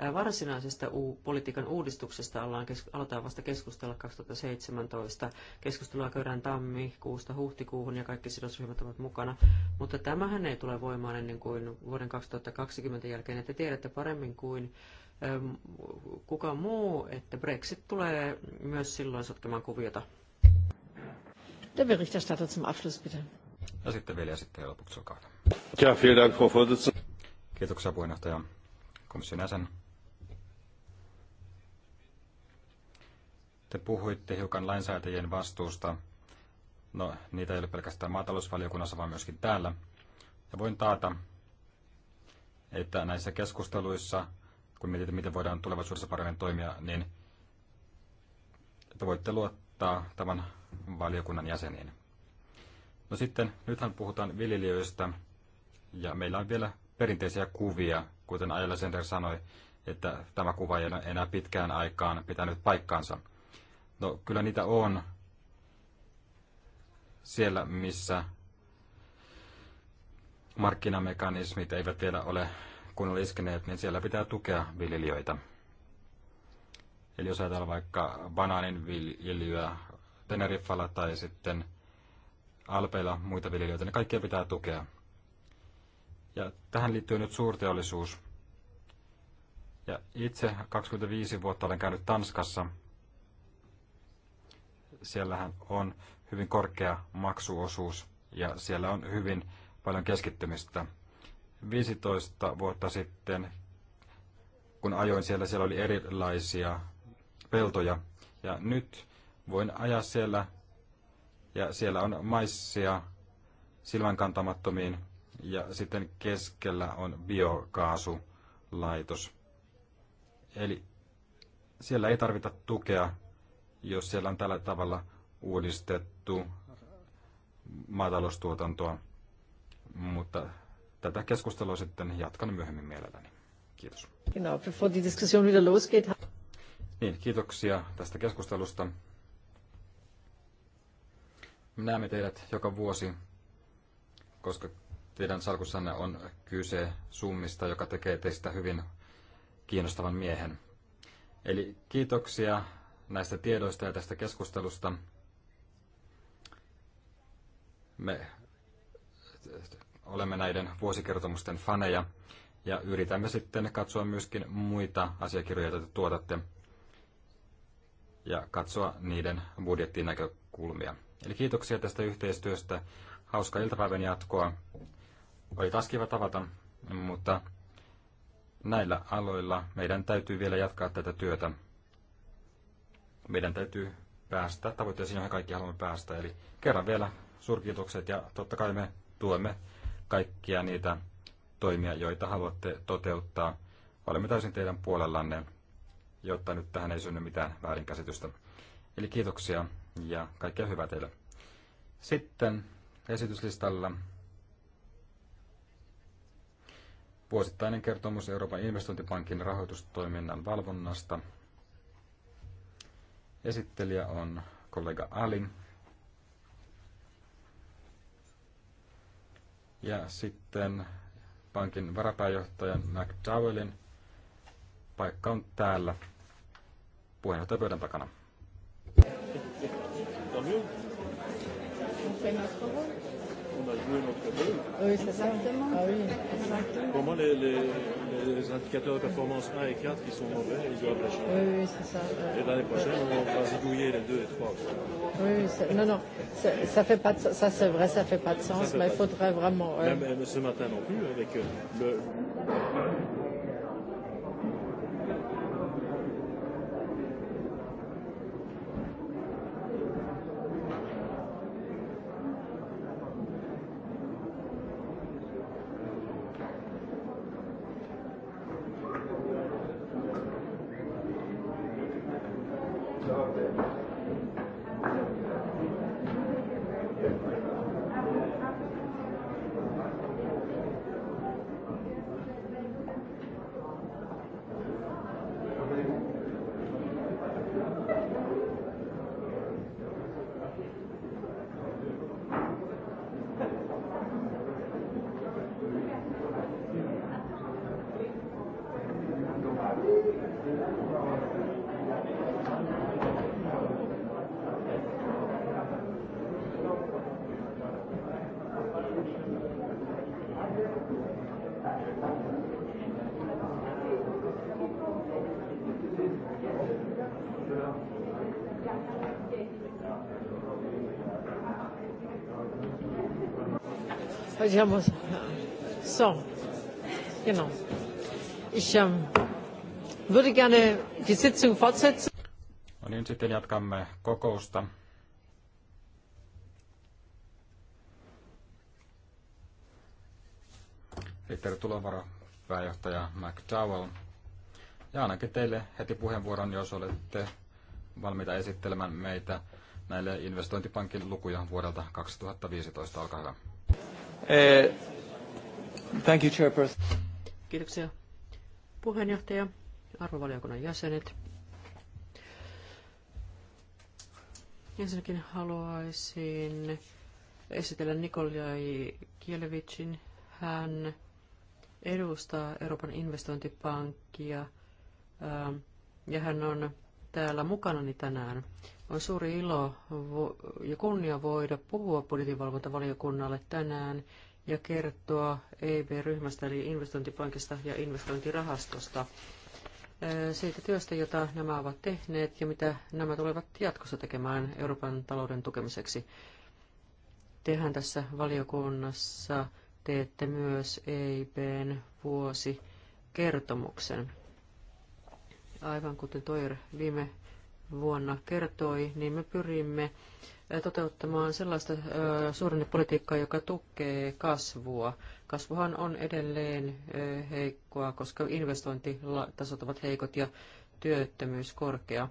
äh, varsinaisesta u- politiikan uudistuksesta ollaan kes- aletaan vasta keskustella 2017. Keskustelua käydään tammikuusta huhtikuuhun ja kaikki sidosryhmät ovat mukana, mutta tämähän ei tule voimaan ennen kuin vuoden 2020 jälkeen. Ja te tiedätte paremmin kuin kuka muu, että Brexit tulee myös silloin sotkemaan kuviota. Der Berichterstatter zum Abschluss, bitte. Ja sitten vielä sitten lopuksi olkaa Ja, vielen Dank, Frau Vorsitzende. Kiitoksia puheenjohtaja komission jäsen. Te puhuitte hiukan lainsäätäjien vastuusta. No, niitä ei ole pelkästään maatalousvaliokunnassa, vaan myöskin täällä. Ja voin taata, että näissä keskusteluissa – kun mietitään, miten voidaan tulevaisuudessa paremmin toimia, niin te voitte luottaa tämän valiokunnan jäseniin. No sitten, nythän puhutaan viljelijöistä, ja meillä on vielä perinteisiä kuvia, kuten Ajala Sender sanoi, että tämä kuva ei enää pitkään aikaan pitänyt paikkaansa. No kyllä niitä on siellä, missä markkinamekanismit eivät vielä ole kun oli iskeneet, niin siellä pitää tukea viljelijöitä. Eli jos ajatellaan vaikka banaanin viljelyä Teneriffalla tai sitten Alpeilla muita viljelijöitä, niin kaikkia pitää tukea. Ja tähän liittyy nyt suurteollisuus. Ja itse 25 vuotta olen käynyt Tanskassa. Siellähän on hyvin korkea maksuosuus ja siellä on hyvin paljon keskittymistä 15 vuotta sitten, kun ajoin siellä, siellä oli erilaisia peltoja. Ja nyt voin ajaa siellä, ja siellä on maissia silmänkantamattomiin, ja sitten keskellä on biokaasulaitos. Eli siellä ei tarvita tukea, jos siellä on tällä tavalla uudistettu maataloustuotantoa, mutta tätä keskustelua sitten jatkan myöhemmin mielelläni. Kiitos. Genau, bevor die Diskussion wieder losgeht. Niin, kiitoksia tästä keskustelusta. näemme teidät joka vuosi, koska teidän salkussanne on kyse summista, joka tekee teistä hyvin kiinnostavan miehen. Eli kiitoksia näistä tiedoista ja tästä keskustelusta. Me olemme näiden vuosikertomusten faneja ja yritämme sitten katsoa myöskin muita asiakirjoja, joita tuotatte ja katsoa niiden budjettiin näkökulmia. Eli kiitoksia tästä yhteistyöstä. Hauska iltapäivän jatkoa. Oli taas kiva tavata, mutta näillä aloilla meidän täytyy vielä jatkaa tätä työtä. Meidän täytyy päästä tavoitteisiin, joihin kaikki haluamme päästä. Eli kerran vielä suurkiitokset ja totta kai me tuemme kaikkia niitä toimia, joita haluatte toteuttaa. Olemme täysin teidän puolellanne, jotta nyt tähän ei synny mitään väärinkäsitystä. Eli kiitoksia ja kaikkea hyvää teille. Sitten esityslistalla vuosittainen kertomus Euroopan investointipankin rahoitustoiminnan valvonnasta. Esittelijä on kollega Ali. ja sitten pankin varapääjohtajan McDowellin paikka on täällä puheenjohtajapöydän takana. Thank you on a joué notre rôle. Oui, c'est ça. Exactement. Ah, oui. Exactement. Pour moi, les, les, les indicateurs de performance 1 et 4 qui sont mauvais, ils doivent la lâcher. Oui, oui, c'est ça. Et l'année prochaine, oui. on va zigouiller les 2 et 3. Oui, oui non, non, ça fait pas de... ça c'est vrai, ça fait pas de sens, mais il faudrait de... vraiment. Euh... Même, même ce matin non plus, avec euh, le, Facciamo. So, genau. Ich ähm, würde gerne die Sitzung fortsetzen. No niin, sitten jatkamme kokousta. Eli tervetuloa varapääjohtaja McDowell. Ja ainakin teille heti puheenvuoron, jos olette valmiita esittelemään meitä näille investointipankin lukuja vuodelta 2015. Olkaa hyvä. Uh, thank you, Chairperson. Kiitoksia puheenjohtaja, arvovaliokunnan jäsenet. Ensinnäkin haluaisin esitellä Nikolai Kielevicin. Hän edustaa Euroopan investointipankkia ähm, ja hän on täällä mukanani tänään. On suuri ilo ja kunnia voida puhua budjetinvalvontavaliokunnalle tänään ja kertoa EIB-ryhmästä eli investointipankista ja investointirahastosta siitä työstä, jota nämä ovat tehneet ja mitä nämä tulevat jatkossa tekemään Euroopan talouden tukemiseksi. Tehän tässä valiokunnassa teette myös EIBn vuosikertomuksen. Aivan kuten Toir viime vuonna kertoi, niin me pyrimme toteuttamaan sellaista suhdannepolitiikkaa, joka tukee kasvua. Kasvuhan on edelleen heikkoa, koska investointitasot ovat heikot ja työttömyys korkea.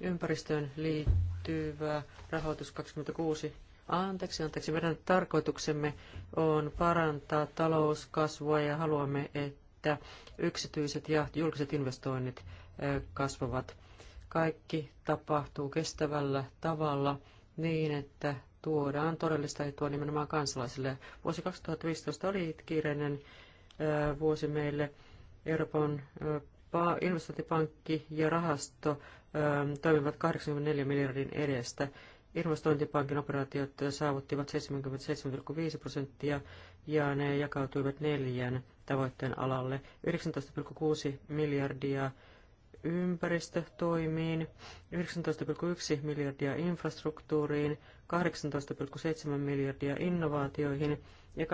Ympäristöön liittyvä rahoitus 26. Anteeksi, anteeksi. Meidän tarkoituksemme on parantaa talouskasvua ja haluamme, että yksityiset ja julkiset investoinnit kasvavat kaikki tapahtuu kestävällä tavalla niin, että tuodaan todellista etua nimenomaan kansalaisille. Vuosi 2015 oli kiireinen vuosi meille. Euroopan investointipankki ja rahasto toimivat 84 miljardin edestä. Investointipankin operaatiot saavuttivat 77,5 prosenttia ja ne jakautuivat neljän tavoitteen alalle. 19,6 miljardia ympäristötoimiin, 19,1 miljardia infrastruktuuriin, 18,7 miljardia innovaatioihin ja 28,4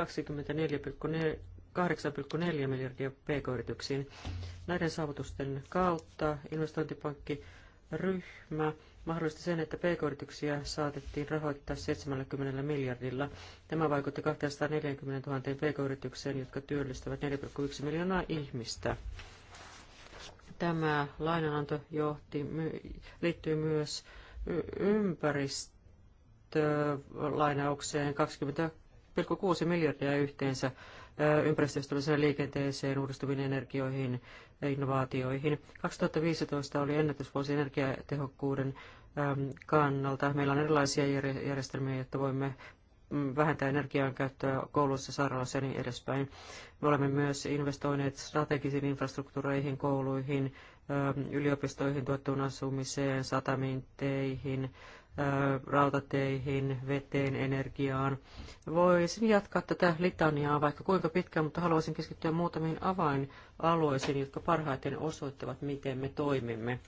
miljardia pk-yrityksiin. Näiden saavutusten kautta investointipankkiryhmä mahdollisti sen, että pk-yrityksiä saatettiin rahoittaa 70 miljardilla. Tämä vaikutti 240 000 pk-yritykseen, jotka työllistävät 4,1 miljoonaa ihmistä. Tämä lainananto johti, liittyy myös ympäristölainaukseen 20,6 miljardia yhteensä ympäristöystävälliseen liikenteeseen, uudistuviin energioihin ja innovaatioihin. 2015 oli ennätysvuosi energiatehokkuuden kannalta. Meillä on erilaisia järjestelmiä, jotta voimme vähentää energian käyttöä kouluissa, sairaaloissa ja niin edespäin. Me olemme myös investoineet strategisiin infrastruktuureihin, kouluihin, ähm, yliopistoihin, tuettuun asumiseen, satamiin, teihin, äh, rautateihin, veteen, energiaan. Voisin jatkaa tätä litaniaa vaikka kuinka pitkään, mutta haluaisin keskittyä muutamiin avainalueisiin, jotka parhaiten osoittavat, miten me toimimme.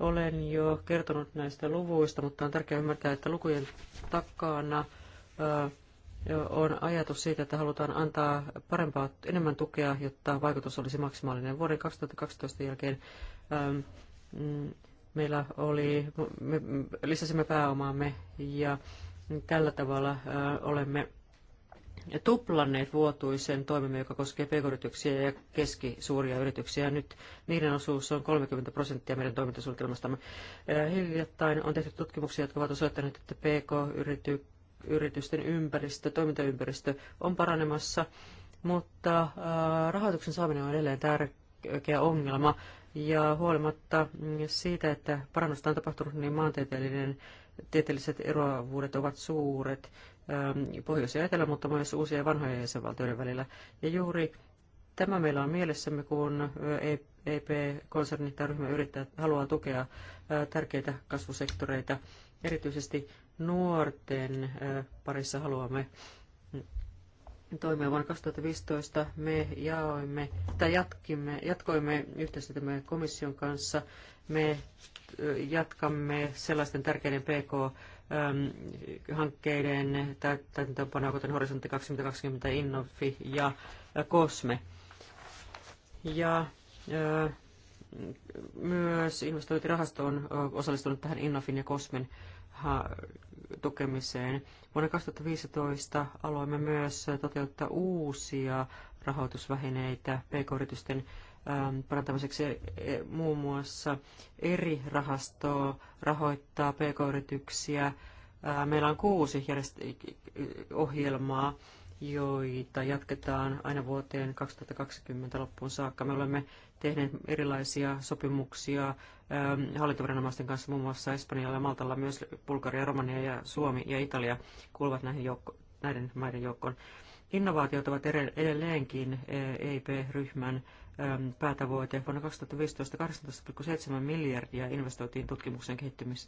Olen jo kertonut näistä luvuista, mutta on tärkeää ymmärtää, että lukujen takana – on ajatus siitä, että halutaan antaa parempaa, enemmän tukea, jotta vaikutus olisi maksimaalinen. Vuoden 2012 jälkeen ähm, mm, meillä oli, me lisäsimme pääomaamme ja tällä tavalla äh, olemme tuplanneet vuotuisen toimimme, joka koskee pk-yrityksiä ja keskisuuria yrityksiä. Nyt niiden osuus on 30 prosenttia meidän toimintasuunnitelmastamme. Äh, hiljattain on tehty tutkimuksia, jotka ovat osoittaneet, että pk-yritykset yritysten ympäristö, toimintaympäristö on paranemassa, mutta äh, rahoituksen saaminen on edelleen tärkeä ongelma. Ja huolimatta mm, siitä, että parannusta on tapahtunut, niin maantieteellinen tieteelliset eroavuudet ovat suuret ähm, pohjois- ja etelä, mutta myös uusia ja vanhoja jäsenvaltioiden välillä. Ja juuri tämä meillä on mielessämme, kun äh, EP-konserni e tai ryhmä yrittää, haluaa tukea äh, tärkeitä kasvusektoreita, erityisesti nuorten parissa haluamme toimia vuonna 2015. Me jaoimme, tai jatkimme, jatkoimme meidän komission kanssa. Me jatkamme sellaisten tärkeiden PK- hankkeiden täytäntöönpanoa, kuten Horisontti 2020, Innofi ja Kosme. Ja myös investointirahasto on osallistunut tähän Innofin ja Kosmen tukemiseen. Vuonna 2015 aloimme myös toteuttaa uusia rahoitusvähineitä pk-yritysten ähm, parantamiseksi e, muun muassa eri rahastoa rahoittaa pk-yrityksiä. Äh, meillä on kuusi järjest- ohjelmaa, joita jatketaan aina vuoteen 2020 loppuun saakka. Me olemme tehneet erilaisia sopimuksia Ähm, hallintoviranomaisten kanssa, muun muassa Espanjalla ja Maltalla, myös Bulgaria, Romania ja Suomi ja Italia kuuluvat näihin joukko, näiden maiden joukkoon. Innovaatiot ovat edelleenkin EIP-ryhmän e ähm, päätavoite. Vuonna 2015 18,7 miljardia investoitiin tutkimuksen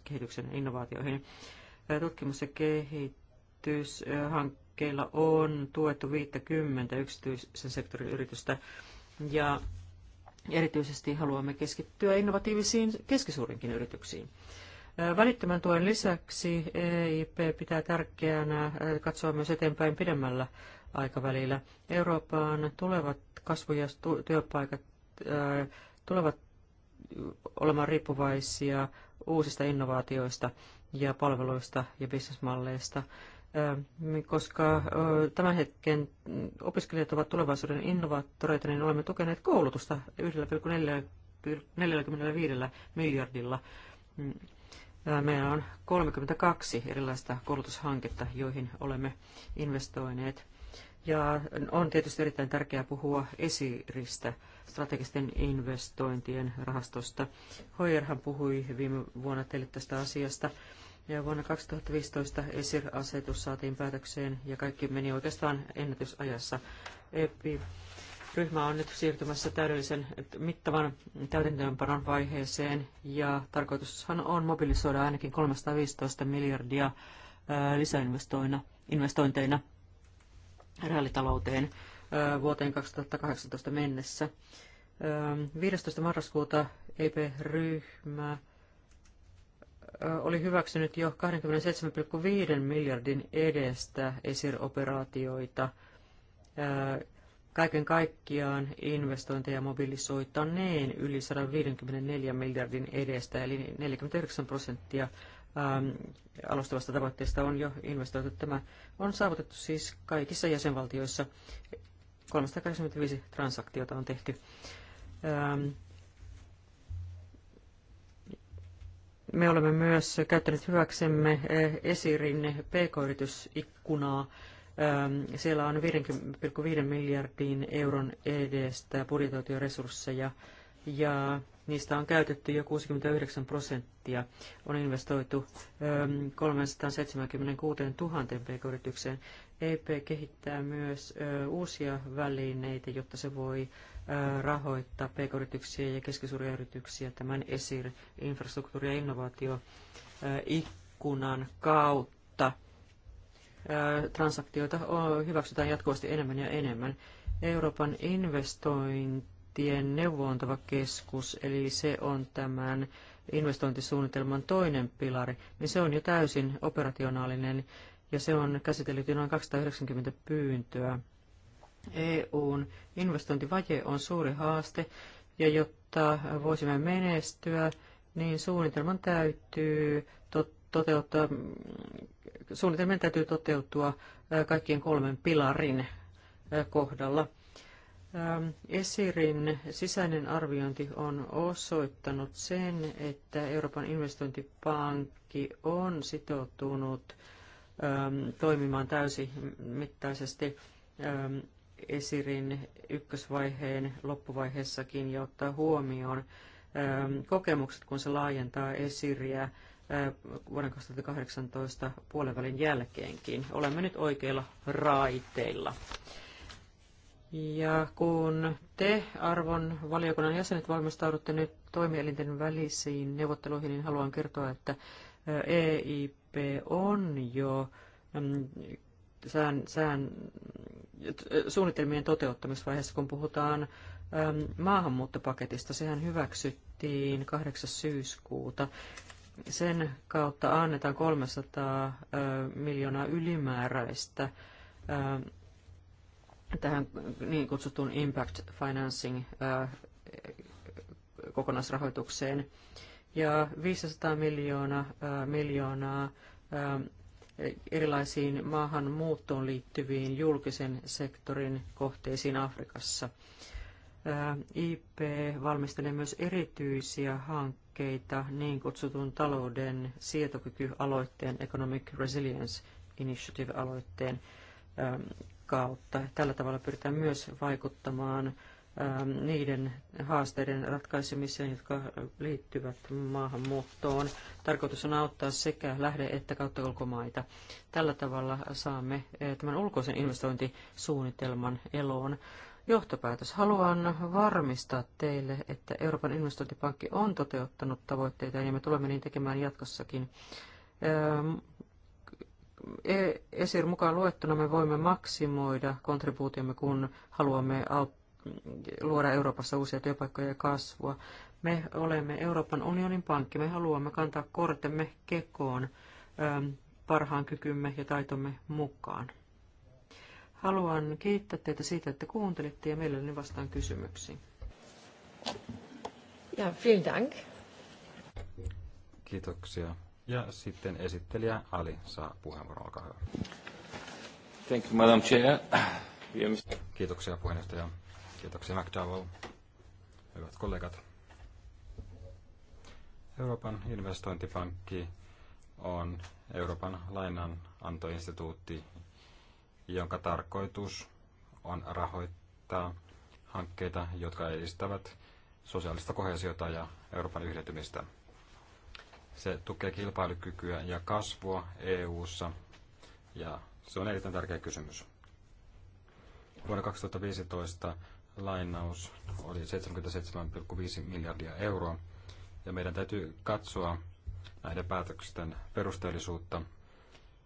kehityksen innovaatioihin. Tutkimus- ja kehityshankkeilla on tuettu 50 yksityisen sektorin yritystä ja Erityisesti haluamme keskittyä innovatiivisiin keskisuurinkin yrityksiin. Välittömän tuen lisäksi EIP pitää tärkeänä katsoa myös eteenpäin pidemmällä aikavälillä. Eurooppaan tulevat kasvu- ja työpaikat tulevat olemaan riippuvaisia uusista innovaatioista ja palveluista ja bisnesmalleista koska tämän hetken opiskelijat ovat tulevaisuuden innovaattoreita, niin olemme tukeneet koulutusta 1,45 miljardilla. Mm. Meillä on 32 erilaista koulutushanketta, joihin olemme investoineet. Ja on tietysti erittäin tärkeää puhua esiristä, strategisten investointien rahastosta. Hoyerhan puhui viime vuonna teille tästä asiasta. Ja vuonna 2015 ESIR-asetus saatiin päätökseen ja kaikki meni oikeastaan ennätysajassa. EPI Ryhmä on nyt siirtymässä täydellisen mittavan täytäntöönpanon vaiheeseen ja tarkoitushan on mobilisoida ainakin 315 miljardia lisäinvestointeina reaalitalouteen vuoteen 2018 mennessä. 15. marraskuuta EP-ryhmä oli hyväksynyt jo 27,5 miljardin edestä ESIR-operaatioita. Kaiken kaikkiaan investointeja mobilisoitaneen yli 154 miljardin edestä, eli 49 prosenttia alustavasta tavoitteesta on jo investoitu. Tämä on saavutettu siis kaikissa jäsenvaltioissa. 385 transaktiota on tehty. Me olemme myös käyttäneet hyväksemme eh, esirin pk-yritysikkunaa. Siellä on 5,5 miljardin euron edestä budjetoituja resursseja ja niistä on käytetty jo 69 prosenttia. On investoitu 376 000 pk-yritykseen. EP kehittää myös uusia välineitä, jotta se voi rahoittaa pk-yrityksiä ja keskisuuria yrityksiä tämän ESIR, infrastruktuuri- ja innovaatioikkunan kautta. Transaktioita hyväksytään jatkuvasti enemmän ja enemmän. Euroopan investointien neuvontava keskus, eli se on tämän investointisuunnitelman toinen pilari, niin se on jo täysin operationaalinen ja se on käsitellyt noin 290 pyyntöä EUn investointivaje on suuri haaste, ja jotta voisimme menestyä, niin suunnitelman täytyy toteuttaa, mm, suunnitelman täytyy toteutua kaikkien kolmen pilarin kohdalla. Esirin sisäinen arviointi on osoittanut sen, että Euroopan investointipankki on sitoutunut toimimaan täysimittaisesti Esirin ykkösvaiheen loppuvaiheessakin ja ottaa huomioon ähm, kokemukset, kun se laajentaa Esiriä äh, vuoden 2018 puolenvälin jälkeenkin. Olemme nyt oikeilla raiteilla. Ja kun te, arvon valiokunnan jäsenet, valmistaudutte nyt toimielinten välisiin neuvotteluihin, niin haluan kertoa, että äh, EIP on jo mm, sään, sään, suunnitelmien toteuttamisvaiheessa, kun puhutaan äm, maahanmuuttopaketista. Sehän hyväksyttiin 8. syyskuuta. Sen kautta annetaan 300 äh, miljoonaa ylimääräistä äh, tähän niin kutsuttuun impact financing äh, kokonaisrahoitukseen ja 500 miljoona, äh, miljoonaa ähm, erilaisiin maahanmuuttoon liittyviin julkisen sektorin kohteisiin Afrikassa. IP valmistelee myös erityisiä hankkeita niin kutsutun talouden sietokykyaloitteen, Economic Resilience Initiative-aloitteen kautta. Tällä tavalla pyritään myös vaikuttamaan Ähm, niiden haasteiden ratkaisemiseen, jotka liittyvät maahanmuuttoon. Tarkoitus on auttaa sekä lähde- että ulkomaita. Tällä tavalla saamme eh, tämän ulkoisen investointisuunnitelman eloon. Johtopäätös. Haluan varmistaa teille, että Euroopan investointipankki on toteuttanut tavoitteita ja me tulemme niin tekemään jatkossakin. Ähm, e- ESIR mukaan luettuna me voimme maksimoida kontribuutiomme, kun haluamme auttaa luoda Euroopassa uusia työpaikkoja ja kasvua. Me olemme Euroopan unionin pankki. Me haluamme kantaa kortemme kekoon ähm, parhaan kykymme ja taitomme mukaan. Haluan kiittää teitä siitä, että kuuntelitte ja mielelläni vastaan kysymyksiin. Ja, vielen dank. Kiitoksia. Ja sitten esittelijä Ali saa puheenvuoron, olkaa hyvä. Thank you, Madam Chair. Kiitoksia puheenjohtaja. Kiitoksia McDowell. Hyvät kollegat. Euroopan investointipankki on Euroopan lainanantoinstituutti, jonka tarkoitus on rahoittaa hankkeita, jotka edistävät sosiaalista kohesiota ja Euroopan yhdentymistä. Se tukee kilpailukykyä ja kasvua EU:ssa ja se on erittäin tärkeä kysymys. Vuonna 2015 lainaus oli 77,5 miljardia euroa. Ja meidän täytyy katsoa näiden päätöksen perusteellisuutta,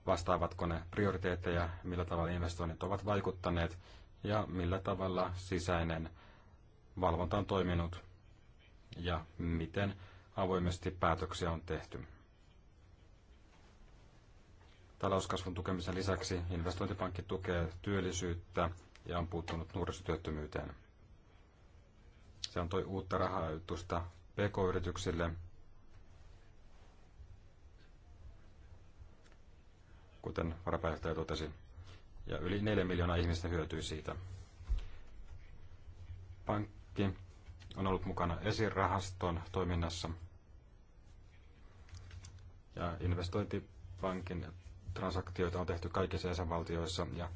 vastaavatko ne prioriteetteja, millä tavalla investoinnit ovat vaikuttaneet ja millä tavalla sisäinen valvonta on toiminut ja miten avoimesti päätöksiä on tehty. Talouskasvun tukemisen lisäksi investointipankki tukee työllisyyttä ja on puuttunut nuorisotyöttömyyteen. Se antoi uutta rahaa pk-yrityksille, kuten varapäivittäjä totesi, ja yli 4 miljoonaa ihmistä hyötyi siitä. Pankki on ollut mukana esirahaston toiminnassa ja investointipankin transaktioita on tehty kaikissa jäsenvaltioissa ja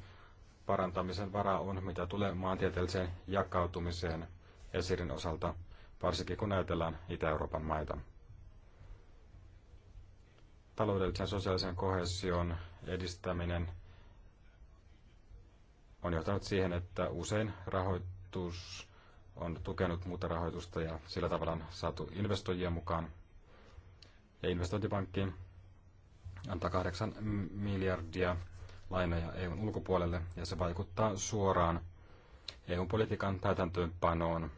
parantamisen varaa on, mitä tulee maantieteelliseen jakautumiseen esirin osalta, varsinkin kun ajatellaan Itä-Euroopan maita. Taloudellisen sosiaalisen kohesion edistäminen on johtanut siihen, että usein rahoitus on tukenut muuta rahoitusta ja sillä tavalla on saatu investoijia mukaan. Ja investointipankki antaa 8 miljardia lainoja EUn ulkopuolelle, ja se vaikuttaa suoraan EU-politiikan täytäntöönpanoon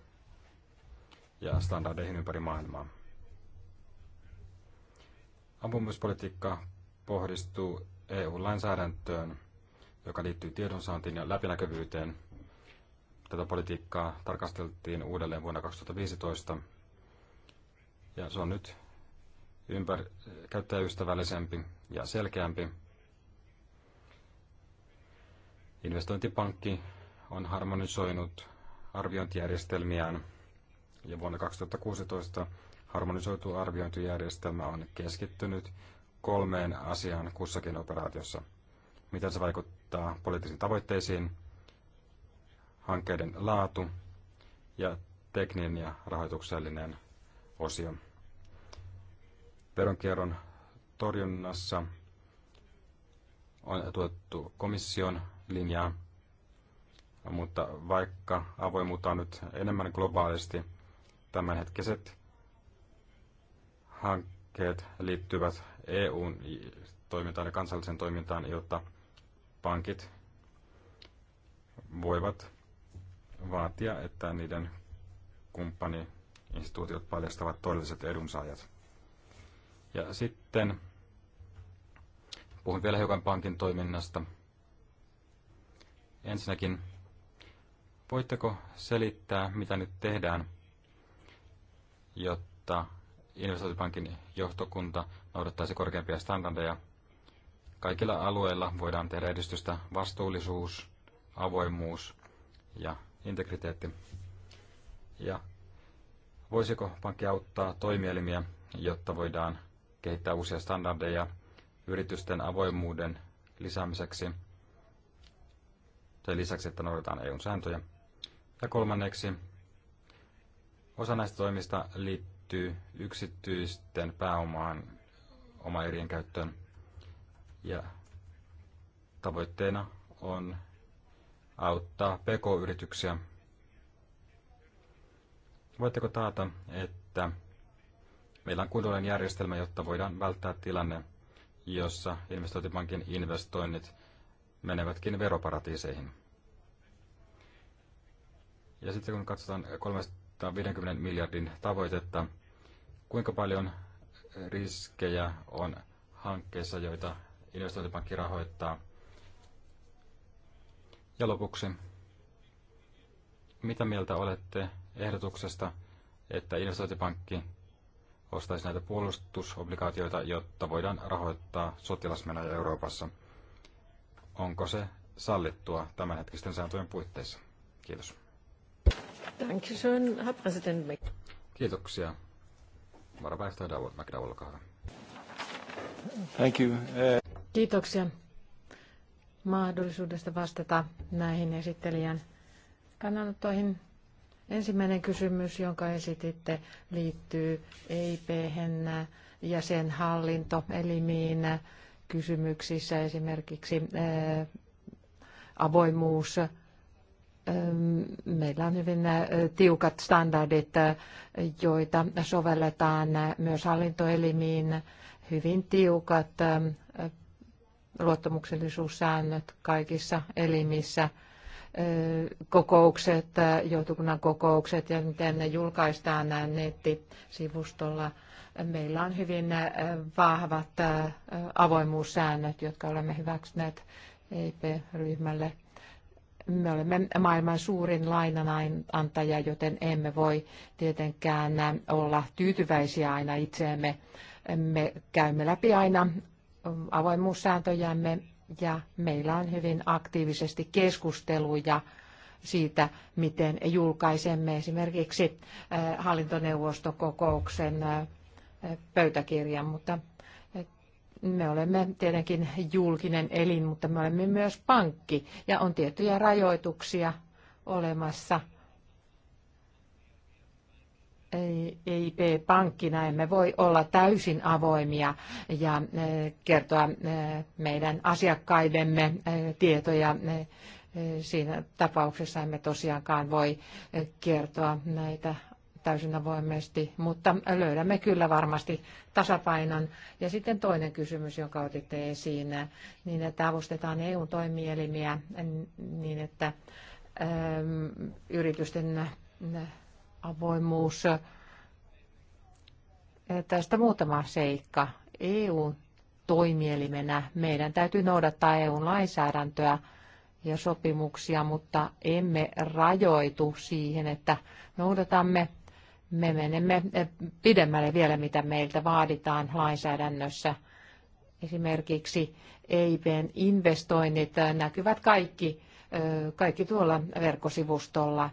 ja standardeihin ympäri maailmaa. Ampumispolitiikka pohdistuu EU-lainsäädäntöön, joka liittyy tiedonsaantiin ja läpinäkyvyyteen. Tätä politiikkaa tarkasteltiin uudelleen vuonna 2015, ja se on nyt ympär- käyttäjäystävällisempi ja selkeämpi Investointipankki on harmonisoinut arviointijärjestelmiään ja vuonna 2016 harmonisoitu arviointijärjestelmä on keskittynyt kolmeen asiaan kussakin operaatiossa. Miten se vaikuttaa poliittisiin tavoitteisiin, hankkeiden laatu ja tekninen ja rahoituksellinen osio. Veronkierron torjunnassa on tuettu komission linjaa. Mutta vaikka avoimuutta on nyt enemmän globaalisti, tämänhetkiset hankkeet liittyvät EUn toimintaan ja kansalliseen toimintaan, jotta pankit voivat vaatia, että niiden kumppaniinstituutiot paljastavat todelliset edunsaajat. Ja sitten puhun vielä hiukan pankin toiminnasta – Ensinnäkin, voitteko selittää, mitä nyt tehdään, jotta investointipankin johtokunta noudattaisi korkeampia standardeja? Kaikilla alueilla voidaan tehdä edistystä vastuullisuus, avoimuus ja integriteetti. Ja voisiko pankki auttaa toimielimiä, jotta voidaan kehittää uusia standardeja yritysten avoimuuden lisäämiseksi – sen lisäksi, että noudatetaan eu sääntöjä. Ja kolmanneksi, osa näistä toimista liittyy yksityisten pääomaan oma erien käyttöön. Ja tavoitteena on auttaa PK-yrityksiä. Voitteko taata, että meillä on kunnollinen järjestelmä, jotta voidaan välttää tilanne, jossa investointipankin investoinnit menevätkin veroparatiiseihin. Ja sitten kun katsotaan 350 miljardin tavoitetta, kuinka paljon riskejä on hankkeissa, joita investointipankki rahoittaa. Ja lopuksi, mitä mieltä olette ehdotuksesta, että investointipankki ostaisi näitä puolustusobligaatioita, jotta voidaan rahoittaa sotilasmenoja Euroopassa – onko se sallittua tämänhetkisten sääntöjen puitteissa? Kiitos. Kiitoksia. Kiitoksia. McDowell, olkaa hyvä. Thank you. Kiitoksia mahdollisuudesta vastata näihin esittelijän kannanottoihin. Ensimmäinen kysymys, jonka esititte, liittyy EIP-hen ja sen hallintoelimiin. elimiin kysymyksissä, esimerkiksi eh, avoimuus. Ehm, meillä on hyvin eh, tiukat standardit, eh, joita sovelletaan myös hallintoelimiin, hyvin tiukat luottamuksellisuussäännöt kaikissa elimissä kokoukset, johtokunnan kokoukset ja miten ne julkaistaan nettisivustolla – Meillä on hyvin äh, vahvat äh, avoimuussäännöt, jotka olemme hyväksyneet EIP-ryhmälle. Me olemme maailman suurin lainanantaja, joten emme voi tietenkään äh, olla tyytyväisiä aina itseemme. Me käymme läpi aina avoimuussääntöjämme ja meillä on hyvin aktiivisesti keskusteluja siitä, miten julkaisemme esimerkiksi hallintoneuvostokokouksen pöytäkirjan, mutta eh, me olemme tietenkin julkinen elin, mutta me olemme myös pankki ja on tiettyjä rajoituksia olemassa. ei e pankkina emme voi olla täysin avoimia ja eh, kertoa eh, meidän asiakkaidemme tietoja. Siinä tapauksessa emme tosiaankaan voi kertoa näitä täysin avoimesti, mutta löydämme kyllä varmasti tasapainon. Ja sitten toinen kysymys, jonka otitte esiin, niin että avustetaan EU-toimielimiä niin, että ähm, yritysten äh, avoimuus. Äh, tästä muutama seikka. EU-toimielimenä meidän täytyy noudattaa EU-lainsäädäntöä ja sopimuksia, mutta emme rajoitu siihen, että noudatamme me menemme eh, pidemmälle vielä, mitä meiltä vaaditaan lainsäädännössä. Esimerkiksi EIPn investoinnit eh, näkyvät kaikki, eh, kaikki tuolla verkkosivustolla.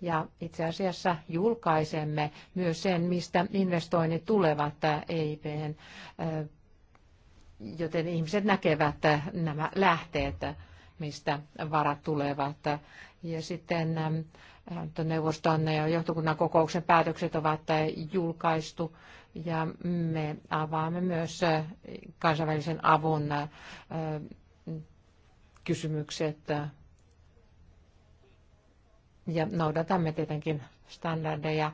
Ja itse asiassa julkaisemme myös sen, mistä investoinnit tulevat EIPn, e joten ihmiset näkevät nämä lähteet mistä varat tulevat. Ja sitten ähm, neuvoston ja johtokunnan kokouksen päätökset ovat äh, julkaistu ja me avaamme myös äh, kansainvälisen avun äh, kysymykset ja noudatamme tietenkin standardeja,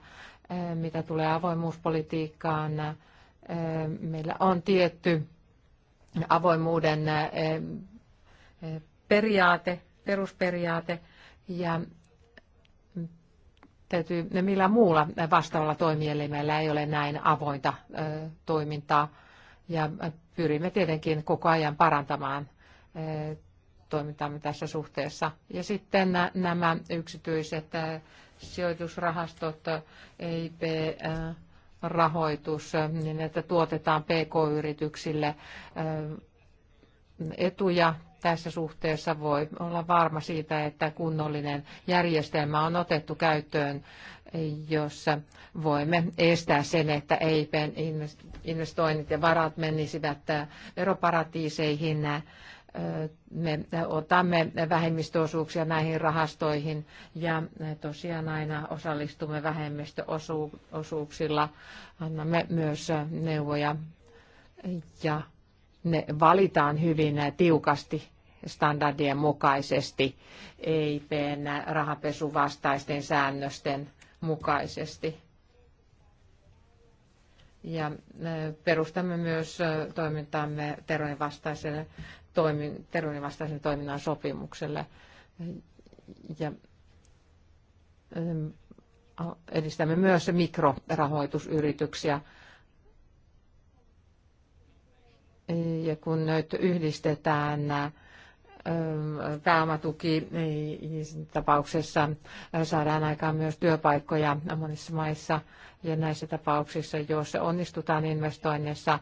mitä tulee avoimuuspolitiikkaan. Meillä on tietty avoimuuden periaate, perusperiaate ja täytyy millä muulla vastaavalla toimielimellä ei ole näin avointa toimintaa ja pyrimme tietenkin koko ajan parantamaan toimintaamme tässä suhteessa. Ja sitten nämä yksityiset sijoitusrahastot, EIP, rahoitus, niin että tuotetaan PK-yrityksille etuja tässä suhteessa voi olla varma siitä, että kunnollinen järjestelmä on otettu käyttöön, jossa voimme estää sen, että EIPen investoinnit ja varat menisivät äh, veroparatiiseihin. Äh, me otamme vähemmistöosuuksia näihin rahastoihin ja äh, tosiaan aina osallistumme vähemmistöosuuksilla. Annamme myös neuvoja ja ne valitaan hyvin tiukasti standardien mukaisesti, EIPn rahapesuvastaisten säännösten mukaisesti. Ja perustamme myös toimintaamme terrorin toimin, vastaisen toiminnan sopimukselle. Ja edistämme myös mikrorahoitusyrityksiä. Ja kun nyt yhdistetään pääomatuki tapauksessa saadaan aikaan myös työpaikkoja monissa maissa. Ja näissä tapauksissa, jos onnistutaan investoinnissa,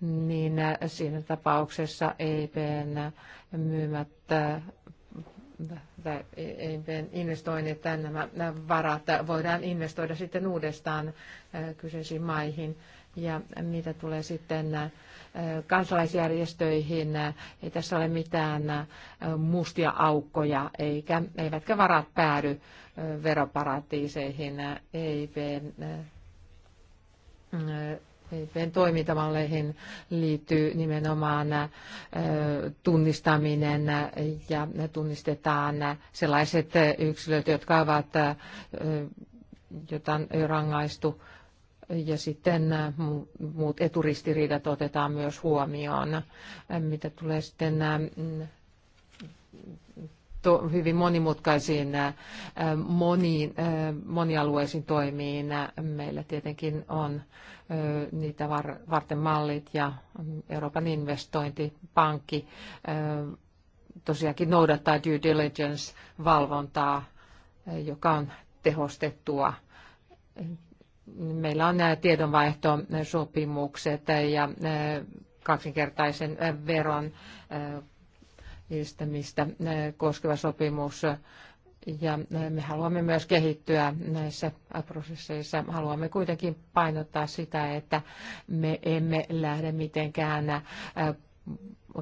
niin siinä tapauksessa EIPn myymät e investoinnit tai nämä varat voidaan investoida sitten uudestaan kyseisiin maihin. Ja mitä tulee sitten kansalaisjärjestöihin. Ei tässä ole mitään mustia aukkoja, eikä, eivätkä varat päädy veroparatiiseihin, EIPn, EIPn toimintamalleihin liittyy nimenomaan tunnistaminen ja tunnistetaan sellaiset yksilöt, jotka ovat jotain rangaistu ja sitten äh, muut eturistiriidat otetaan myös huomioon. Äh, mitä tulee sitten äh, mm, hyvin monimutkaisiin, moniin, monialueisiin toimiin, meillä tietenkin on niitä varten mallit ja mm, Euroopan investointipankki tosiaankin noudattaa due diligence-valvontaa, joka on tehostettua meillä on nämä äh, tiedonvaihtosopimukset äh, ja äh, kaksinkertaisen veron estämistä koskeva sopimus. Ja me haluamme myös kehittyä näissä prosesseissa. Haluamme kuitenkin painottaa sitä, että me emme lähde mitenkään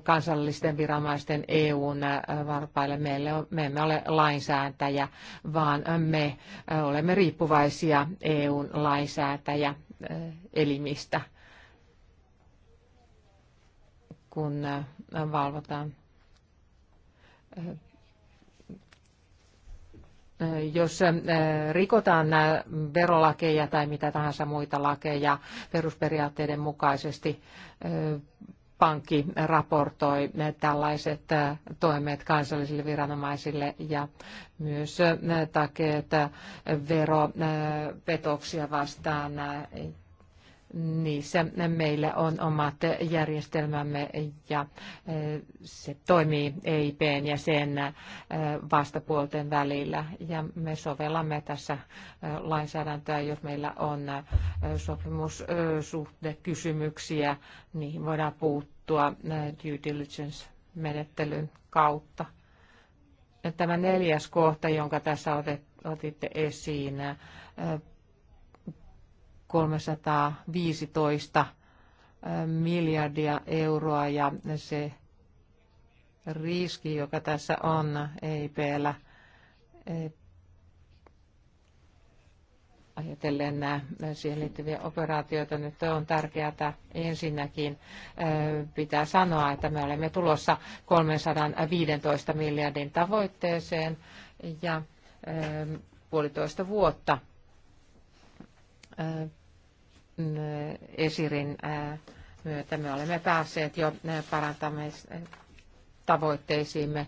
kansallisten viranomaisten EUn äh, varpaille. Meille on, me emme ole lainsääntäjä, vaan me äh, olemme riippuvaisia EUn lainsääntäjä äh, elimistä, kun valvotaan jos rikotaan nämä verolakeja tai mitä tahansa muita lakeja perusperiaatteiden mukaisesti, pankki raportoi tällaiset äh, toimet kansallisille viranomaisille ja myös äh, takeet äh, veropetoksia vastaan. Niissä meillä on omat järjestelmämme ja se toimii EIP ja sen vastapuolten välillä. Ja me sovellamme tässä lainsäädäntöä, jos meillä on sopimussuhdekysymyksiä, niihin voidaan puuttua puuttua due diligence-menettelyn kautta. Tämä neljäs kohta, jonka tässä otitte esiin, 315 miljardia euroa ja se riski, joka tässä on EIPllä, ajatellen nämä äh, siihen liittyviä operaatioita, nyt on tärkeää että ensinnäkin äh, pitää sanoa, että me olemme tulossa 315 miljardin tavoitteeseen ja äh, puolitoista vuotta Esirin myötä me olemme päässeet jo parantamaan tavoitteisiimme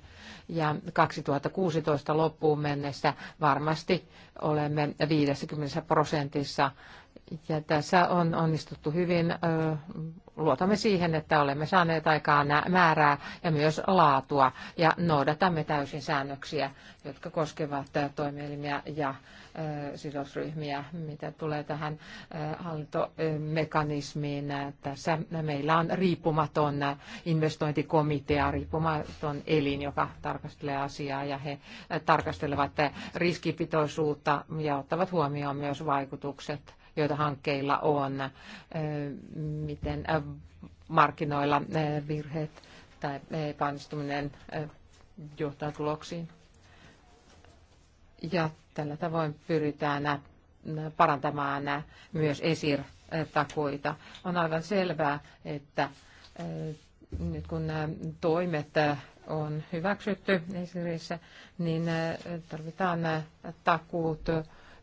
ja 2016 loppuun mennessä varmasti olemme 50 prosentissa ja tässä on onnistuttu hyvin. Luotamme siihen, että olemme saaneet aikaa määrää ja myös laatua ja noudatamme täysin säännöksiä, jotka koskevat toimielimiä ja sidosryhmiä, mitä tulee tähän hallintomekanismiin. Tässä meillä on riippumaton investointikomitea, riippumaton elin, joka tarkastelee asiaa ja he tarkastelevat riskipitoisuutta ja ottavat huomioon myös vaikutukset joita hankkeilla on, miten markkinoilla virheet tai epäonnistuminen johtaa tuloksiin. Ja tällä tavoin pyritään parantamaan myös esirtakoita. On aivan selvää, että nyt kun nämä toimet on hyväksytty esirissä, niin tarvitaan nämä takuut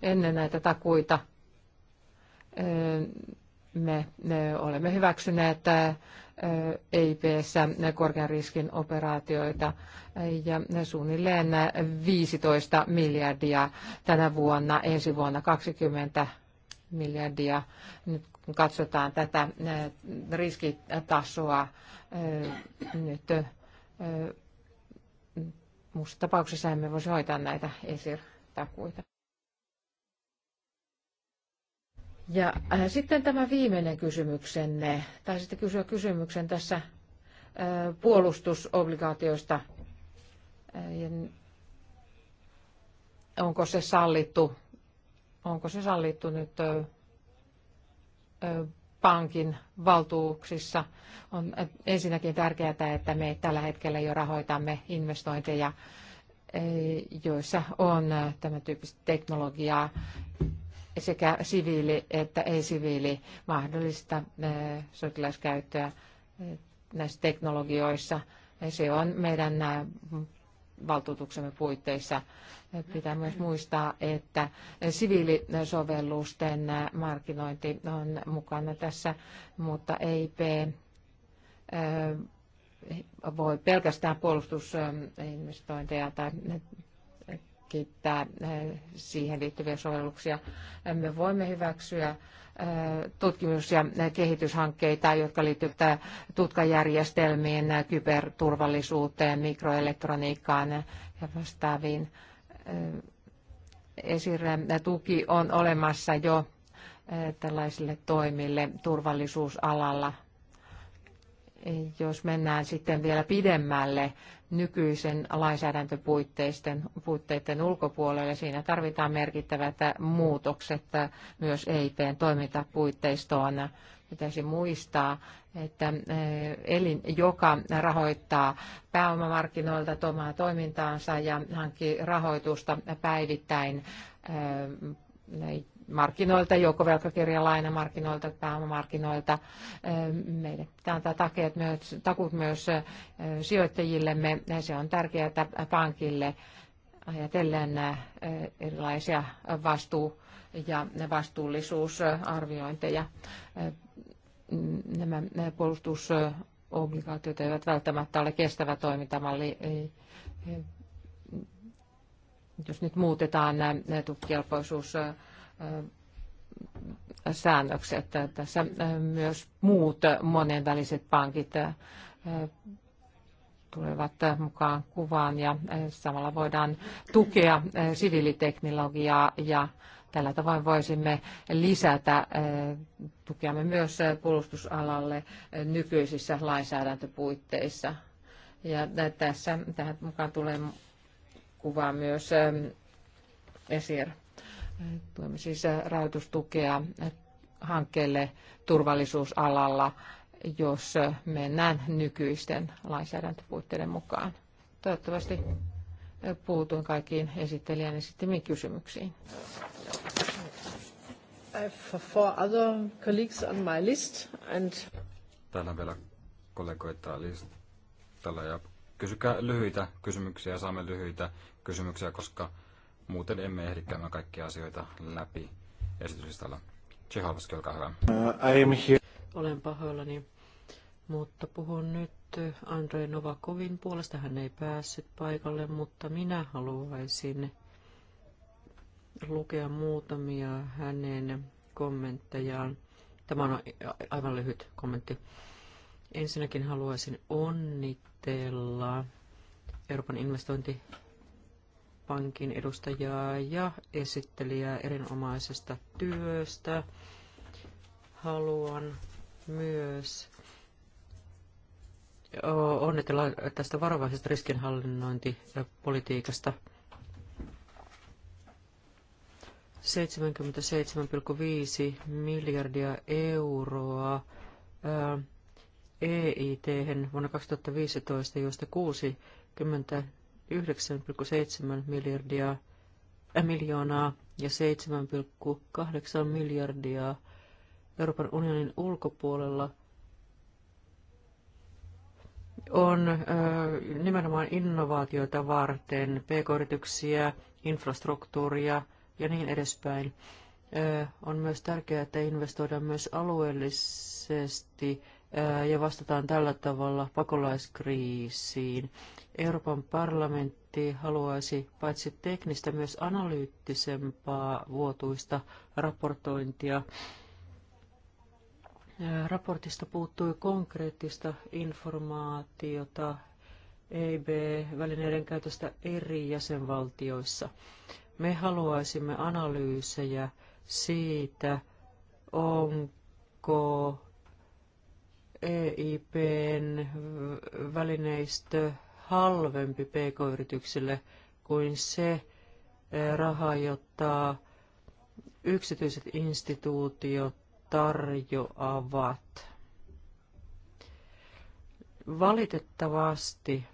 ennen näitä takuita me, me olemme hyväksyneet EIPssä korkean riskin operaatioita ja suunnilleen 15 miljardia tänä vuonna, ensi vuonna 20 miljardia. Nyt kun katsotaan tätä riskitasoa nyt muussa tapauksessa emme voisi hoitaa näitä esirtakuita. Ja äh, sitten tämä viimeinen kysymyksenne. sitten kysyä kysymyksen tässä äh, puolustusobligaatioista. Äh, onko se sallittu? Onko se sallittu nyt äh, pankin valtuuksissa? On äh, ensinnäkin tärkeää, että me tällä hetkellä jo rahoitamme investointeja, joissa on tämä äh, tämän tyyppistä teknologiaa sekä siviili- että ei-siviili mahdollista sotilaskäyttöä näissä teknologioissa. Se on meidän valtuutuksemme puitteissa. Pitää myös muistaa, että siviilisovellusten markkinointi on mukana tässä, mutta EIP voi pelkästään puolustusinvestointeja tai kehittää eh, siihen liittyviä sovelluksia. Me voimme hyväksyä eh, tutkimus- ja kehityshankkeita, jotka liittyvät tutkajärjestelmiin, kyberturvallisuuteen, mikroelektroniikkaan ja vastaaviin. Eh, Esire-tuki on olemassa jo tällaisille toimille turvallisuusalalla jos mennään sitten vielä pidemmälle nykyisen lainsäädäntöpuitteiden puitteiden ulkopuolelle, siinä tarvitaan merkittävät muutokset myös EIPn toimintapuitteistoon. Pitäisi muistaa, että eh, elin, joka rahoittaa pääomamarkkinoilta omaa toimintaansa ja hankkii rahoitusta päivittäin eh, markkinoilta, markkinoilta, pääomamarkkinoilta. Meille pitää antaa takeet myös, takut myös sijoittajillemme. Se on tärkeää pankille ajatellen erilaisia vastuu- ja vastuullisuusarviointeja. Nämä puolustusobligaatiot eivät välttämättä ole kestävä toimintamalli jos nyt muutetaan nämä tukikelpoisuus säännökset. Tässä myös muut monenväliset pankit tulevat mukaan kuvaan ja samalla voidaan tukea siviiliteknologiaa ja tällä tavoin voisimme lisätä tukeamme myös puolustusalalle nykyisissä lainsäädäntöpuitteissa. Ja tässä tähän mukaan tulee kuvaa myös ESIR Tuemme siis rahoitustukea hankkeelle turvallisuusalalla, jos mennään nykyisten lainsäädäntöpuitteiden mukaan. Toivottavasti puutuin kaikkiin esittelijän esittämiin kysymyksiin. Täällä on vielä kollegoita listalla ja kysykää lyhyitä kysymyksiä, saamme lyhyitä kysymyksiä, koska Muuten emme ehdi käymään kaikkia asioita läpi esityslistalla. Tsehovski, olkaa hyvä. Uh, I am here. Olen pahoillani, mutta puhun nyt Andrei Novakovin puolesta. Hän ei päässyt paikalle, mutta minä haluaisin lukea muutamia hänen kommenttejaan. Tämä on aivan lyhyt kommentti. Ensinnäkin haluaisin onnitella Euroopan investointi pankin edustajaa ja esittelijää erinomaisesta työstä. Haluan myös onnitella tästä varovaisesta riskinhallinnointipolitiikasta. 77,5 miljardia euroa EIT vuonna 2015, joista 60 9,7 miljardia, äh, miljoonaa ja 7,8 miljardia Euroopan unionin ulkopuolella on äh, nimenomaan innovaatioita varten, pk-yrityksiä, infrastruktuuria ja niin edespäin. Äh, on myös tärkeää, että investoidaan myös alueellisesti ja vastataan tällä tavalla pakolaiskriisiin. Euroopan parlamentti haluaisi paitsi teknistä myös analyyttisempaa vuotuista raportointia. Raportista puuttui konkreettista informaatiota EIB-välineiden käytöstä eri jäsenvaltioissa. Me haluaisimme analyysejä siitä, onko EIPn välineistö halvempi pk-yrityksille kuin se e, raha, jota yksityiset instituutiot tarjoavat. Valitettavasti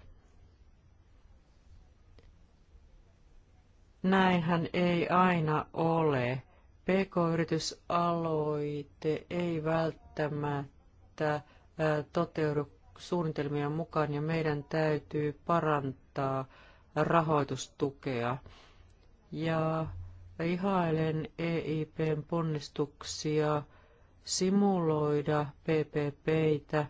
näinhän ei aina ole. PK-yritysaloite ei välttämättä toteudu suunnitelmien mukaan ja meidän täytyy parantaa rahoitustukea. Ja ihailen EIPn ponnistuksia simuloida PPPitä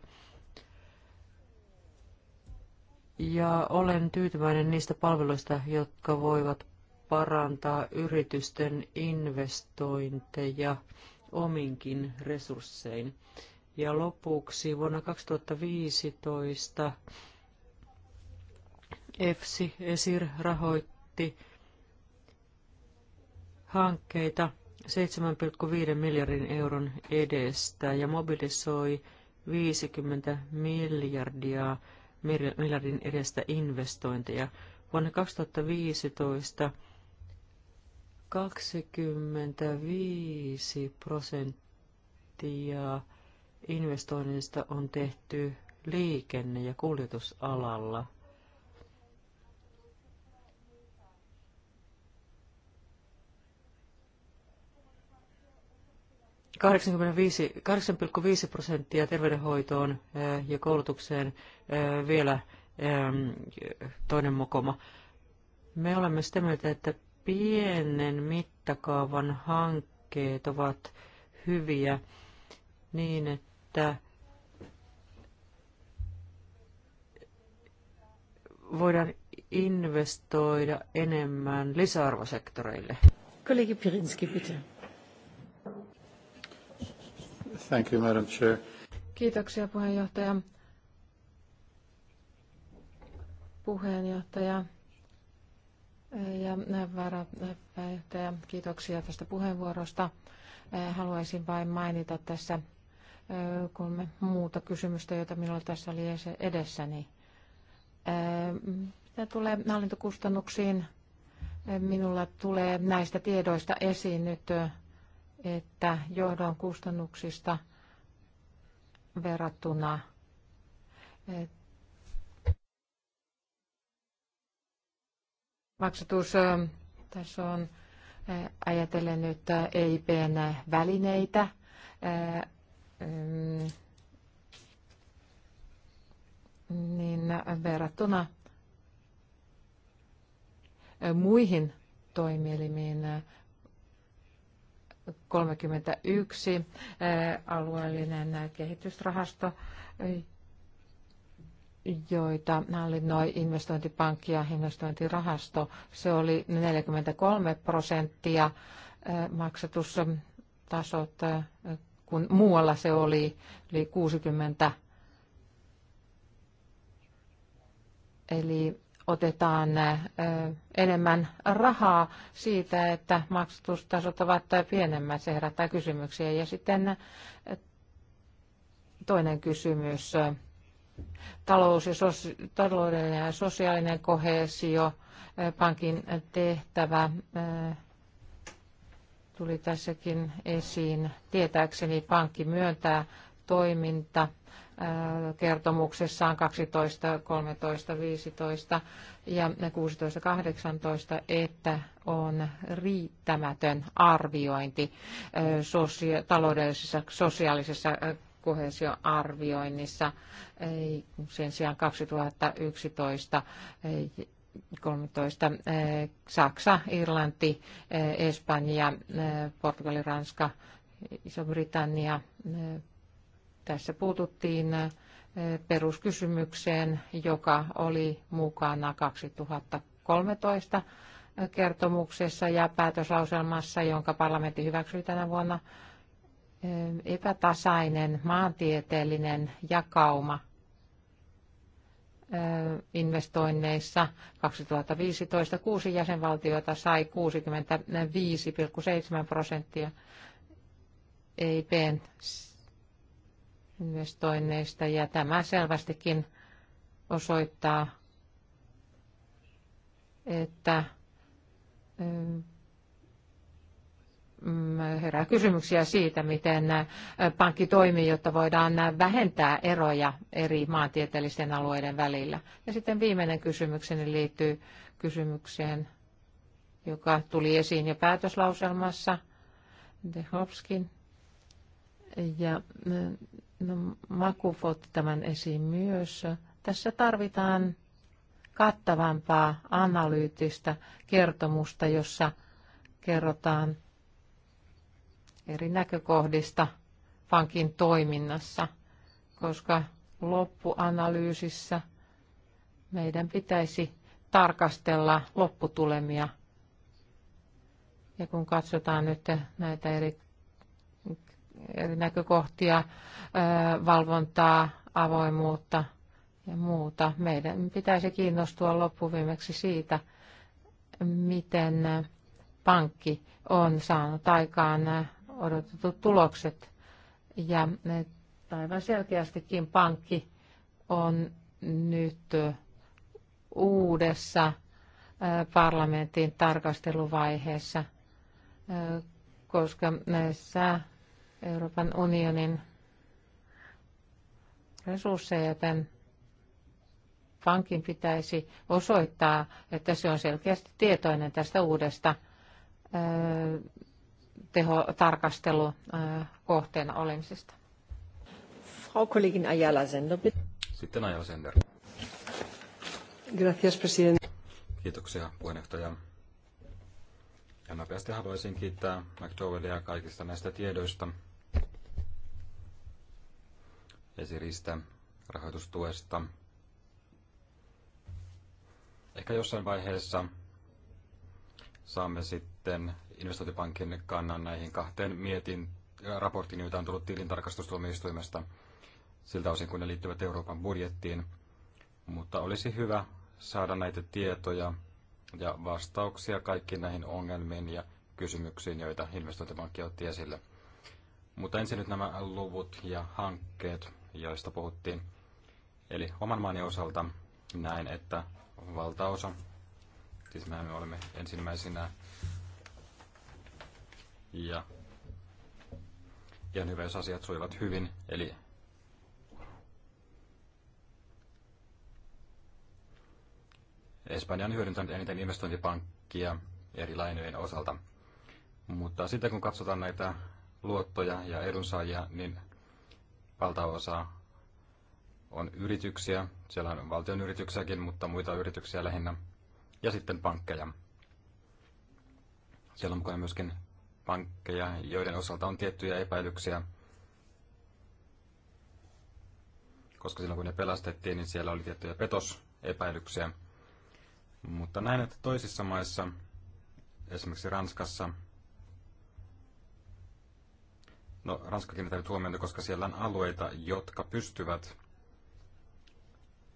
ja olen tyytyväinen niistä palveluista, jotka voivat parantaa yritysten investointeja ominkin resurssein. Ja lopuksi vuonna 2015 EFSI ESIR rahoitti hankkeita 7,5 miljardin euron edestä ja mobilisoi 50 miljardia miljardin edestä investointeja. Vuonna 2015 25 prosenttia investoinnista on tehty liikenne- ja kuljetusalalla. 8,5 prosenttia terveydenhoitoon ja koulutukseen vielä ähm, toinen mokoma. Me olemme sitä mieltä, että pienen mittakaavan hankkeet ovat hyviä niin, että että voidaan investoida enemmän lisäarvosektoreille. Kollegi Pirinski, bitte. Thank you, Madam Chair. Kiitoksia puheenjohtaja. Puheenjohtaja ja varapääjohtaja, kiitoksia tästä puheenvuorosta. Haluaisin vain mainita tässä kolme muuta kysymystä, joita minulla tässä oli edessäni. Mitä tulee hallintokustannuksiin, minulla tulee näistä tiedoista esiin nyt, että johdon kustannuksista verrattuna maksatus tässä on ajatellen nyt EIPn välineitä niin verrattuna muihin toimielimiin 31 alueellinen kehitysrahasto, joita hallinnoi investointipankki ja investointirahasto. Se oli 43 prosenttia maksatustasot kun muualla se oli yli 60. Eli otetaan enemmän rahaa siitä, että maksatustasot ovat pienemmät. Se herättää kysymyksiä. Ja sitten toinen kysymys. Talous ja sosi- taloudellinen ja sosiaalinen kohesio, pankin tehtävä, tuli tässäkin esiin. Tietääkseni pankki myöntää toiminta äh, kertomuksessaan 12, 13, 15 ja 16, 18, että on riittämätön arviointi äh, sosio- taloudellisessa sosiaalisessa äh, kohesioarvioinnissa. Sen sijaan 2011 13. Eh, Saksa, Irlanti, eh, Espanja, eh, Portugali, Ranska, Iso-Britannia. Tässä puututtiin peruskysymykseen, joka oli mukana 2013 kertomuksessa ja päätöslauselmassa, jonka parlamentti hyväksyi tänä vuonna. Epätasainen maantieteellinen jakauma investoinneissa 2015 kuusi jäsenvaltiota sai 65,7 prosenttia EIPn investoinneista ja tämä selvästikin osoittaa, että Mm, herää kysymyksiä siitä, miten pankki toimii, jotta voidaan vähentää eroja eri maantieteellisten alueiden välillä. Ja sitten viimeinen kysymykseni liittyy kysymykseen, joka tuli esiin jo päätöslauselmassa, Dehovskin. Ja no, Makuf otti tämän esiin myös. Tässä tarvitaan kattavampaa analyyttistä kertomusta, jossa kerrotaan eri näkökohdista pankin toiminnassa, koska loppuanalyysissä meidän pitäisi tarkastella lopputulemia. Ja kun katsotaan nyt näitä eri, eri näkökohtia, valvontaa, avoimuutta ja muuta, meidän pitäisi kiinnostua loppuviimeksi siitä, miten pankki on saanut aikaan odotetut tulokset. Ja aivan selkeästikin pankki on nyt uudessa parlamentin tarkasteluvaiheessa, koska näissä Euroopan unionin resursseja, tämän pankin pitäisi osoittaa, että se on selkeästi tietoinen tästä uudesta tehotarkastelu kohteena olemisesta. Frau Kollegin Ayala Sender, bitte. Sitten Ayala Sender. Gracias, presidente. Kiitoksia, puheenjohtaja. Ja nopeasti haluaisin kiittää McDowellia kaikista näistä tiedoista, esiristä, rahoitustuesta. Ehkä jossain vaiheessa saamme sitten investointipankin kannan näihin kahteen mietin äh, raporttiin, joita on tullut tilintarkastustuomioistuimesta siltä osin, kun ne liittyvät Euroopan budjettiin. Mutta olisi hyvä saada näitä tietoja ja vastauksia kaikkiin näihin ongelmiin ja kysymyksiin, joita investointipankki otti esille. Mutta ensin nyt nämä luvut ja hankkeet, joista puhuttiin. Eli oman maani osalta näin, että valtaosa, siis mehän me olemme ensimmäisinä ja ihan hyvä, jos asiat sujuvat hyvin. Eli Espanja on hyödyntänyt eniten investointipankkia eri lainojen osalta. Mutta sitten kun katsotaan näitä luottoja ja edunsaajia, niin valtaosa on yrityksiä. Siellä on valtion yrityksiäkin, mutta muita yrityksiä lähinnä. Ja sitten pankkeja. Siellä on mukana myöskin pankkeja, joiden osalta on tiettyjä epäilyksiä. Koska silloin kun ne pelastettiin, niin siellä oli tiettyjä petosepäilyksiä. Mutta näin, että toisissa maissa, esimerkiksi Ranskassa, no Ranskakin täytyy huomioida, koska siellä on alueita, jotka pystyvät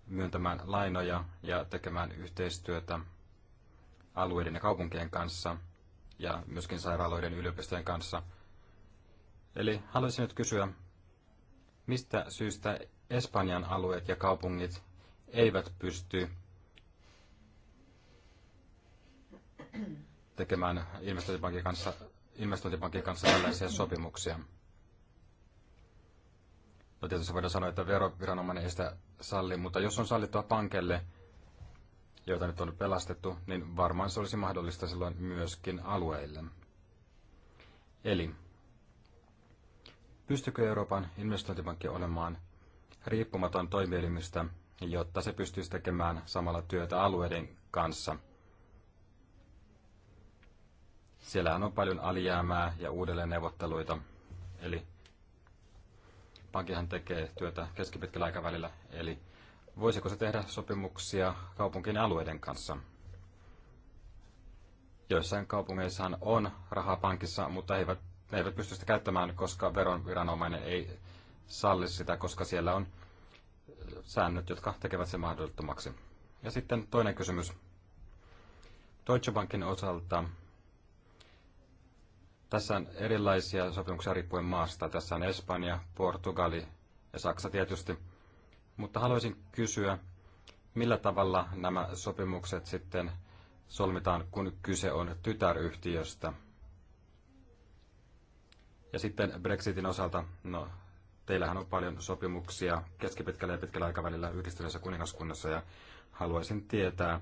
myöntämään lainoja ja tekemään yhteistyötä alueiden ja kaupunkien kanssa – ja myöskin sairaaloiden yliopistojen kanssa. Eli haluaisin nyt kysyä, mistä syystä Espanjan alueet ja kaupungit eivät pysty tekemään investointipankin kanssa, investointipankin kanssa tällaisia sopimuksia. No tietysti voidaan sanoa, että veroviranomainen ei sitä salli, mutta jos on sallittua pankelle, joita nyt on pelastettu, niin varmaan se olisi mahdollista silloin myöskin alueille. Eli pystykö Euroopan investointipankki olemaan riippumaton toimielimistä, jotta se pystyisi tekemään samalla työtä alueiden kanssa? Siellä on paljon alijäämää ja uudelleen neuvotteluita, eli pankihan tekee työtä keskipitkällä aikavälillä, eli voisiko se tehdä sopimuksia kaupunkien alueiden kanssa? Joissain kaupungeissahan on rahaa pankissa, mutta he eivät, he eivät pysty sitä käyttämään, koska veronviranomainen ei salli sitä, koska siellä on säännöt, jotka tekevät sen mahdottomaksi. Ja sitten toinen kysymys. Deutsche Bankin osalta tässä on erilaisia sopimuksia riippuen maasta. Tässä on Espanja, Portugali ja Saksa tietysti. Mutta haluaisin kysyä, millä tavalla nämä sopimukset sitten solmitaan, kun kyse on tytäryhtiöstä? Ja sitten Brexitin osalta, no teillähän on paljon sopimuksia keskipitkällä ja pitkällä aikavälillä yhdistyneessä kuningaskunnassa ja haluaisin tietää,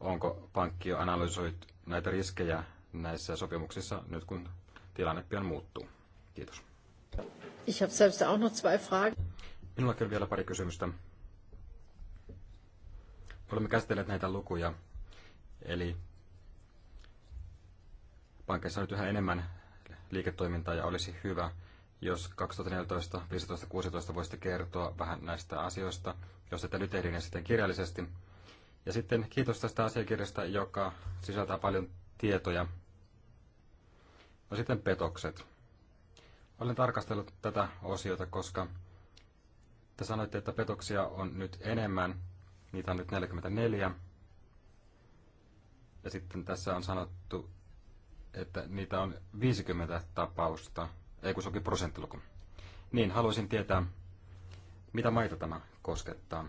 onko pankki jo analysoit näitä riskejä näissä sopimuksissa nyt kun tilanne pian muuttuu. Kiitos. Ich habe selbst auch noch zwei Fragen. Minullakin on vielä pari kysymystä. Olemme käsitelleet näitä lukuja, eli pankeissa on nyt yhä enemmän liiketoimintaa ja olisi hyvä, jos 2014, 15, 16 voisitte kertoa vähän näistä asioista, jos ette nyt ehdi niin sitten kirjallisesti. Ja sitten kiitos tästä asiakirjasta, joka sisältää paljon tietoja. No sitten petokset. Olen tarkastellut tätä osiota, koska te sanoitte, että petoksia on nyt enemmän. Niitä on nyt 44. Ja sitten tässä on sanottu, että niitä on 50 tapausta. Ei kun se onkin prosenttiluku. Niin, haluaisin tietää, mitä maita tämä koskettaa.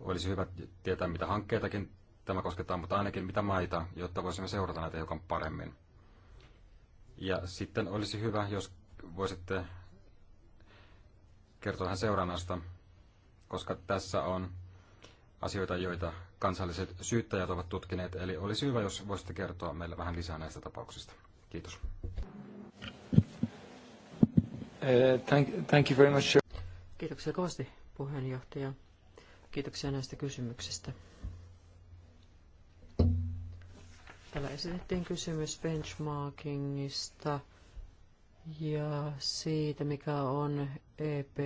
Olisi hyvä tietää, mitä hankkeitakin tämä koskettaa, mutta ainakin mitä maita, jotta voisimme seurata näitä hiukan paremmin. Ja sitten olisi hyvä, jos voisitte kertoo vähän seurannasta, koska tässä on asioita, joita kansalliset syyttäjät ovat tutkineet. Eli olisi hyvä, jos voisitte kertoa meille vähän lisää näistä tapauksista. Kiitos. Eh, thank, thank you very much. Kiitoksia kovasti puheenjohtaja. Kiitoksia näistä kysymyksistä. Täällä esitettiin kysymys benchmarkingista ja siitä, mikä on EP,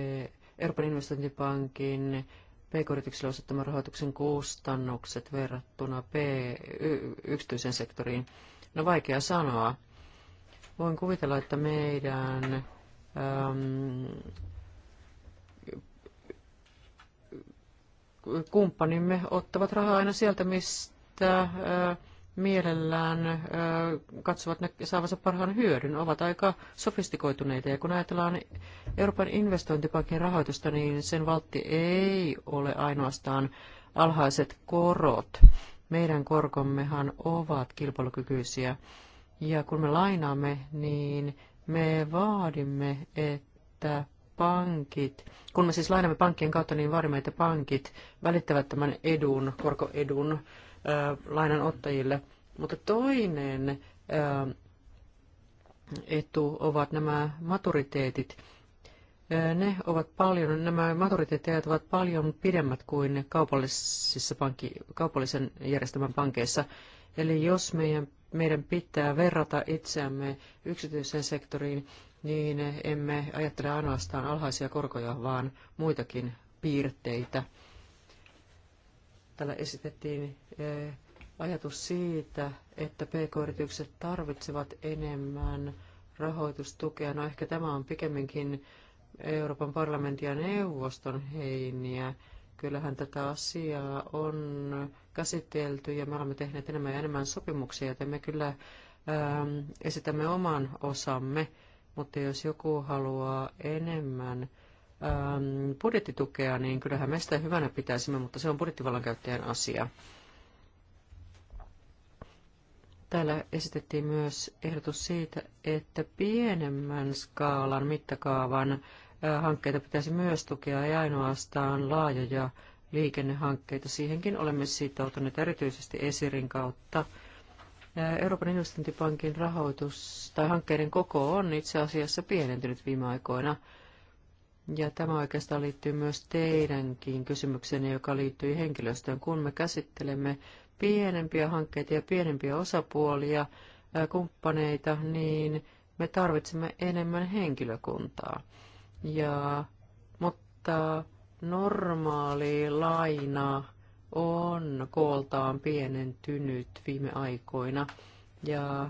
Euroopan investointipankin pk-yrityksille osoittaman rahoituksen kustannukset verrattuna P, y, yksityisen sektoriin. No vaikea sanoa. Voin kuvitella, että meidän äm, kumppanimme ottavat rahaa aina sieltä, mistä ää, mielellään katsovat saavansa parhaan hyödyn, ovat aika sofistikoituneita. Ja kun ajatellaan Euroopan investointipankin rahoitusta, niin sen valtti ei ole ainoastaan alhaiset korot. Meidän korkommehan ovat kilpailukykyisiä. Ja kun me lainaamme, niin me vaadimme, että pankit, kun me siis lainamme pankkien kautta, niin vaadimme, että pankit välittävät tämän edun, korkoedun lainanottajille. Mutta toinen etu ovat nämä maturiteetit. Ne ovat paljon, nämä maturiteetit ovat paljon pidemmät kuin kaupallisissa pankki, kaupallisen järjestelmän pankeissa. Eli jos meidän, meidän pitää verrata itseämme yksityiseen sektoriin, niin emme ajattele ainoastaan alhaisia korkoja, vaan muitakin piirteitä – Täällä esitettiin ajatus siitä, että pk-yritykset tarvitsevat enemmän rahoitustukea. No ehkä tämä on pikemminkin Euroopan parlamentin ja neuvoston heiniä. Kyllähän tätä asiaa on käsitelty ja me olemme tehneet enemmän ja enemmän sopimuksia, joten me kyllä ähm, esitämme oman osamme. Mutta jos joku haluaa enemmän Ähm, budjettitukea, niin kyllähän me sitä hyvänä pitäisimme, mutta se on budjettivallan käyttäjän asia. Täällä esitettiin myös ehdotus siitä, että pienemmän skaalan mittakaavan äh, hankkeita pitäisi myös tukea, ei ainoastaan laajoja liikennehankkeita. Siihenkin olemme sitoutuneet erityisesti Esirin kautta. Äh, Euroopan investointipankin rahoitus tai hankkeiden koko on itse asiassa pienentynyt viime aikoina – ja tämä oikeastaan liittyy myös teidänkin kysymykseen, joka liittyy henkilöstöön. Kun me käsittelemme pienempiä hankkeita ja pienempiä osapuolia, kumppaneita, niin me tarvitsemme enemmän henkilökuntaa. Ja, mutta normaali laina on kooltaan pienentynyt viime aikoina. Ja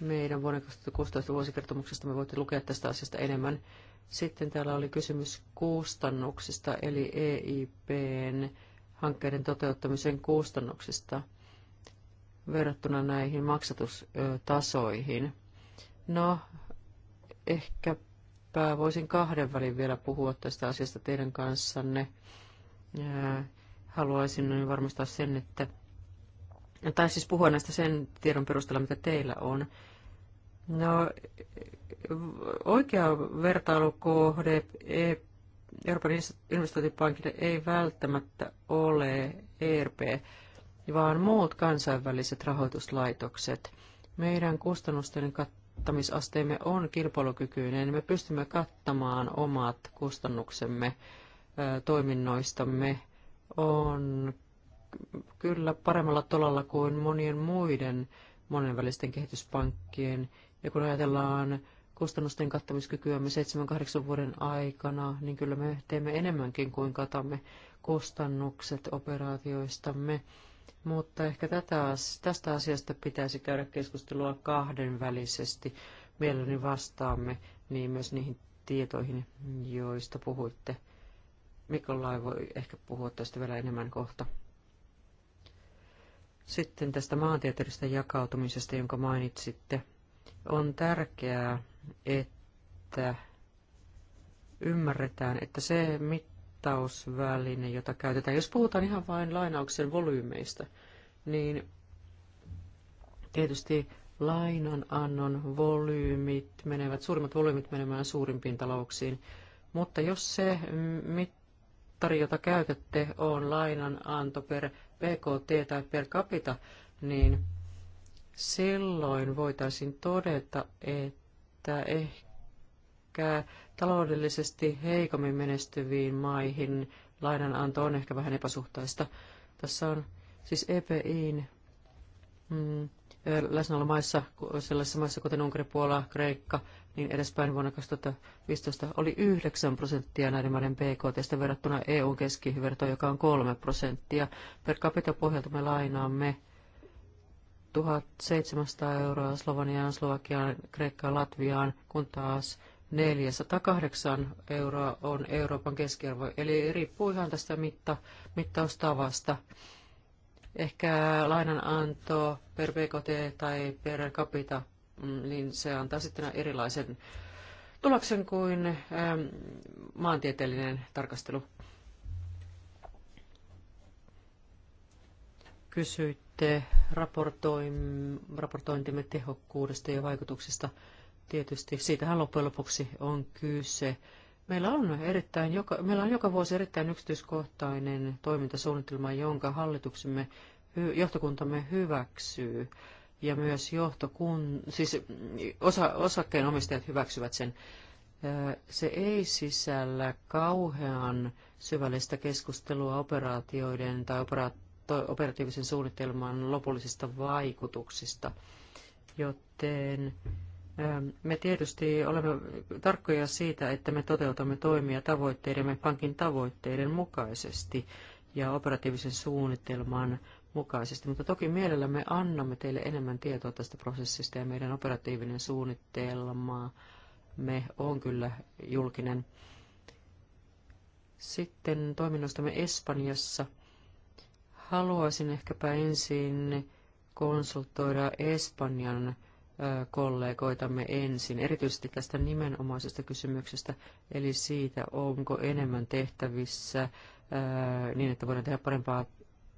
meidän vuoden 2016 vuosikertomuksesta me voitte lukea tästä asiasta enemmän. Sitten täällä oli kysymys kustannuksista, eli EIPn hankkeiden toteuttamisen kustannuksista verrattuna näihin maksatustasoihin. No, ehkäpä voisin kahden välin vielä puhua tästä asiasta teidän kanssanne. Haluaisin varmistaa sen, että, tai siis puhua näistä sen tiedon perusteella, mitä teillä on No, oikea vertailukohde Euroopan investointipankille ei välttämättä ole ERP, vaan muut kansainväliset rahoituslaitokset. Meidän kustannusten kattamisasteemme on kilpailukykyinen. Me pystymme kattamaan omat kustannuksemme toiminnoistamme. On kyllä paremmalla tolalla kuin monien muiden monenvälisten kehityspankkien ja kun ajatellaan kustannusten kattamiskykyämme 7-8 vuoden aikana, niin kyllä me teemme enemmänkin kuin katamme kustannukset operaatioistamme. Mutta ehkä tätä, tästä asiasta pitäisi käydä keskustelua kahdenvälisesti. Mielelläni vastaamme niin myös niihin tietoihin, joista puhuitte. Mikolai voi ehkä puhua tästä vielä enemmän kohta. Sitten tästä maantieteellisestä jakautumisesta, jonka mainitsitte – on tärkeää, että ymmärretään, että se mittausväline, jota käytetään, jos puhutaan ihan vain lainauksen volyymeista, niin tietysti lainanannon volyymit menevät, suurimmat volyymit menemään suurimpiin talouksiin, mutta jos se mittari, jota käytätte, on lainananto per PKT tai per capita, niin silloin voitaisiin todeta, että ehkä taloudellisesti heikommin menestyviin maihin lainananto on ehkä vähän epäsuhtaista. Tässä on siis EPIin mm, läsnäolo maissa, sellaisissa maissa kuten Unkari, Puola, Kreikka, niin edespäin vuonna 2015 oli 9 prosenttia näiden maiden BKT verrattuna eu keskivertoon, joka on 3 prosenttia. Per capita pohjalta me lainaamme 1700 euroa Sloveniaan, Slovakiaan, Kreikkaan, Latviaan, kun taas 408 euroa on Euroopan keskiarvo. Eli riippuu ihan tästä mitta, mittaustavasta. Ehkä lainananto per BKT tai per capita, mm, niin se antaa sitten erilaisen tuloksen kuin ähm, maantieteellinen tarkastelu. Kysyit puhuitte raportointimme tehokkuudesta ja vaikutuksista. Tietysti siitähän loppujen lopuksi on kyse. Meillä on, erittäin joka, meillä on joka vuosi erittäin yksityiskohtainen toimintasuunnitelma, jonka hallituksemme, johtokuntamme hyväksyy. Ja myös johtokun, siis osa, osakkeenomistajat hyväksyvät sen. Se ei sisällä kauhean syvällistä keskustelua operaatioiden tai operaat, operatiivisen suunnitelman lopullisista vaikutuksista. Joten ähm, me tietysti olemme tarkkoja siitä, että me toteutamme toimia tavoitteidemme pankin tavoitteiden mukaisesti ja operatiivisen suunnitelman mukaisesti, mutta toki mielellämme annamme teille enemmän tietoa tästä prosessista ja meidän operatiivinen suunnitelma me on kyllä julkinen. Sitten toiminnastamme Espanjassa – Haluaisin ehkäpä ensin konsultoida Espanjan kollegoitamme ensin, erityisesti tästä nimenomaisesta kysymyksestä, eli siitä, onko enemmän tehtävissä niin, että voidaan tehdä parempaa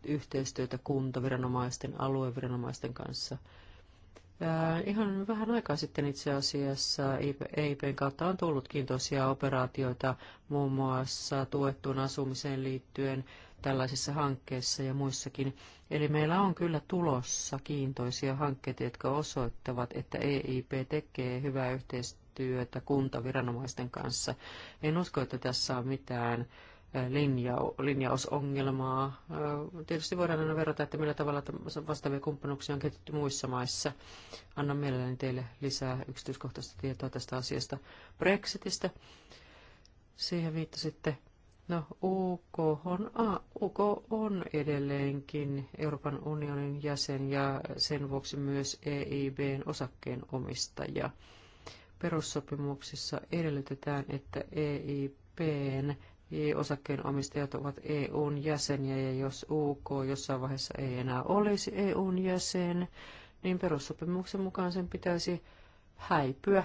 yhteistyötä kuntaviranomaisten, alueviranomaisten kanssa. Ihan vähän aikaa sitten itse asiassa EIPn kautta on tullutkin tosiaan operaatioita muun muassa tuettuun asumiseen liittyen, tällaisissa hankkeissa ja muissakin. Eli meillä on kyllä tulossa kiintoisia hankkeita, jotka osoittavat, että EIP tekee hyvää yhteistyötä kuntaviranomaisten kanssa. En usko, että tässä on mitään linja, linjausongelmaa. Tietysti voidaan aina verrata, että millä tavalla vastaavia kumppanuuksia on kehitetty muissa maissa. Annan mielelläni teille lisää yksityiskohtaista tietoa tästä asiasta Brexitistä. Siihen viittasitte. No, UK on, ah, UK on edelleenkin Euroopan unionin jäsen ja sen vuoksi myös EIBn osakkeen omistaja. Perussopimuksissa edellytetään, että EIBn osakkeen omistajat ovat EUn jäseniä ja jos UK jossain vaiheessa ei enää olisi EUn jäsen, niin perussopimuksen mukaan sen pitäisi häipyä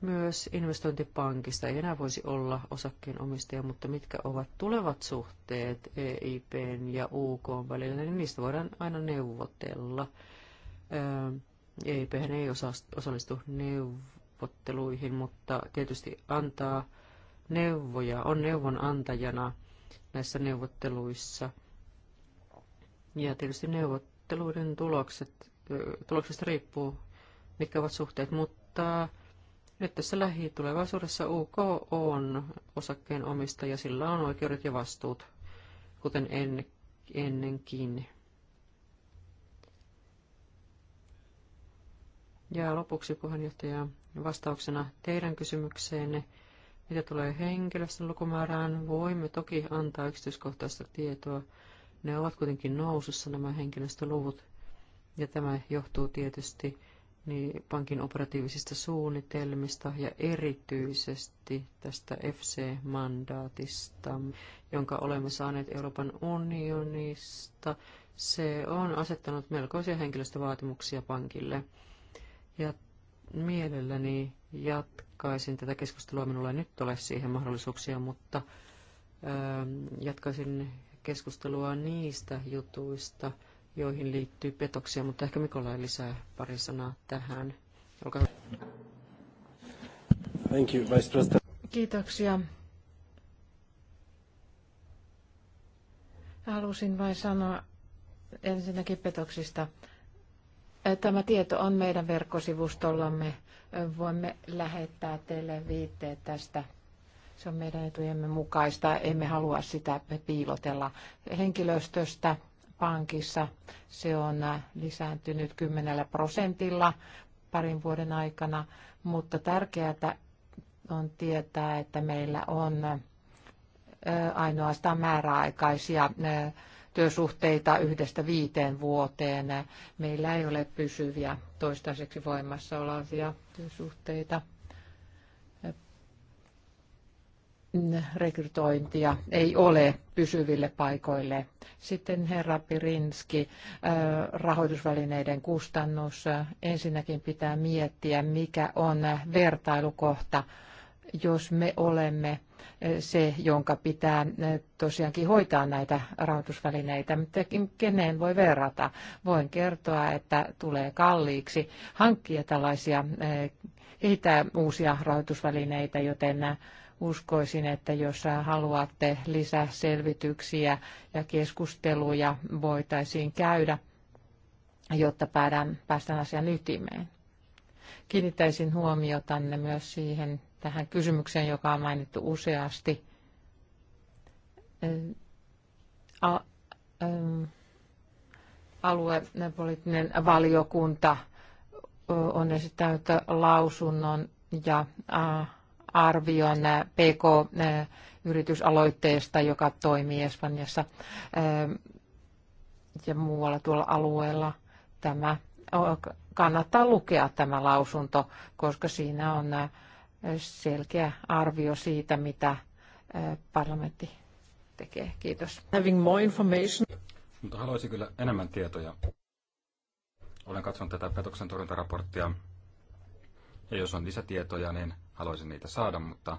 myös investointipankista ei enää voisi olla osakkeenomistaja, mutta mitkä ovat tulevat suhteet EIPn ja UK välillä, niin niistä voidaan aina neuvotella. Ähm, EIP ei osallistu neuvotteluihin, mutta tietysti antaa neuvoja, on neuvonantajana näissä neuvotteluissa. Ja tietysti neuvotteluiden tulokset, tuloksesta riippuu, mitkä ovat suhteet, mutta nyt tässä lähitulevaisuudessa UK on osakkeen omistaja, sillä on oikeudet ja vastuut, kuten en, ennenkin. Ja lopuksi puheenjohtaja vastauksena teidän kysymykseenne, mitä tulee henkilöstön lukumäärään, voimme toki antaa yksityiskohtaista tietoa. Ne ovat kuitenkin nousussa nämä henkilöstöluvut, ja tämä johtuu tietysti niin pankin operatiivisista suunnitelmista ja erityisesti tästä FC-mandaatista, jonka olemme saaneet Euroopan unionista. Se on asettanut melkoisia henkilöstövaatimuksia pankille. Ja mielelläni jatkaisin tätä keskustelua. Minulla ei nyt ole siihen mahdollisuuksia, mutta ähm, jatkaisin keskustelua niistä jutuista – joihin liittyy petoksia, mutta ehkä Mikolai lisää pari sanaa tähän. Olkaa hyvä. Thank you, Vice President. Kiitoksia. Halusin vain sanoa ensinnäkin petoksista. Tämä tieto on meidän verkkosivustollamme. Voimme lähettää teille viitteet tästä. Se on meidän etujemme mukaista. Emme halua sitä piilotella henkilöstöstä pankissa. Se on äh, lisääntynyt 10 prosentilla parin vuoden aikana, mutta tärkeää on tietää, että meillä on äh, ainoastaan määräaikaisia äh, työsuhteita yhdestä viiteen vuoteen. Meillä ei ole pysyviä toistaiseksi voimassa olevia työsuhteita. rekrytointia ei ole pysyville paikoille. Sitten herra Pirinski, äh, rahoitusvälineiden kustannus. Ensinnäkin pitää miettiä, mikä on vertailukohta, jos me olemme äh, se, jonka pitää äh, tosiaankin hoitaa näitä rahoitusvälineitä, mutta keneen voi verrata. Voin kertoa, että tulee kalliiksi hankkia tällaisia, kehittää uusia rahoitusvälineitä, joten uskoisin, että jos haluatte lisää selvityksiä ja keskusteluja voitaisiin käydä, jotta päädään, päästään asian ytimeen. Kiinnittäisin huomiotanne myös siihen tähän kysymykseen, joka on mainittu useasti. A, ähm, aluepoliittinen valiokunta on esittänyt lausunnon ja äh, arvion PK-yritysaloitteesta, joka toimii Espanjassa ja muualla tuolla alueella. Tämä kannattaa lukea tämä lausunto, koska siinä on selkeä arvio siitä, mitä parlamentti tekee. Kiitos. Having more information. Mutta haluaisin kyllä enemmän tietoja. Olen katsonut tätä petoksen torjuntaraporttia ja jos on lisätietoja, niin haluaisin niitä saada, mutta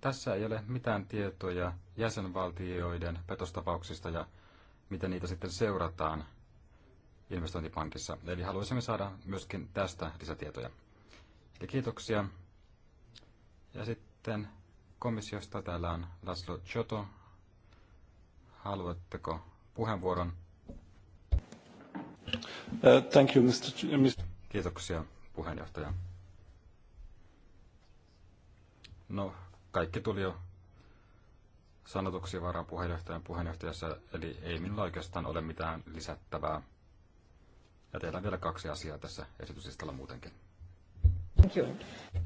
tässä ei ole mitään tietoja jäsenvaltioiden petostapauksista ja miten niitä sitten seurataan investointipankissa. Eli haluaisimme saada myöskin tästä lisätietoja. Eli kiitoksia. Ja sitten komissiosta täällä on Laszlo Choto. Haluatteko puheenvuoron? Uh, thank you, Mr. Kiitoksia, puheenjohtaja. No, kaikki tuli jo sanotuksi puheenjohtajan puheenjohtajassa, eli ei minulla oikeastaan ole mitään lisättävää. Ja teillä on vielä kaksi asiaa tässä esityslistalla muutenkin. Thank you.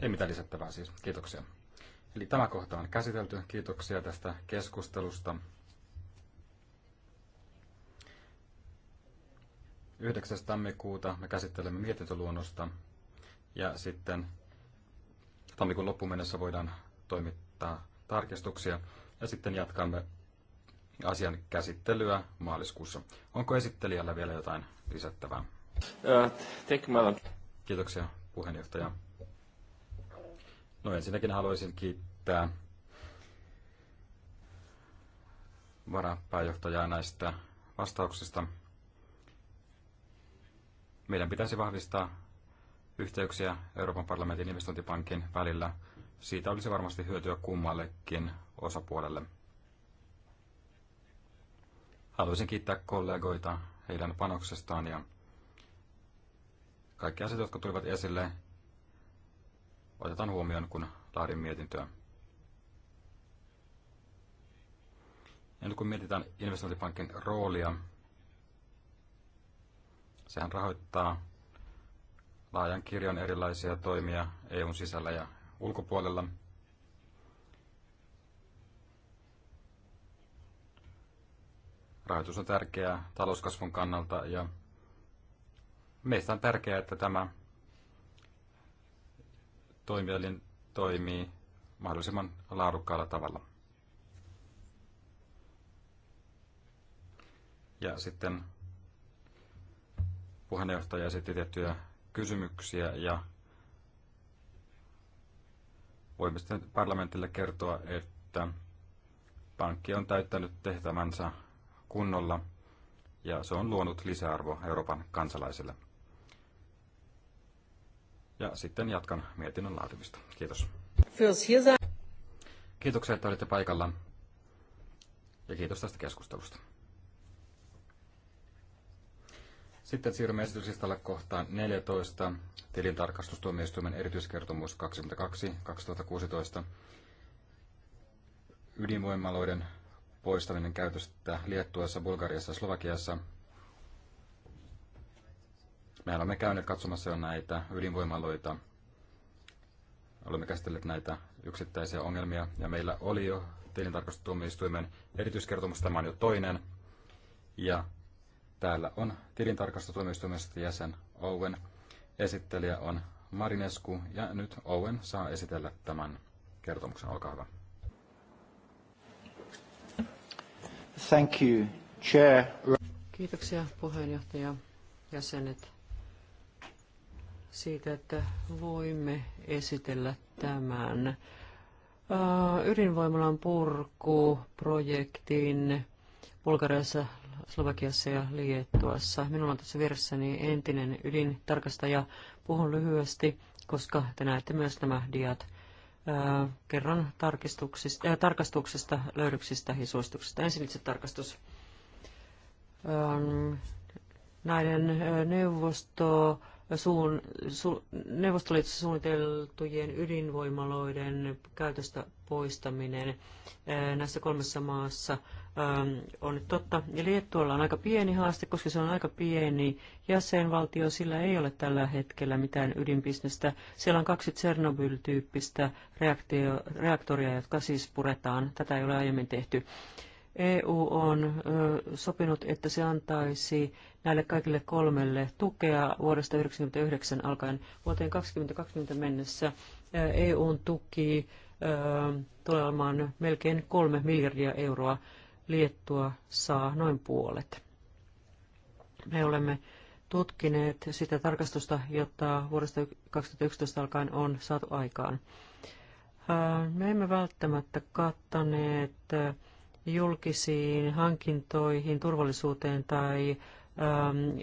Ei mitään lisättävää siis. Kiitoksia. Eli tämä kohta on käsitelty. Kiitoksia tästä keskustelusta. 9. tammikuuta me käsittelemme mietintöluonnosta ja sitten tammikuun loppuun mennessä voidaan toimittaa tarkistuksia ja sitten jatkamme asian käsittelyä maaliskuussa. Onko esittelijällä vielä jotain lisättävää? Uh, Kiitoksia puheenjohtaja. No ensinnäkin haluaisin kiittää varapääjohtajaa näistä vastauksista. Meidän pitäisi vahvistaa yhteyksiä Euroopan parlamentin investointipankin välillä. Siitä olisi varmasti hyötyä kummallekin osapuolelle. Haluaisin kiittää kollegoita heidän panoksestaan ja kaikki asiat, jotka tulivat esille, otetaan huomioon, kun laadin mietintöä. Ja nyt kun mietitään investointipankin roolia, sehän rahoittaa laajan kirjon erilaisia toimia EUn sisällä ja ulkopuolella. Rahoitus on tärkeää talouskasvun kannalta ja meistä on tärkeää, että tämä toimielin toimii mahdollisimman laadukkaalla tavalla. Ja sitten puheenjohtaja esitti tiettyjä kysymyksiä ja voimme sitten parlamentille kertoa, että pankki on täyttänyt tehtävänsä kunnolla ja se on luonut lisäarvo Euroopan kansalaisille. Ja sitten jatkan mietinnön laatimista. Kiitos. Kiitoksia, että olitte paikalla ja kiitos tästä keskustelusta. Sitten siirrymme esityslistalle kohtaan 14, tilintarkastustuomioistuimen erityiskertomus 22 2016, ydinvoimaloiden poistaminen käytöstä Liettuassa, Bulgariassa ja Slovakiassa. Me olemme käyneet katsomassa jo näitä ydinvoimaloita. Olemme käsitelleet näitä yksittäisiä ongelmia ja meillä oli jo tilintarkastustuomioistuimen erityiskertomus, tämä on jo toinen. Ja Täällä on tilintarkastustuomioistuimesta jäsen Owen. Esittelijä on Marinesku ja nyt Owen saa esitellä tämän kertomuksen. Olkaa hyvä. Thank you, Chair. Kiitoksia puheenjohtaja jäsenet siitä, että voimme esitellä tämän ydinvoimalan purkuprojektin Bulgariassa Slovakiassa ja Liettuassa. Minulla on tässä vieressäni entinen ydintarkastaja. Puhun lyhyesti, koska te näette myös nämä diat. Kerran tarkistuksista, äh, tarkastuksesta, löydöksistä ja suosituksista. Ensin itse tarkastus. Ähm, näiden neuvosto, suun, su, neuvostoliitossa suunniteltujen ydinvoimaloiden käytöstä poistaminen näissä kolmessa maassa Ähm, on totta. ja Liettualla on aika pieni haaste, koska se on aika pieni jäsenvaltio. Sillä ei ole tällä hetkellä mitään ydinbisnestä. Siellä on kaksi Tsernobyl-tyyppistä reaktoria, jotka siis puretaan. Tätä ei ole aiemmin tehty. EU on sopinut, että se antaisi näille kaikille kolmelle tukea vuodesta 1999 alkaen vuoteen 2020 mennessä. EUn tuki tulee olemaan melkein kolme miljardia euroa. Liettua saa noin puolet. Me olemme tutkineet sitä tarkastusta, jota vuodesta 2011 alkaen on saatu aikaan. Me emme välttämättä kattaneet julkisiin hankintoihin, turvallisuuteen tai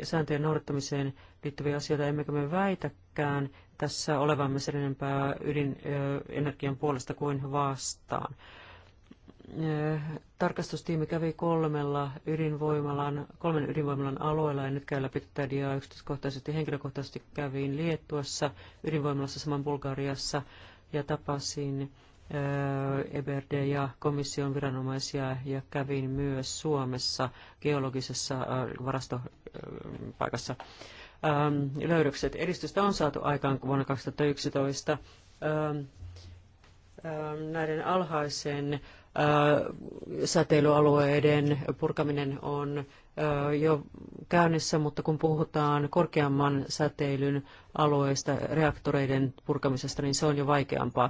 sääntöjen noudattamiseen liittyviä asioita, emmekä me väitäkään tässä olevamme sen enempää ydinenergian puolesta kuin vastaan tarkastustiimi kävi kolmella ydinvoimalan, kolmen ydinvoimalan alueella, ja nyt käy läpi tätä diaa yksityiskohtaisesti, henkilökohtaisesti kävin Liettuassa, ydinvoimalassa saman Bulgariassa ja tapasin EBRD ja komission viranomaisia ja kävin myös Suomessa geologisessa varastopaikassa. Löydökset. Edistystä on saatu aikaan vuonna 2011 näiden alhaisen Äh, säteilyalueiden purkaminen on äh, jo käynnissä, mutta kun puhutaan korkeamman säteilyn alueista, reaktoreiden purkamisesta, niin se on jo vaikeampaa.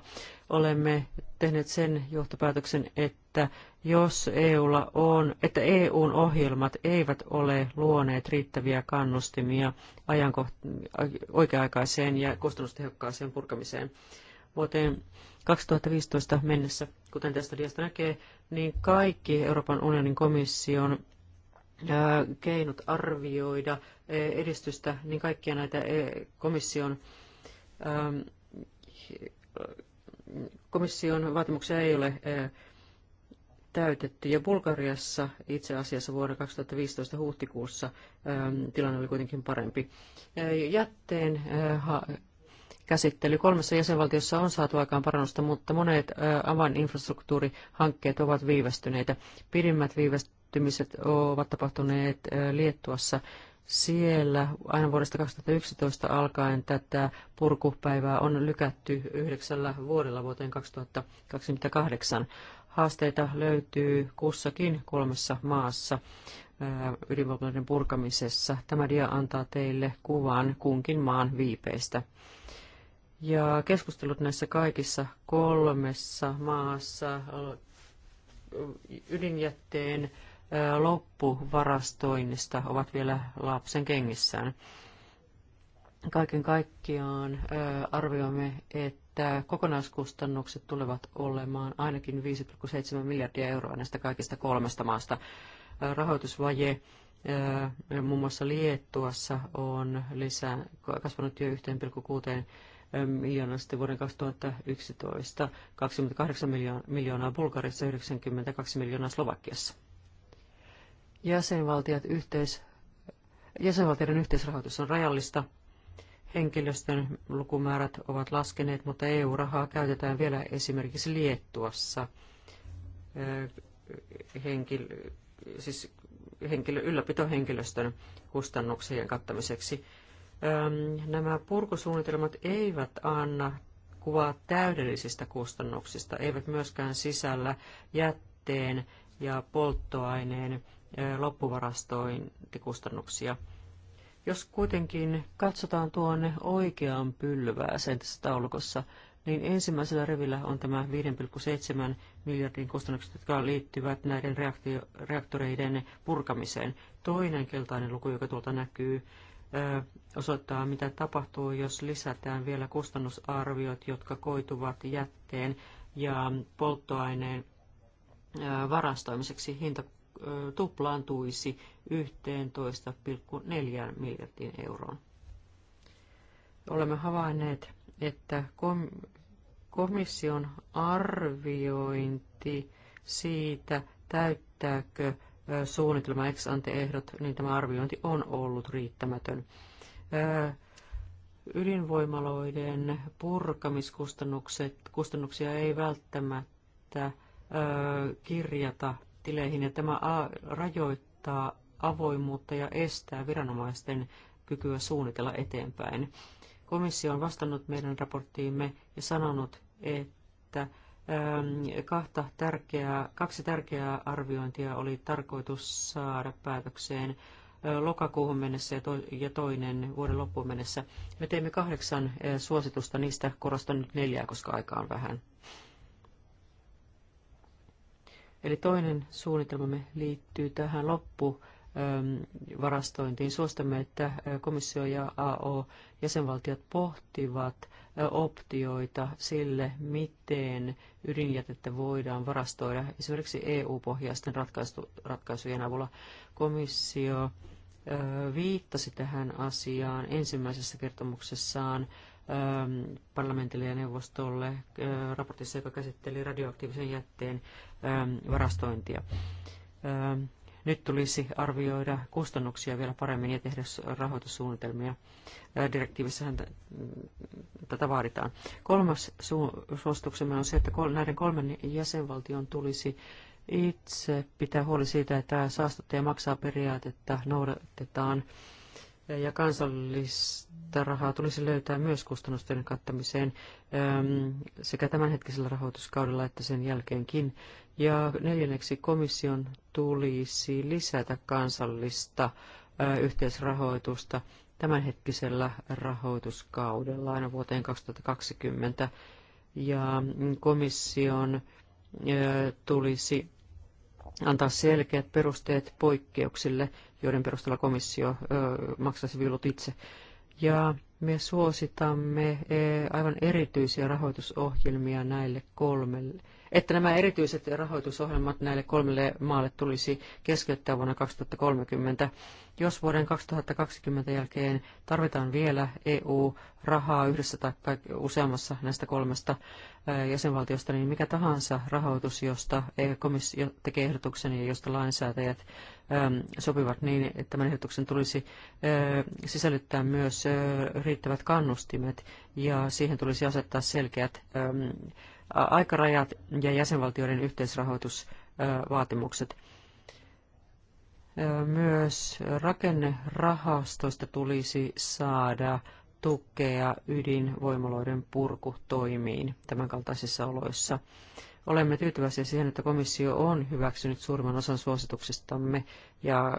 Olemme tehneet sen johtopäätöksen, että jos EUlla on, että EUn ohjelmat eivät ole luoneet riittäviä kannustimia ajankoht- oikea-aikaiseen ja kustannustehokkaaseen purkamiseen, vuoteen 2015 mennessä, kuten tästä diasta näkee, niin kaikki Euroopan unionin komission keinot arvioida edistystä, niin kaikkia näitä komission, komission vaatimuksia ei ole täytetty. Ja Bulgariassa itse asiassa vuonna 2015 huhtikuussa tilanne oli kuitenkin parempi. Jätteen käsittely. Kolmessa jäsenvaltiossa on saatu aikaan parannusta, mutta monet avaininfrastruktuurihankkeet ovat viivästyneitä. Pidimmät viivästymiset ovat tapahtuneet Liettuassa. Siellä aina vuodesta 2011 alkaen tätä purkupäivää on lykätty yhdeksällä vuodella vuoteen 2028. Haasteita löytyy kussakin kolmessa maassa ydinvoimaloiden purkamisessa. Tämä dia antaa teille kuvan kunkin maan viipeistä. Ja keskustelut näissä kaikissa kolmessa maassa ydinjätteen loppuvarastoinnista ovat vielä lapsen kengissään. Kaiken kaikkiaan arvioimme, että kokonaiskustannukset tulevat olemaan ainakin 5,7 miljardia euroa näistä kaikista kolmesta maasta. Rahoitusvaje muun muassa Liettuassa on lisää, kasvanut jo miljoonasta vuoden 2011, 28 miljoonaa Bulgarissa, 92 miljoonaa Slovakiassa. Jäsenvaltiot yhteis, jäsenvaltioiden yhteisrahoitus on rajallista. Henkilöstön lukumäärät ovat laskeneet, mutta EU-rahaa käytetään vielä esimerkiksi Liettuassa. Henkilö, siis henkilö, ylläpitohenkilöstön kustannuksien kattamiseksi nämä purkusuunnitelmat eivät anna kuvaa täydellisistä kustannuksista, eivät myöskään sisällä jätteen ja polttoaineen loppuvarastointikustannuksia. Jos kuitenkin katsotaan tuonne oikeaan pylvääseen tässä taulukossa, niin ensimmäisellä rivillä on tämä 5,7 miljardin kustannukset, jotka liittyvät näiden reaktio- reaktoreiden purkamiseen. Toinen keltainen luku, joka tuolta näkyy, osoittaa, mitä tapahtuu, jos lisätään vielä kustannusarviot, jotka koituvat jätteen ja polttoaineen varastoimiseksi hinta tuplaantuisi 11,4 miljardiin euroon. Olemme havainneet, että komission arviointi siitä, täyttääkö suunnitelma ex ante ehdot, niin tämä arviointi on ollut riittämätön. Ydinvoimaloiden purkamiskustannuksia ei välttämättä kirjata tileihin, ja tämä rajoittaa avoimuutta ja estää viranomaisten kykyä suunnitella eteenpäin. Komissio on vastannut meidän raporttiimme ja sanonut, että kahta tärkeää, kaksi tärkeää arviointia oli tarkoitus saada päätökseen lokakuuhun mennessä ja toinen vuoden loppuun mennessä. Me teimme kahdeksan suositusta, niistä korostan nyt neljää, koska aika on vähän. Eli toinen suunnitelmamme liittyy tähän loppuvarastointiin Suostamme, että komissio ja AO jäsenvaltiot pohtivat optioita sille, miten ydinjätettä voidaan varastoida esimerkiksi EU-pohjaisten ratkaisujen avulla. Komissio viittasi tähän asiaan ensimmäisessä kertomuksessaan parlamentille ja neuvostolle raportissa, joka käsitteli radioaktiivisen jätteen varastointia. Nyt tulisi arvioida kustannuksia vielä paremmin ja tehdä rahoitussuunnitelmia. Direktiivissähän mm, tätä vaaditaan. Kolmas suosituksemme on se, että näiden kolmen jäsenvaltion tulisi itse pitää huoli siitä, että saastuttaja maksaa periaatetta noudatetaan ja kansallista rahaa tulisi löytää myös kustannusten kattamiseen mm, sekä tämänhetkisellä rahoituskaudella että sen jälkeenkin. Ja neljänneksi komission tulisi lisätä kansallista yhteisrahoitusta tämänhetkisellä rahoituskaudella aina vuoteen 2020. Ja komission tulisi antaa selkeät perusteet poikkeuksille, joiden perusteella komissio maksaisi viulut itse. Ja me suositamme aivan erityisiä rahoitusohjelmia näille kolmelle että nämä erityiset rahoitusohjelmat näille kolmelle maalle tulisi keskeyttää vuonna 2030. Jos vuoden 2020 jälkeen tarvitaan vielä EU-rahaa yhdessä tai useammassa näistä kolmesta jäsenvaltiosta, niin mikä tahansa rahoitus, josta e- komissio tekee ehdotuksen ja josta lainsäätäjät sopivat niin, että tämän ehdotuksen tulisi sisällyttää myös riittävät kannustimet ja siihen tulisi asettaa selkeät aikarajat ja jäsenvaltioiden yhteisrahoitusvaatimukset. Myös rakennerahastoista tulisi saada tukea ydinvoimaloiden purkutoimiin tämänkaltaisissa oloissa. Olemme tyytyväisiä siihen, että komissio on hyväksynyt suurimman osan suosituksistamme ja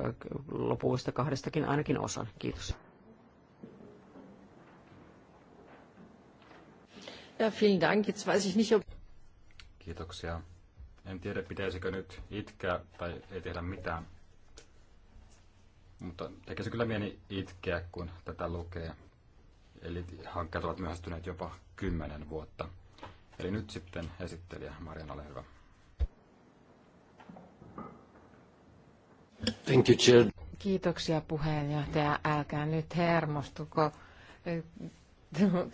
lopuista kahdestakin ainakin osan. Kiitos. Ja, vielen Dank. Jetzt weiß ich nicht, ob... Kiitoksia. En tiedä, pitäisikö nyt itkeä tai ei tehdä mitään. Mutta tekee se kyllä mieli itkeä, kun tätä lukee. Eli hankkeet ovat myöhästyneet jopa kymmenen vuotta. Eli nyt sitten esittelijä Marian, ole hyvä. Thank you, Chair. Kiitoksia puheenjohtaja. Älkää nyt hermostuko.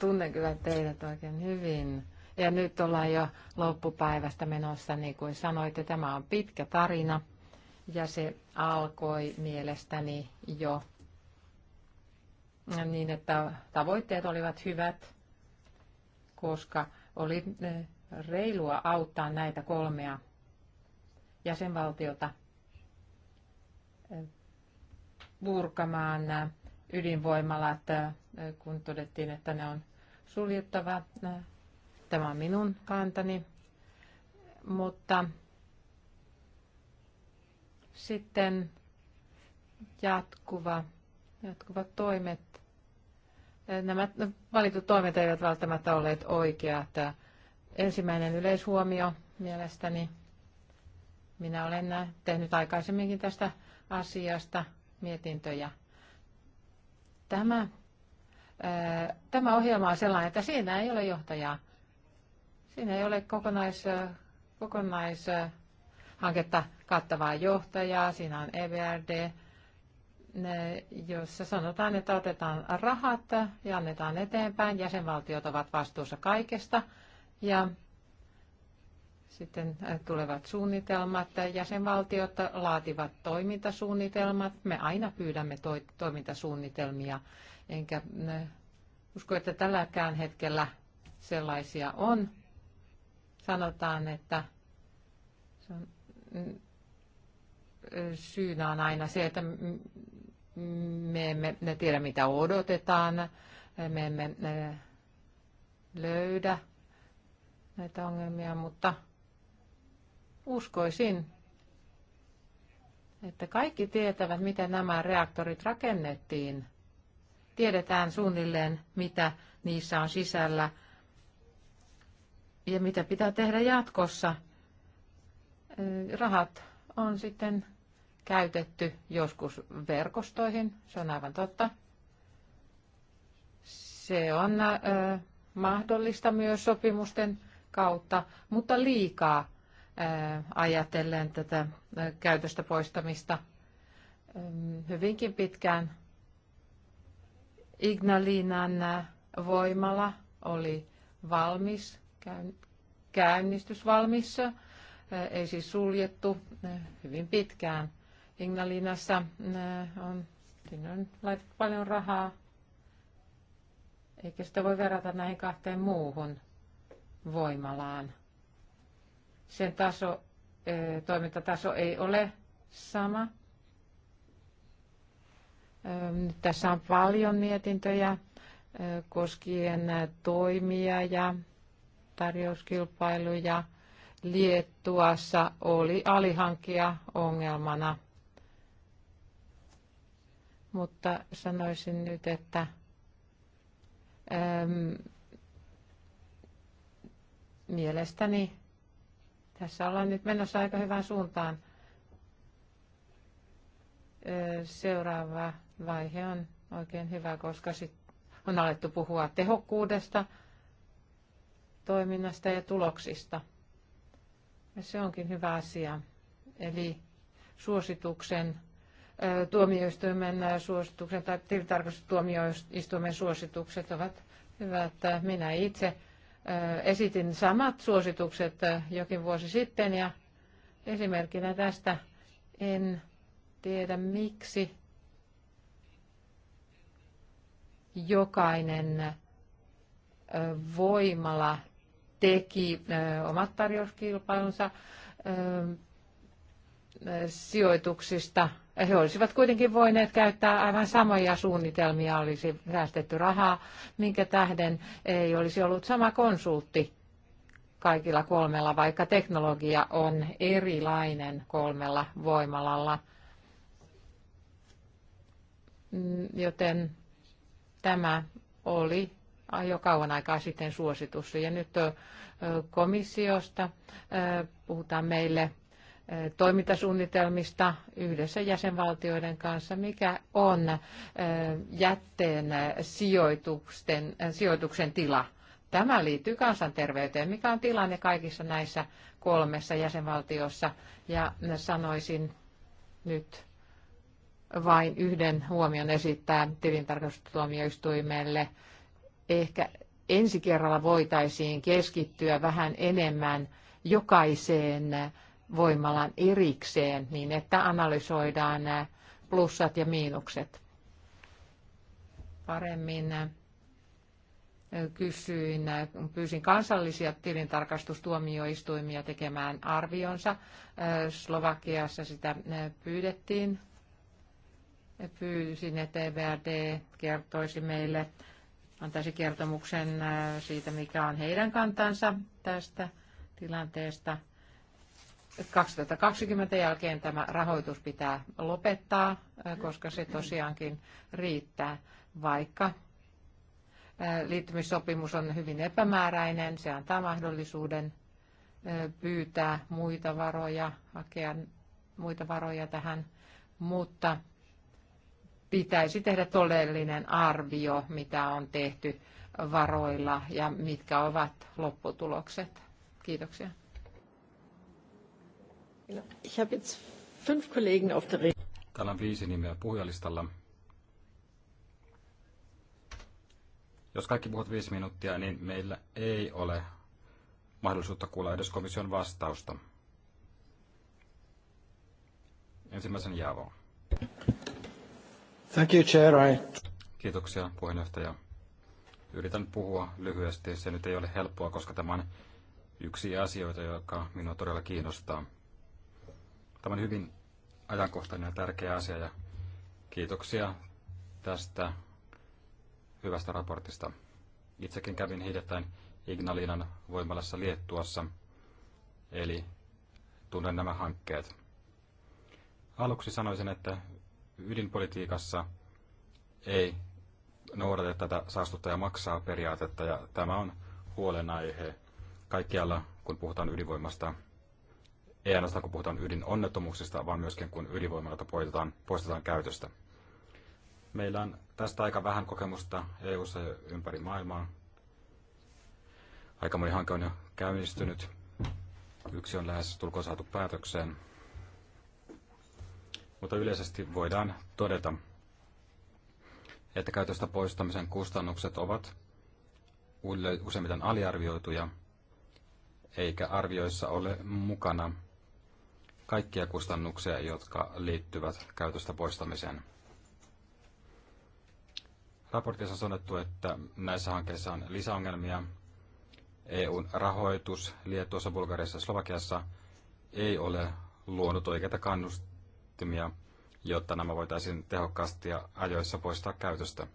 Tunnen kyllä teidät oikein hyvin. Ja nyt ollaan jo loppupäivästä menossa, niin kuin sanoitte, tämä on pitkä tarina. Ja se alkoi mielestäni jo niin, että tavoitteet olivat hyvät, koska oli eh, reilua auttaa näitä kolmea jäsenvaltiota eh, purkamaan eh, ydinvoimalat kun todettiin, että ne on suljettava. Tämä on minun kantani. Mutta sitten jatkuva, jatkuvat toimet. Nämä valitut toimet eivät välttämättä olleet oikeat. Ensimmäinen yleishuomio mielestäni. Minä olen tehnyt aikaisemminkin tästä asiasta mietintöjä. Tämä Tämä ohjelma on sellainen, että siinä ei ole johtajaa. Siinä ei ole kokonais, hanketta kattavaa johtajaa. Siinä on EBRD, jossa sanotaan, että otetaan rahat ja annetaan eteenpäin. Jäsenvaltiot ovat vastuussa kaikesta. Ja sitten tulevat suunnitelmat, jäsenvaltiot laativat toimintasuunnitelmat. Me aina pyydämme to- toimintasuunnitelmia enkä usko, että tälläkään hetkellä sellaisia on. Sanotaan, että se on, mm, syynä on aina se, että me emme tiedä, mitä odotetaan, me emme löydä näitä ongelmia, mutta uskoisin, että kaikki tietävät, miten nämä reaktorit rakennettiin – tiedetään suunnilleen, mitä niissä on sisällä ja mitä pitää tehdä jatkossa. Rahat on sitten käytetty joskus verkostoihin, se on aivan totta. Se on ö, mahdollista myös sopimusten kautta, mutta liikaa ö, ajatellen tätä ö, käytöstä poistamista ö, hyvinkin pitkään Ignalinan äh, voimala oli valmis, käynnistysvalmis, äh, ei siis suljettu äh, hyvin pitkään. Ignalinassa on, sinne on laitettu paljon rahaa, eikä sitä voi verrata näihin kahteen muuhun voimalaan. Sen taso, toimintataso ei ole sama. Tässä on paljon mietintöjä koskien toimia ja tarjouskilpailuja. Liettuassa oli alihankkia ongelmana. Mutta sanoisin nyt, että ähm, mielestäni tässä ollaan nyt menossa aika hyvään suuntaan. Seuraava vaihe on oikein hyvä, koska sit on alettu puhua tehokkuudesta, toiminnasta ja tuloksista. Ja se onkin hyvä asia. Eli suosituksen, tuomioistuimen suosituksen tai tilintarkastustuomioistuimen suositukset ovat hyvät. Minä itse esitin samat suositukset jokin vuosi sitten ja esimerkkinä tästä en tiedä miksi jokainen voimala teki omat tarjouskilpailunsa sijoituksista. He olisivat kuitenkin voineet käyttää aivan samoja suunnitelmia, olisi säästetty rahaa, minkä tähden ei olisi ollut sama konsultti kaikilla kolmella, vaikka teknologia on erilainen kolmella voimalalla. Mm, joten Tämä oli jo kauan aikaa sitten suositus. Ja nyt komissiosta puhutaan meille toimintasuunnitelmista yhdessä jäsenvaltioiden kanssa, mikä on jätteen sijoituksen, sijoituksen tila. Tämä liittyy kansanterveyteen, mikä on tilanne kaikissa näissä kolmessa jäsenvaltiossa. Ja sanoisin nyt vain yhden huomion esittää tilintarkastustuomioistuimelle. Ehkä ensi kerralla voitaisiin keskittyä vähän enemmän jokaiseen voimalan erikseen, niin että analysoidaan plussat ja miinukset. Paremmin kysyin, pyysin kansallisia tilintarkastustuomioistuimia tekemään arvionsa. Slovakiassa sitä pyydettiin pyysin, että EBRD kertoisi meille, antaisi kertomuksen äh, siitä, mikä on heidän kantansa tästä tilanteesta. 2020 jälkeen tämä rahoitus pitää lopettaa, äh, koska se tosiaankin riittää, vaikka äh, liittymissopimus on hyvin epämääräinen. Se antaa mahdollisuuden pyytää muita varoja, hakea muita varoja tähän, mutta pitäisi tehdä todellinen arvio, mitä on tehty varoilla ja mitkä ovat lopputulokset. Kiitoksia. Ich habe jetzt fünf Kollegen auf der Täällä on viisi nimeä puhujalistalla. Jos kaikki puhut viisi minuuttia, niin meillä ei ole mahdollisuutta kuulla edes komission vastausta. Ensimmäisen Javo. Thank you, Chair. I... Kiitoksia puheenjohtaja. Yritän puhua lyhyesti. Se nyt ei ole helppoa, koska tämä on yksi asioita, joka minua todella kiinnostaa. Tämä on hyvin ajankohtainen ja tärkeä asia ja kiitoksia tästä hyvästä raportista. Itsekin kävin hiljattain Ignalinan voimalassa Liettuassa, eli tunnen nämä hankkeet. Aluksi sanoisin, että ydinpolitiikassa ei noudata tätä saastuttaja maksaa periaatetta ja tämä on huolenaihe kaikkialla, kun puhutaan ydinvoimasta. Ei ainoastaan kun puhutaan ydinonnettomuuksista, vaan myöskin kun ydinvoimalta poistetaan, poistetaan käytöstä. Meillä on tästä aika vähän kokemusta EU-ssa ja ympäri maailmaa. Aika moni hanke on jo käynnistynyt. Yksi on lähes tulkoon saatu päätökseen, mutta yleisesti voidaan todeta, että käytöstä poistamisen kustannukset ovat useimmiten aliarvioituja, eikä arvioissa ole mukana kaikkia kustannuksia, jotka liittyvät käytöstä poistamiseen. Raportissa on sanottu, että näissä hankkeissa on lisäongelmia. EUn rahoitus Liettuossa, Bulgariassa ja Slovakiassa ei ole luonut oikeita kannustimia kannustimia, jotta nämä voitaisiin tehokkaasti ja ajoissa poistaa käytöstä.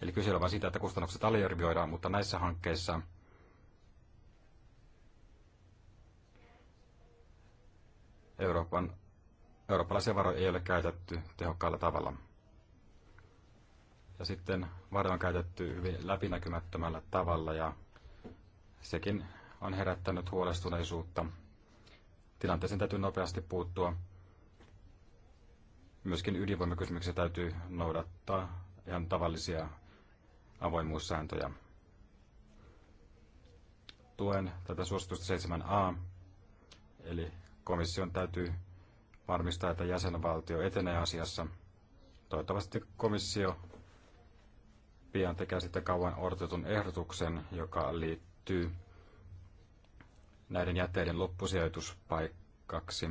Eli kyse on vain siitä, että kustannukset aliarvioidaan, mutta näissä hankkeissa Euroopan, eurooppalaisia varoja ei ole käytetty tehokkaalla tavalla. Ja sitten varoja on käytetty hyvin läpinäkymättömällä tavalla ja sekin on herättänyt huolestuneisuutta. Tilanteeseen täytyy nopeasti puuttua. Myöskin ydinvoimakysymyksessä täytyy noudattaa ihan tavallisia avoimuussääntöjä. Tuen tätä suositusta 7a, eli komission täytyy varmistaa, että jäsenvaltio etenee asiassa. Toivottavasti komissio pian tekee sitten kauan odotetun ehdotuksen, joka liittyy näiden jätteiden loppusijoituspaikkaksi.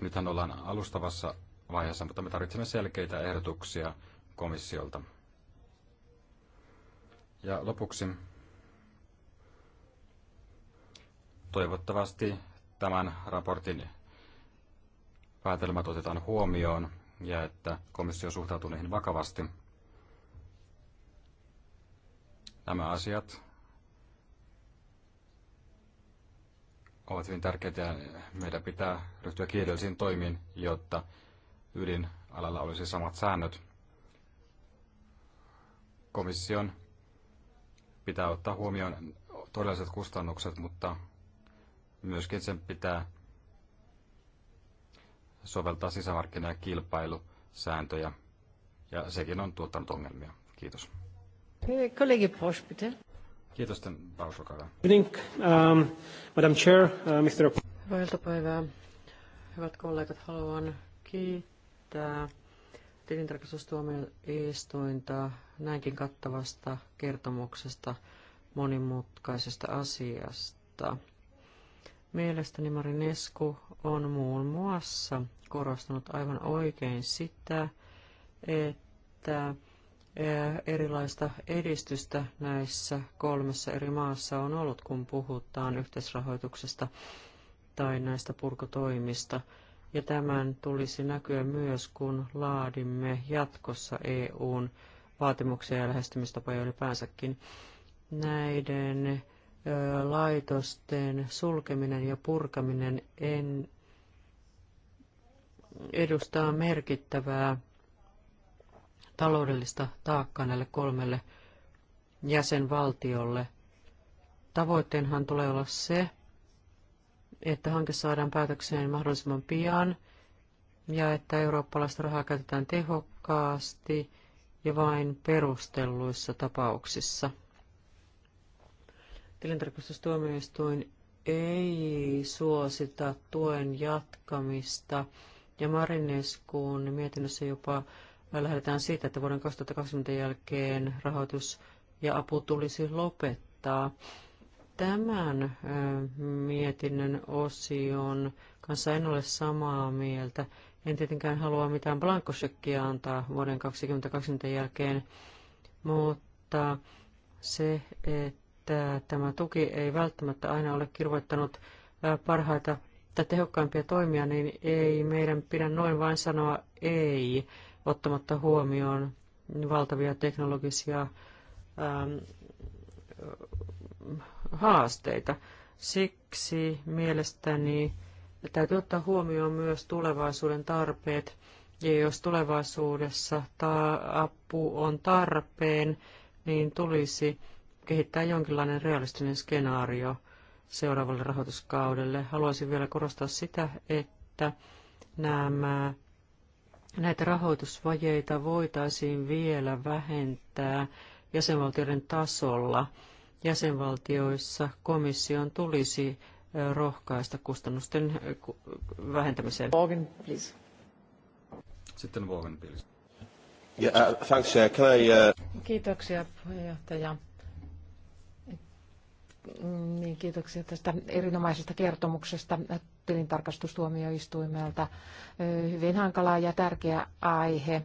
Nythän ollaan alustavassa vaiheessa, mutta me tarvitsemme selkeitä ehdotuksia komissiolta. Ja lopuksi toivottavasti tämän raportin päätelmät otetaan huomioon ja että komissio suhtautuu niihin vakavasti. Nämä asiat ovat hyvin tärkeitä ja meidän pitää ryhtyä kiireellisiin toimiin, jotta ydinalalla olisi samat säännöt. Komission pitää ottaa huomioon todelliset kustannukset, mutta myöskin sen pitää soveltaa sisämarkkina- ja kilpailusääntöjä, ja sekin on tuottanut ongelmia. Kiitos. Kollegi Posch, bitte. Kiitos, Paus, um, Madam Chair, uh, Mr. Hyvää iltapäivää. Hyvät kollegat, haluan kiittää tilintarkastustuomioistuinta näinkin kattavasta kertomuksesta monimutkaisesta asiasta. Mielestäni Marinesku on muun muassa korostanut aivan oikein sitä, että Eh, erilaista edistystä näissä kolmessa eri maassa on ollut, kun puhutaan yhteisrahoituksesta tai näistä purkotoimista Ja tämän tulisi näkyä myös, kun laadimme jatkossa EUn vaatimuksia ja lähestymistapoja ylipäänsäkin. Näiden ö, eh, laitosten sulkeminen ja purkaminen en edustaa merkittävää taloudellista taakkaa näille kolmelle jäsenvaltiolle. Tavoitteenhan tulee olla se, että hanke saadaan päätökseen mahdollisimman pian ja että eurooppalaista rahaa käytetään tehokkaasti ja vain perustelluissa tapauksissa. Tilintarkastustuomioistuin ei suosita tuen jatkamista ja Marineskuun mietinnössä jopa lähdetään siitä, että vuoden 2020 jälkeen rahoitus ja apu tulisi lopettaa. Tämän mietinnön osion kanssa en ole samaa mieltä. En tietenkään halua mitään blankosekkiä antaa vuoden 2020 jälkeen, mutta se, että tämä tuki ei välttämättä aina ole kirvoittanut parhaita tai tehokkaimpia toimia, niin ei meidän pidä noin vain sanoa ei ottamatta huomioon valtavia teknologisia ähm, haasteita. Siksi mielestäni täytyy ottaa huomioon myös tulevaisuuden tarpeet. Ja jos tulevaisuudessa ta- apu on tarpeen, niin tulisi kehittää jonkinlainen realistinen skenaario seuraavalle rahoituskaudelle. Haluaisin vielä korostaa sitä, että nämä näitä rahoitusvajeita voitaisiin vielä vähentää jäsenvaltioiden tasolla. Jäsenvaltioissa komission tulisi rohkaista kustannusten vähentämiseen. Morgan, please. Sitten Morgan, please. Yeah, uh, thanks, uh, I, uh... Kiitoksia puheenjohtaja. Niin, kiitoksia tästä erinomaisesta kertomuksesta tilintarkastustuomioistuimelta. Hyvin hankala ja tärkeä aihe.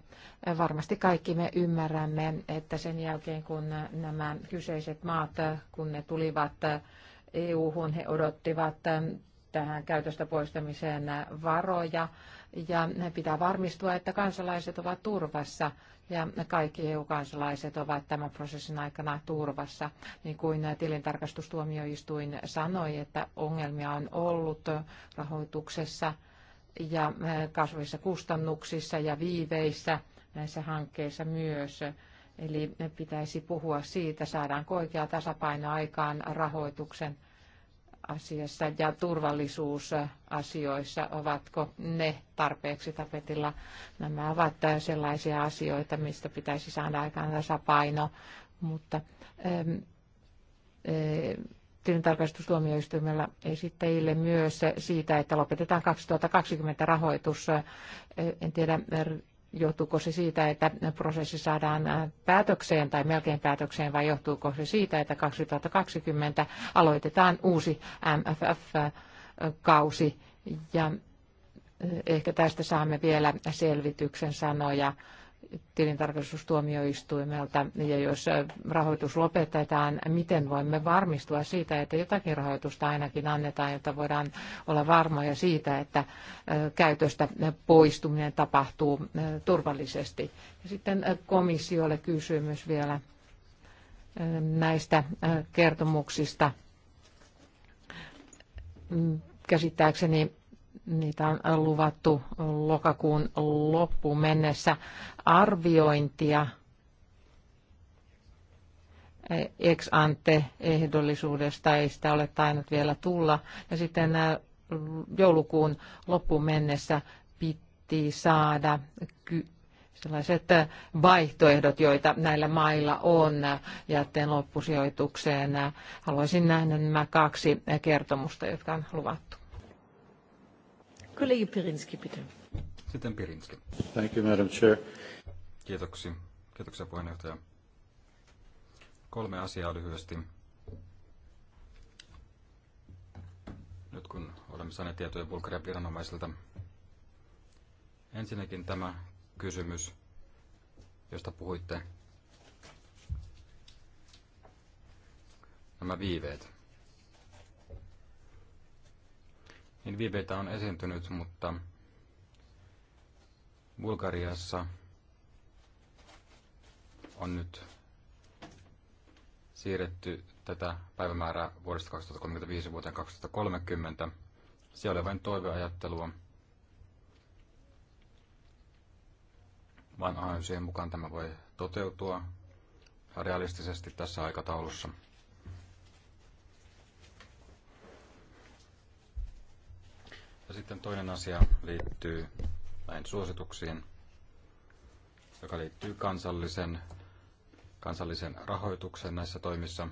Varmasti kaikki me ymmärrämme, että sen jälkeen kun nämä kyseiset maat, kun ne tulivat EU-hun, he odottivat tähän käytöstä poistamiseen varoja ja pitää varmistua, että kansalaiset ovat turvassa ja kaikki EU-kansalaiset ovat tämän prosessin aikana turvassa. Niin kuin tilintarkastustuomioistuin sanoi, että ongelmia on ollut rahoituksessa ja eh, kasvavissa kustannuksissa ja viiveissä näissä hankkeissa myös. Eli pitäisi puhua siitä, saadaanko oikea tasapaino aikaan rahoituksen asiassa ja turvallisuusasioissa, ovatko ne tarpeeksi tapetilla. Nämä ovat sellaisia asioita, mistä pitäisi saada aikaan tasapaino, mutta tilintarkastustuomioistuimella esittäjille myös siitä, että lopetetaan 2020 rahoitus. En tiedä, johtuuko se siitä, että prosessi saadaan äh, päätökseen tai melkein päätökseen, vai johtuuko se siitä, että 2020 aloitetaan uusi MFF-kausi. Ja äh, ehkä tästä saamme vielä selvityksen sanoja tilintarkastustuomioistuimelta, ja jos rahoitus lopetetaan, miten voimme varmistua siitä, että jotakin rahoitusta ainakin annetaan, jotta voidaan olla varmoja siitä, että käytöstä poistuminen tapahtuu turvallisesti. Ja sitten komissiolle kysymys vielä näistä kertomuksista. Mm, käsittääkseni Niitä on luvattu lokakuun loppuun mennessä arviointia ex ante ehdollisuudesta, ei sitä ole tainnut vielä tulla. Ja sitten joulukuun loppuun mennessä piti saada sellaiset vaihtoehdot, joita näillä mailla on jätteen loppusijoitukseen. Haluaisin nähdä nämä kaksi kertomusta, jotka on luvattu. Pirinski, bitte. Sitten Pirinski. Thank you, Madam Chair. Kiitoksia. Kiitoksia puheenjohtaja. Kolme asiaa lyhyesti. Nyt kun olemme saaneet tietoja Bulgarian viranomaisilta. Ensinnäkin tämä kysymys, josta puhuitte. Nämä viiveet. Niin viipeitä on esiintynyt, mutta Bulgariassa on nyt siirretty tätä päivämäärää vuodesta 2035 vuoteen 2030. Siellä oli vain toiveajattelua, vaan analyysien mukaan tämä voi toteutua realistisesti tässä aikataulussa. Ja sitten toinen asia liittyy näin suosituksiin, joka liittyy kansallisen, kansallisen rahoituksen näissä toimissa.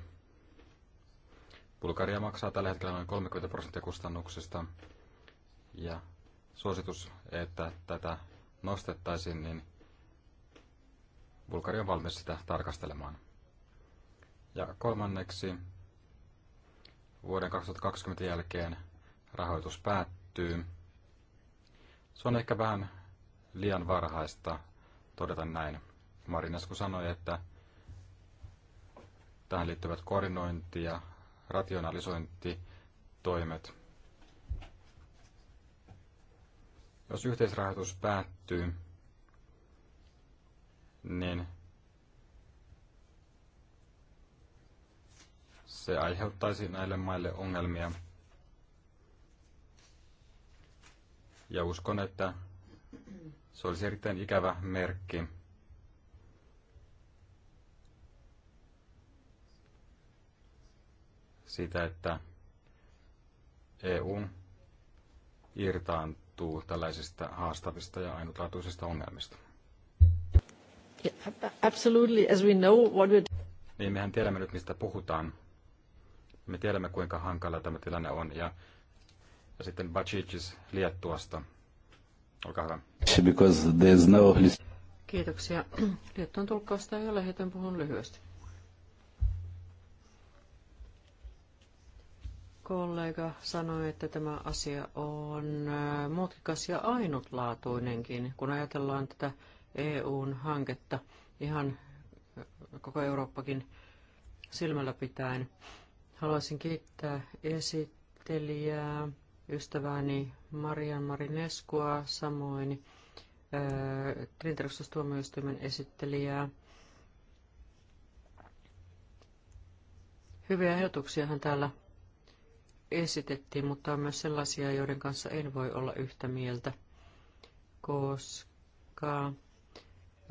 Bulgaria maksaa tällä hetkellä noin 30 prosenttia kustannuksista ja suositus, että tätä nostettaisiin, niin Bulgaria on valmis sitä tarkastelemaan. Ja kolmanneksi, vuoden 2020 jälkeen rahoitus päättyy kehittyy. Se on ehkä vähän liian varhaista todeta näin. Marinesku sanoi, että tähän liittyvät koordinointi ja rationalisointitoimet. Jos yhteisrahoitus päättyy, niin se aiheuttaisi näille maille ongelmia – ja uskon, että se olisi erittäin ikävä merkki. Siitä, että EU irtaantuu tällaisista haastavista ja ainutlaatuisista ongelmista. Niin mehän tiedämme nyt, mistä puhutaan. Me tiedämme, kuinka hankala tämä tilanne on ja ja sitten Bacicis Liettuasta. Olkaa hyvä. Because there's no... Kiitoksia. Liettuan tulkkausta ei ole, joten puhun lyhyesti. kollega sanoi, että tämä asia on äh, mutkikas ja ainutlaatuinenkin, kun ajatellaan tätä EUn hanketta ihan äh, koko Eurooppakin silmällä pitäen. Haluaisin kiittää esittelijää ystävääni Marian Marineskua, samoin tilintarkastustuomioistuimen esittelijää. Hyviä ehdotuksiahan täällä esitettiin, mutta on myös sellaisia, joiden kanssa en voi olla yhtä mieltä, koska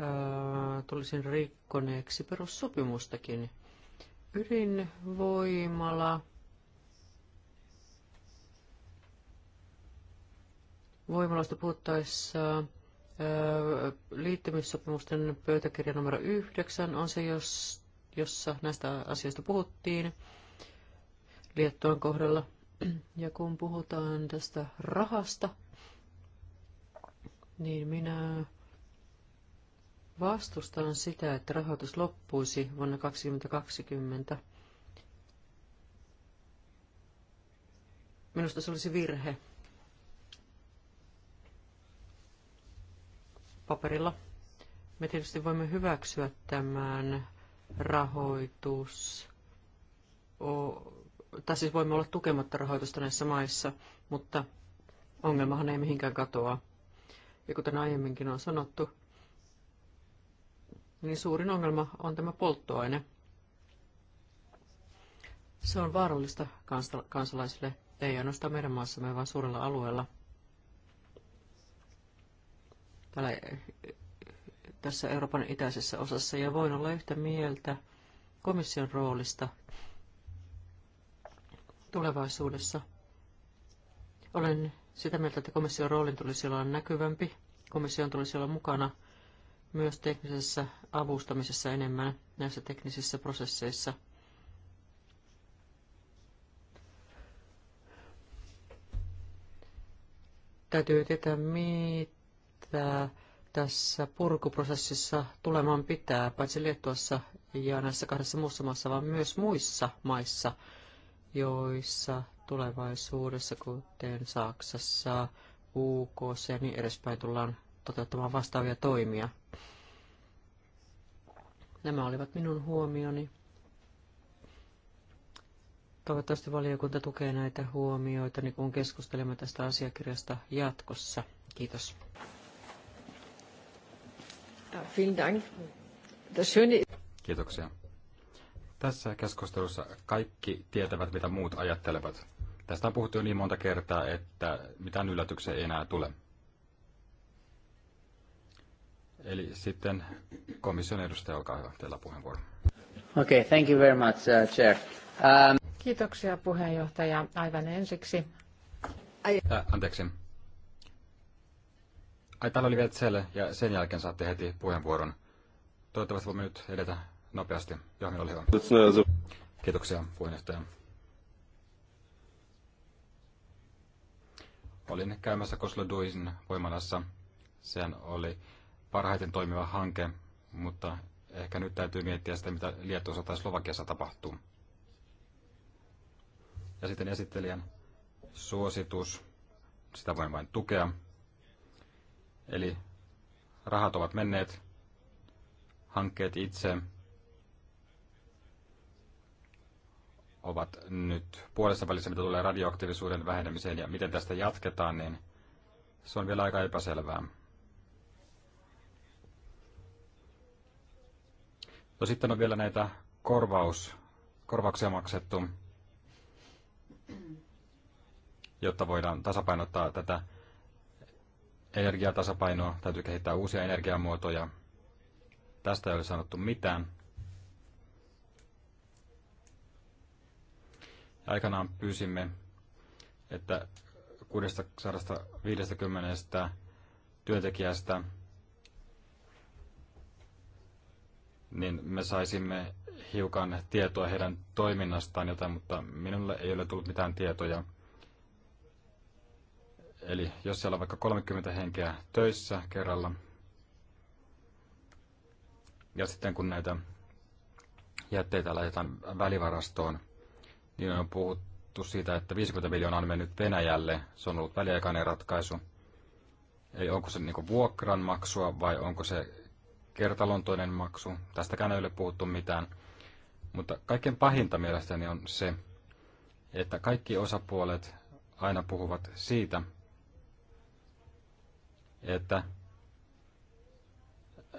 ää, tulisin rikkoneeksi perussopimustakin. Ydinvoimala voimaloista puhuttaessa liittymissopimusten pöytäkirja numero 9 on se, jos, jossa näistä asioista puhuttiin Liettuan kohdalla. Ja kun puhutaan tästä rahasta, niin minä vastustan sitä, että rahoitus loppuisi vuonna 2020. Minusta se olisi virhe. paperilla. Me tietysti voimme hyväksyä tämän rahoitus, tai siis voimme olla tukematta rahoitusta näissä maissa, mutta ongelmahan ei mihinkään katoa. Ja kuten aiemminkin on sanottu, niin suurin ongelma on tämä polttoaine. Se on vaarallista kansalaisille, ei ainoastaan meidän maassamme, vaan suurella alueella – täällä, tässä Euroopan itäisessä osassa ja voin olla yhtä mieltä komission roolista tulevaisuudessa. Olen sitä mieltä, että komission roolin tulisi olla näkyvämpi. Komission tulisi olla mukana myös teknisessä avustamisessa enemmän näissä teknisissä prosesseissa. Täytyy tietää, mitä että tässä purkuprosessissa tulemaan pitää, paitsi Liettuassa ja näissä kahdessa muussa maassa, vaan myös muissa maissa, joissa tulevaisuudessa, kuten Saksassa, UK ja niin edespäin, tullaan toteuttamaan vastaavia toimia. Nämä olivat minun huomioni. Toivottavasti valiokunta tukee näitä huomioita, niin kun keskustelemme tästä asiakirjasta jatkossa. Kiitos. Kiitoksia. Tässä keskustelussa kaikki tietävät, mitä muut ajattelevat. Tästä on puhuttu jo niin monta kertaa, että mitään yllätyksiä ei enää tule. Eli sitten komission edustaja, olkaa hyvä, teillä puheenvuoro. Okay, thank you very much, uh, Chair. Um... Kiitoksia puheenjohtaja. Aivan ensiksi. Ai... Äh, anteeksi. Ai, täällä oli vielä Tselle, ja sen jälkeen saatte heti puheenvuoron. Toivottavasti voimme nyt edetä nopeasti. Joo, minulla oli hyvä. Kiitoksia, puheenjohtaja. Olin käymässä Duisin voimalassa. Sehän oli parhaiten toimiva hanke, mutta ehkä nyt täytyy miettiä sitä, mitä Liettuossa tai Slovakiassa tapahtuu. Ja sitten esittelijän suositus, sitä voin vain tukea. Eli rahat ovat menneet, hankkeet itse ovat nyt puolessa välissä, mitä tulee radioaktiivisuuden vähenemiseen ja miten tästä jatketaan, niin se on vielä aika epäselvää. No sitten on vielä näitä korvaus, korvauksia maksettu, jotta voidaan tasapainottaa tätä energiatasapainoa, täytyy kehittää uusia energiamuotoja. Tästä ei ole sanottu mitään. Aikanaan pyysimme, että 650 työntekijästä niin me saisimme hiukan tietoa heidän toiminnastaan jotain, mutta minulle ei ole tullut mitään tietoja. Eli jos siellä on vaikka 30 henkeä töissä kerralla, ja sitten kun näitä jätteitä laitetaan välivarastoon, niin on puhuttu siitä, että 50 miljoonaa on mennyt Venäjälle. Se on ollut väliaikainen ratkaisu. Eli onko se niin vuokran maksua vai onko se kertalontoinen maksu? Tästäkään ei ole puhuttu mitään. Mutta kaikkein pahinta mielestäni on se, että kaikki osapuolet aina puhuvat siitä, että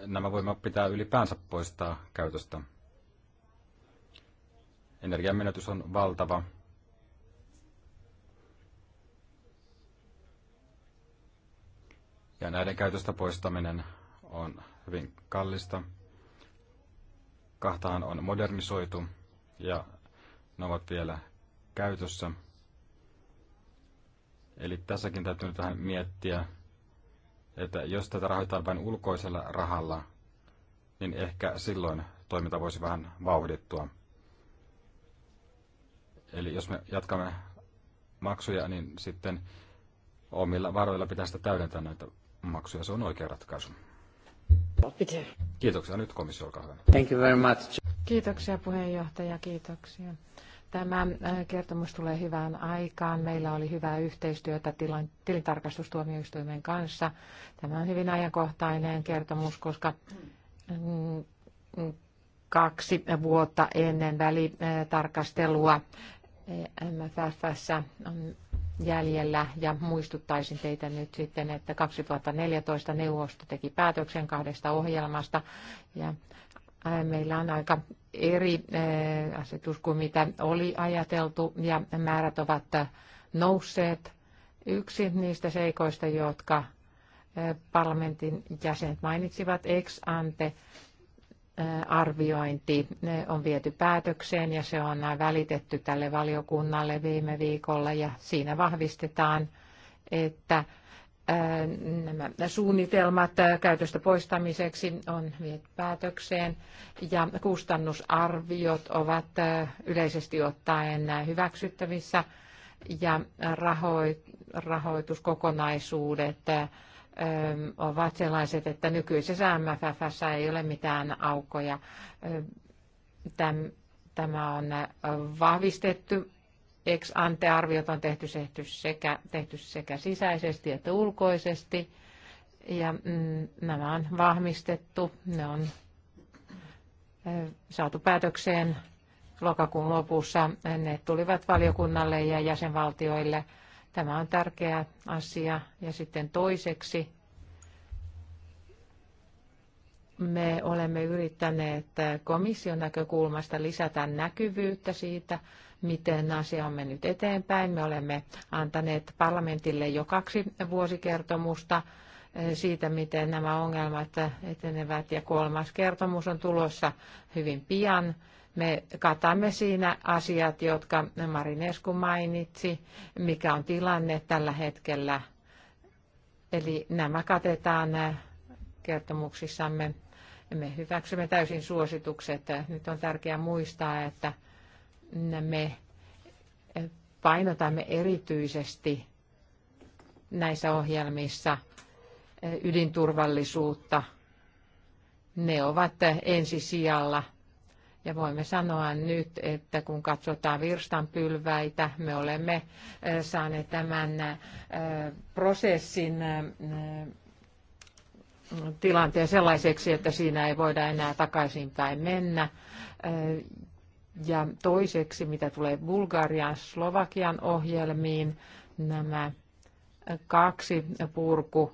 nämä voimat pitää ylipäänsä poistaa käytöstä. Energiamenetys on valtava. Ja näiden käytöstä poistaminen on hyvin kallista. Kahtahan on modernisoitu ja ne ovat vielä käytössä. Eli tässäkin täytyy nyt vähän miettiä, että jos tätä rahoitetaan vain ulkoisella rahalla, niin ehkä silloin toiminta voisi vähän vauhdittua. Eli jos me jatkamme maksuja, niin sitten omilla varoilla pitää sitä täydentää näitä maksuja. Se on oikea ratkaisu. Kiitoksia. Nyt komissio, olkaa hyvä. Thank you very much. Kiitoksia puheenjohtaja, kiitoksia Tämä äh, kertomus tulee hyvään aikaan. Meillä oli hyvää yhteistyötä tilintarkastustuomioistuimen kanssa. Tämä on hyvin ajankohtainen kertomus, koska mm, mm, kaksi vuotta ennen välitarkastelua e MFFssä on jäljellä ja muistuttaisin teitä nyt sitten, että 2014 neuvosto teki päätöksen kahdesta ohjelmasta ja meillä on aika eri asetus kuin mitä oli ajateltu ja määrät ovat nousseet. Yksi niistä seikoista, jotka parlamentin jäsenet mainitsivat, ex ante arviointi on viety päätökseen ja se on välitetty tälle valiokunnalle viime viikolla ja siinä vahvistetaan, että nämä suunnitelmat käytöstä poistamiseksi on viety päätökseen ja kustannusarviot ovat yleisesti ottaen hyväksyttävissä ja rahoituskokonaisuudet ovat sellaiset, että nykyisessä MFFssä ei ole mitään aukoja. Tämä on vahvistettu ex ante arviot on tehty, tehty, sekä, tehty sekä sisäisesti että ulkoisesti. Ja mm, nämä on vahvistettu, ne on saatu päätökseen lokakuun lopussa. Ne tulivat valiokunnalle ja jäsenvaltioille. Tämä on tärkeä asia. Ja sitten toiseksi me olemme yrittäneet komission näkökulmasta lisätä näkyvyyttä siitä, miten asia on mennyt eteenpäin. Me olemme antaneet parlamentille jo kaksi vuosikertomusta eh, siitä, miten nämä ongelmat etenevät ja kolmas kertomus on tulossa hyvin pian. Me katamme siinä asiat, jotka Marinesku mainitsi, mikä on tilanne tällä hetkellä. Eli nämä katetaan eh, kertomuksissamme. Me hyväksymme täysin suositukset. Nyt on tärkeää muistaa, että me eh, painotamme erityisesti näissä ohjelmissa eh, ydinturvallisuutta. Ne ovat eh, ensisijalla. Ja voimme sanoa nyt, että kun katsotaan virstanpylväitä, me olemme saaneet tämän prosessin tilanteen sellaiseksi, että siinä ei voida enää takaisinpäin mennä. Ja toiseksi, mitä tulee Bulgarian, Slovakian ohjelmiin, nämä kaksi purku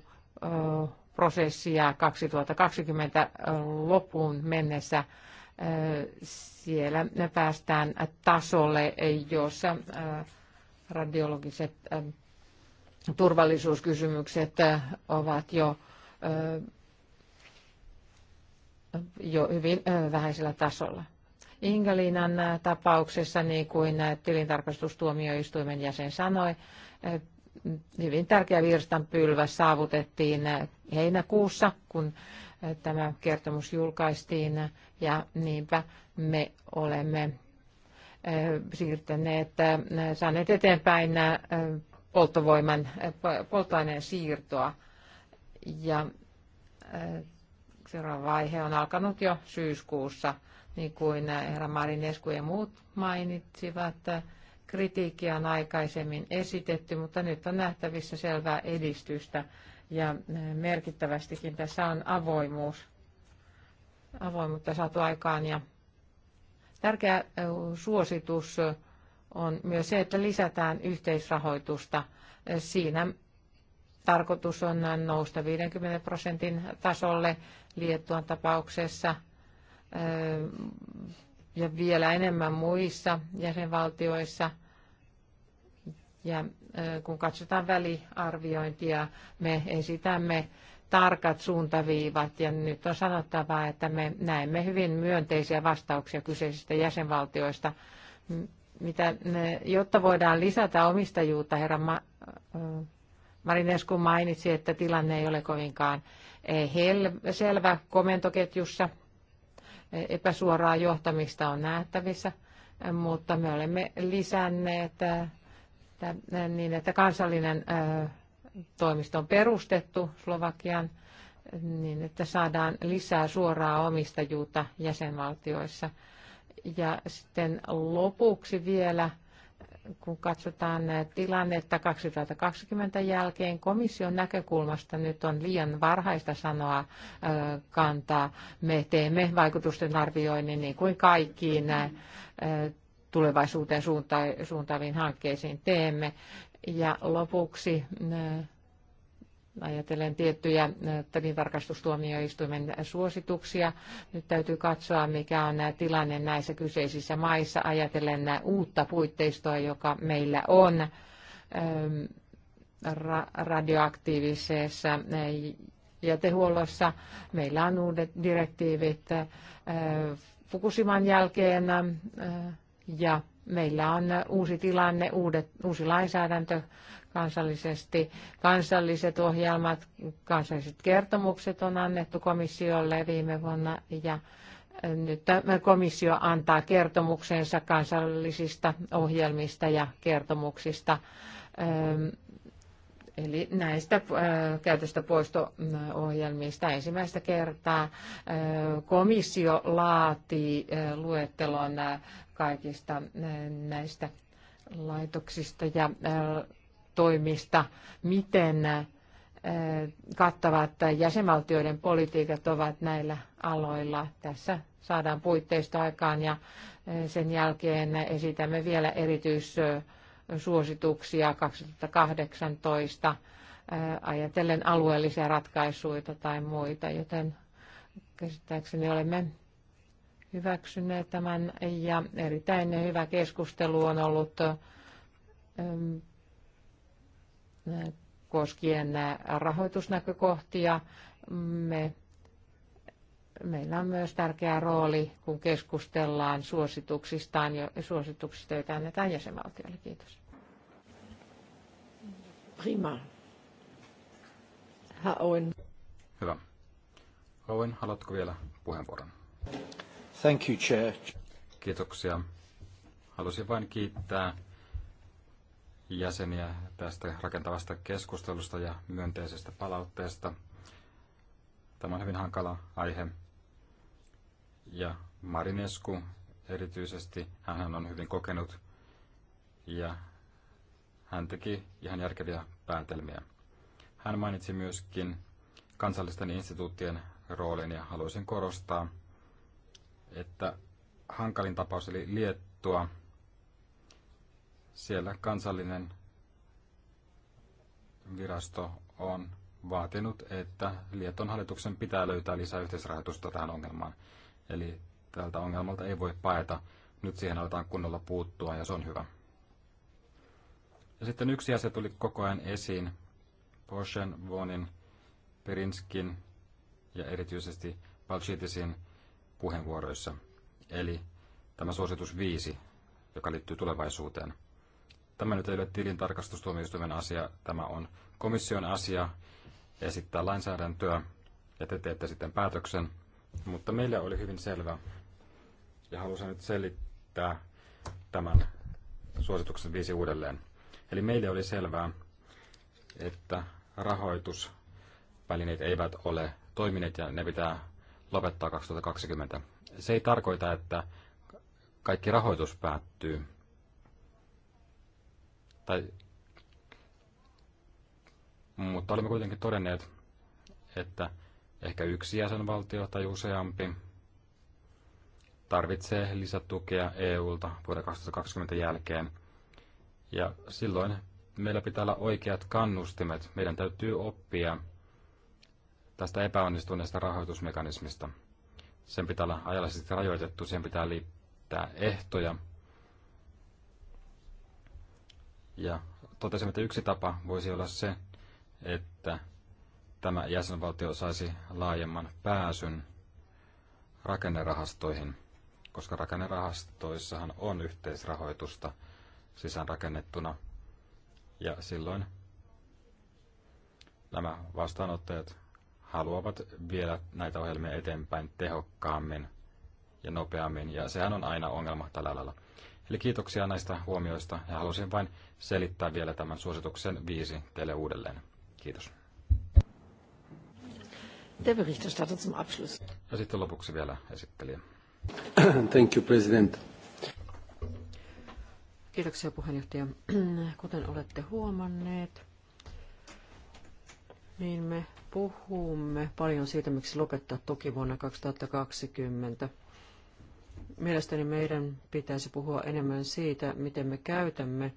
prosessia 2020 loppuun mennessä. Siellä päästään tasolle, jossa radiologiset turvallisuuskysymykset ovat jo, jo hyvin vähäisellä tasolla. Ingalinan äh, tapauksessa, niin kuin äh, tilintarkastustuomioistuimen jäsen sanoi, äh, hyvin tärkeä virstanpylväs saavutettiin heinäkuussa, kun tämä kertomus julkaistiin, ja niinpä me olemme siirtäneet, saaneet eteenpäin polttovoiman, polttoaineen siirtoa. Ja seuraava vaihe on alkanut jo syyskuussa – niin kuin herra Marinescu ja muut mainitsivat. Kritiikkiä on aikaisemmin esitetty, mutta nyt on nähtävissä selvää edistystä ja merkittävästikin tässä on avoimuus, avoimuutta saatu aikaan ja tärkeä suositus on myös se, että lisätään yhteisrahoitusta. Siinä tarkoitus on nousta 50 prosentin tasolle Liettuan tapauksessa – ja vielä enemmän muissa jäsenvaltioissa. Ja kun katsotaan väliarviointia, me esitämme tarkat suuntaviivat ja nyt on sanottava, että me näemme hyvin myönteisiä vastauksia kyseisistä jäsenvaltioista, mitä, ne, jotta voidaan lisätä omistajuutta. Herra Ma, Marinescu mainitsi, että tilanne ei ole kovinkaan eh, hel, selvä komentoketjussa epäsuoraa johtamista on nähtävissä, mutta me olemme lisänneet niin, että kansallinen toimisto on perustettu Slovakian niin, että saadaan lisää suoraa omistajuutta jäsenvaltioissa. Ja sitten lopuksi vielä kun katsotaan tilannetta 2020 jälkeen, komission näkökulmasta nyt on liian varhaista sanoa kantaa. Me teemme vaikutusten arvioinnin niin kuin kaikkiin tulevaisuuteen suuntaaviin hankkeisiin teemme. Ja lopuksi ajatellen tiettyjä tilintarkastustuomioistuimen suosituksia. Nyt täytyy katsoa, mikä on tilanne näissä kyseisissä maissa, ajatellen uutta puitteistoa, joka meillä on radioaktiivisessa jätehuollossa. Meillä on uudet direktiivit Fukushiman jälkeen ja meillä on uusi tilanne, uudet, uusi lainsäädäntö kansallisesti, kansalliset ohjelmat, kansalliset kertomukset on annettu komissiolle viime vuonna ja nyt komissio antaa kertomuksensa kansallisista ohjelmista ja kertomuksista Eli näistä äh, käytöstä poisto-ohjelmista ensimmäistä kertaa äh, komissio laatii äh, luettelon kaikista näistä laitoksista ja toimista, miten kattavat jäsenvaltioiden politiikat ovat näillä aloilla. Tässä saadaan puitteista aikaan ja sen jälkeen esitämme vielä erityis suosituksia 2018 äh, ajatellen alueellisia ratkaisuja tai muita, joten käsittääkseni olemme hyväksyneet tämän ja erittäin hyvä keskustelu on ollut ähm, äh, koskien äh, rahoitusnäkökohtia. Me meillä on myös tärkeä rooli, kun keskustellaan suosituksistaan ja suosituksista, joita annetaan jäsenvaltiolle. Kiitos. Prima. Haoin. Hyvä. Owen, haluatko vielä puheenvuoron? Thank you, Chair. Kiitoksia. Halusin vain kiittää jäseniä tästä rakentavasta keskustelusta ja myönteisestä palautteesta. Tämä on hyvin hankala aihe ja Marinesku erityisesti, hän on hyvin kokenut ja hän teki ihan järkeviä päätelmiä. Hän mainitsi myöskin kansallisten instituuttien roolin ja haluaisin korostaa, että hankalin tapaus eli Liettua, siellä kansallinen virasto on vaatinut, että Lieton hallituksen pitää löytää lisää yhteisrahoitusta tähän ongelmaan. Eli tältä ongelmalta ei voi paeta. Nyt siihen aletaan kunnolla puuttua ja se on hyvä. Ja sitten yksi asia tuli koko ajan esiin. Porschen, Vonin, Perinskin ja erityisesti Balchitisin puheenvuoroissa. Eli tämä suositus 5, joka liittyy tulevaisuuteen. Tämä nyt ei ole tilintarkastustuomioistuimen asia, tämä on komission asia esittää lainsäädäntöä ja te teette sitten päätöksen, mutta meille oli hyvin selvä, ja halusin nyt selittää tämän suosituksen viisi uudelleen. Eli meille oli selvää, että rahoitusvälineet eivät ole toimineet ja ne pitää lopettaa 2020. Se ei tarkoita, että kaikki rahoitus päättyy. Tai, mutta olemme kuitenkin todenneet, että ehkä yksi jäsenvaltio tai useampi tarvitsee lisätukea EU-ta vuoden 2020 jälkeen. Ja silloin meillä pitää olla oikeat kannustimet. Meidän täytyy oppia tästä epäonnistuneesta rahoitusmekanismista. Sen pitää olla ajallisesti rajoitettu, sen pitää liittää ehtoja. Ja totesimme, että yksi tapa voisi olla se, että tämä jäsenvaltio saisi laajemman pääsyn rakennerahastoihin, koska rakennerahastoissahan on yhteisrahoitusta sisäänrakennettuna. Ja silloin nämä vastaanottajat haluavat vielä näitä ohjelmia eteenpäin tehokkaammin ja nopeammin, ja sehän on aina ongelma tällä lailla. Eli kiitoksia näistä huomioista, ja halusin vain selittää vielä tämän suosituksen viisi teille uudelleen. Kiitos. Der Berichterstatter zum Abschluss. Ja sitten lopuksi vielä esittelijä. Thank you, President. Kiitoksia puheenjohtaja. Kuten olette huomanneet, niin me puhumme paljon siitä, miksi lopettaa toki vuonna 2020. Mielestäni meidän pitäisi puhua enemmän siitä, miten me käytämme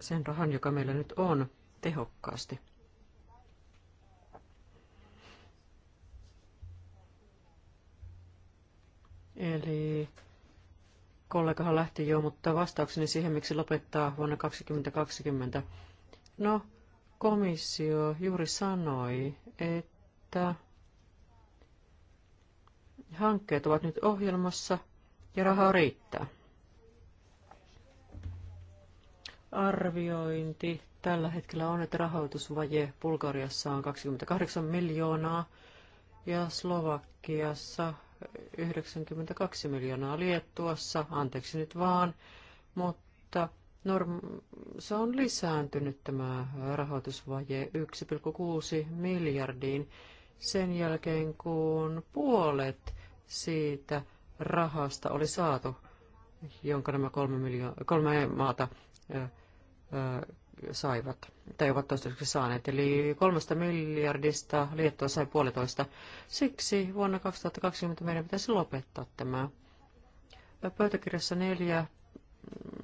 sen rahan, joka meillä nyt on, tehokkaasti. Eli kollegahan lähti jo, mutta vastaukseni siihen, miksi lopettaa vuonna 2020. No, komissio juuri sanoi, että hankkeet ovat nyt ohjelmassa ja rahaa riittää. Arviointi tällä hetkellä on, että rahoitusvaje Bulgariassa on 28 miljoonaa ja Slovakiassa 92 miljoonaa Liettuassa, anteeksi nyt vaan, mutta norm- se on lisääntynyt tämä rahoitusvaje 1,6 miljardiin sen jälkeen, kun puolet siitä rahasta oli saatu, jonka nämä kolme, miljo- kolme maata saivat, tai ovat toistaiseksi saaneet. Eli kolmesta miljardista Liettua sai puolitoista. Siksi vuonna 2020 meidän pitäisi lopettaa tämä. Pöytäkirjassa neljä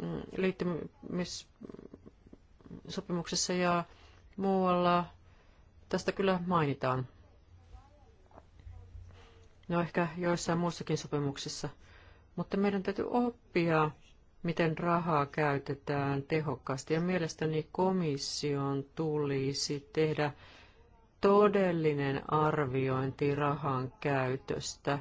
mm, liittymissopimuksessa ja muualla tästä kyllä mainitaan. No ehkä joissain muissakin sopimuksissa. Mutta meidän täytyy oppia miten rahaa käytetään tehokkaasti. Ja mielestäni komission tulisi tehdä todellinen arviointi rahan käytöstä.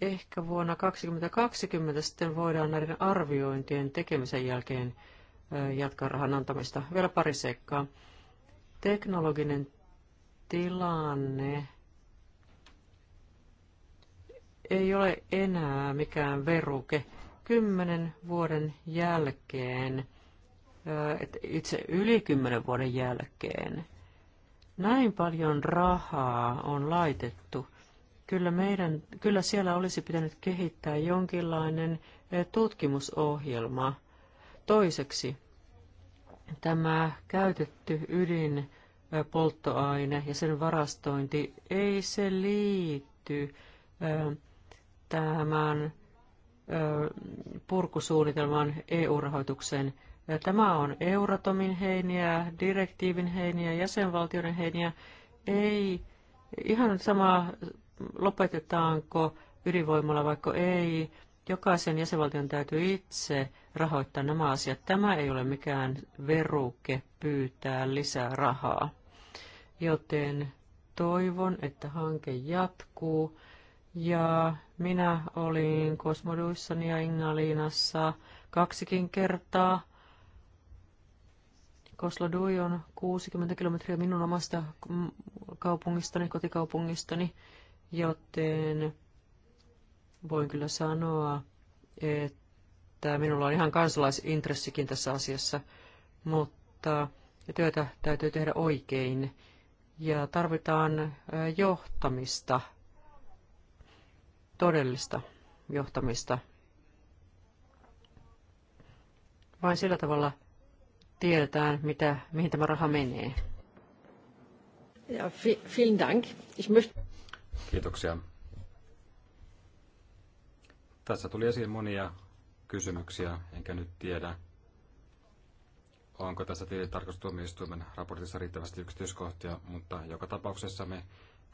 Ehkä vuonna 2020 sitten voidaan näiden arviointien tekemisen jälkeen jatkaa rahan antamista. Vielä pari seikkaa. Teknologinen tilanne ei ole enää mikään veruke kymmenen vuoden jälkeen, itse yli kymmenen vuoden jälkeen, näin paljon rahaa on laitettu. Kyllä, meidän, kyllä siellä olisi pitänyt kehittää jonkinlainen tutkimusohjelma. Toiseksi tämä käytetty ydinpolttoaine ja sen varastointi, ei se liity tämän purkusuunnitelman EU-rahoitukseen. Tämä on Euratomin heiniä, direktiivin heiniä, jäsenvaltioiden heiniä. Ei ihan sama, lopetetaanko ydinvoimalla vaikka ei. Jokaisen jäsenvaltion täytyy itse rahoittaa nämä asiat. Tämä ei ole mikään veruke pyytää lisää rahaa. Joten toivon, että hanke jatkuu ja minä olin Kosmoduissani ja Ingaliinassa kaksikin kertaa. Kosladui on 60 kilometriä minun omasta kaupungistani, kotikaupungistani, joten voin kyllä sanoa, että minulla on ihan kansalaisintressikin tässä asiassa, mutta työtä täytyy tehdä oikein ja tarvitaan johtamista – todellista johtamista. Vain sillä tavalla tiedetään, mitä, mihin tämä raha menee. Ja, vielen dank. Ich möchte... Kiitoksia. Tässä tuli esiin monia kysymyksiä, enkä nyt tiedä, onko tässä tilintarkastustuomioistuimen raportissa riittävästi yksityiskohtia, mutta joka tapauksessa me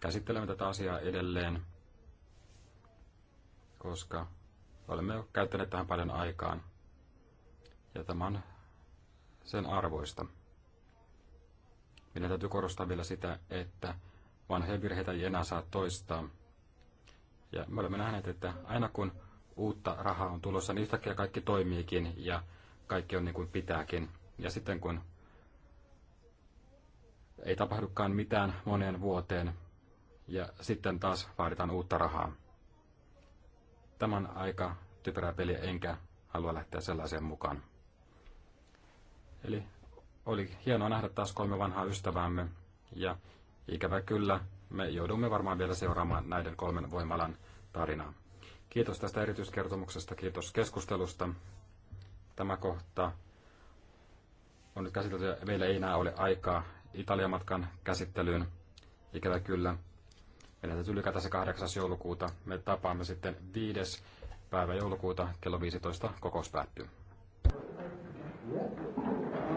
käsittelemme tätä asiaa edelleen koska olemme käyttäneet tähän paljon aikaan. Ja tämä on sen arvoista. Minä täytyy korostaa vielä sitä, että vanhoja virheitä ei enää saa toistaa. Ja me olemme nähneet, että aina kun uutta rahaa on tulossa, niin yhtäkkiä kaikki toimiikin ja kaikki on niin kuin pitääkin. Ja sitten kun ei tapahdukaan mitään moneen vuoteen, ja sitten taas vaaditaan uutta rahaa. Tämä on aika typerää peliä, enkä halua lähteä sellaiseen mukaan. Eli oli hienoa nähdä taas kolme vanhaa ystäväämme, ja ikävä kyllä, me joudumme varmaan vielä seuraamaan näiden kolmen voimalan tarinaa. Kiitos tästä erityiskertomuksesta, kiitos keskustelusta. Tämä kohta on nyt käsitelty ja meillä ei enää ole aikaa Italiamatkan käsittelyyn. Ikävä kyllä. Meidän täytyy lykätä se 8. joulukuuta. Me tapaamme sitten 5. päivä joulukuuta kello 15 kokous päättyy.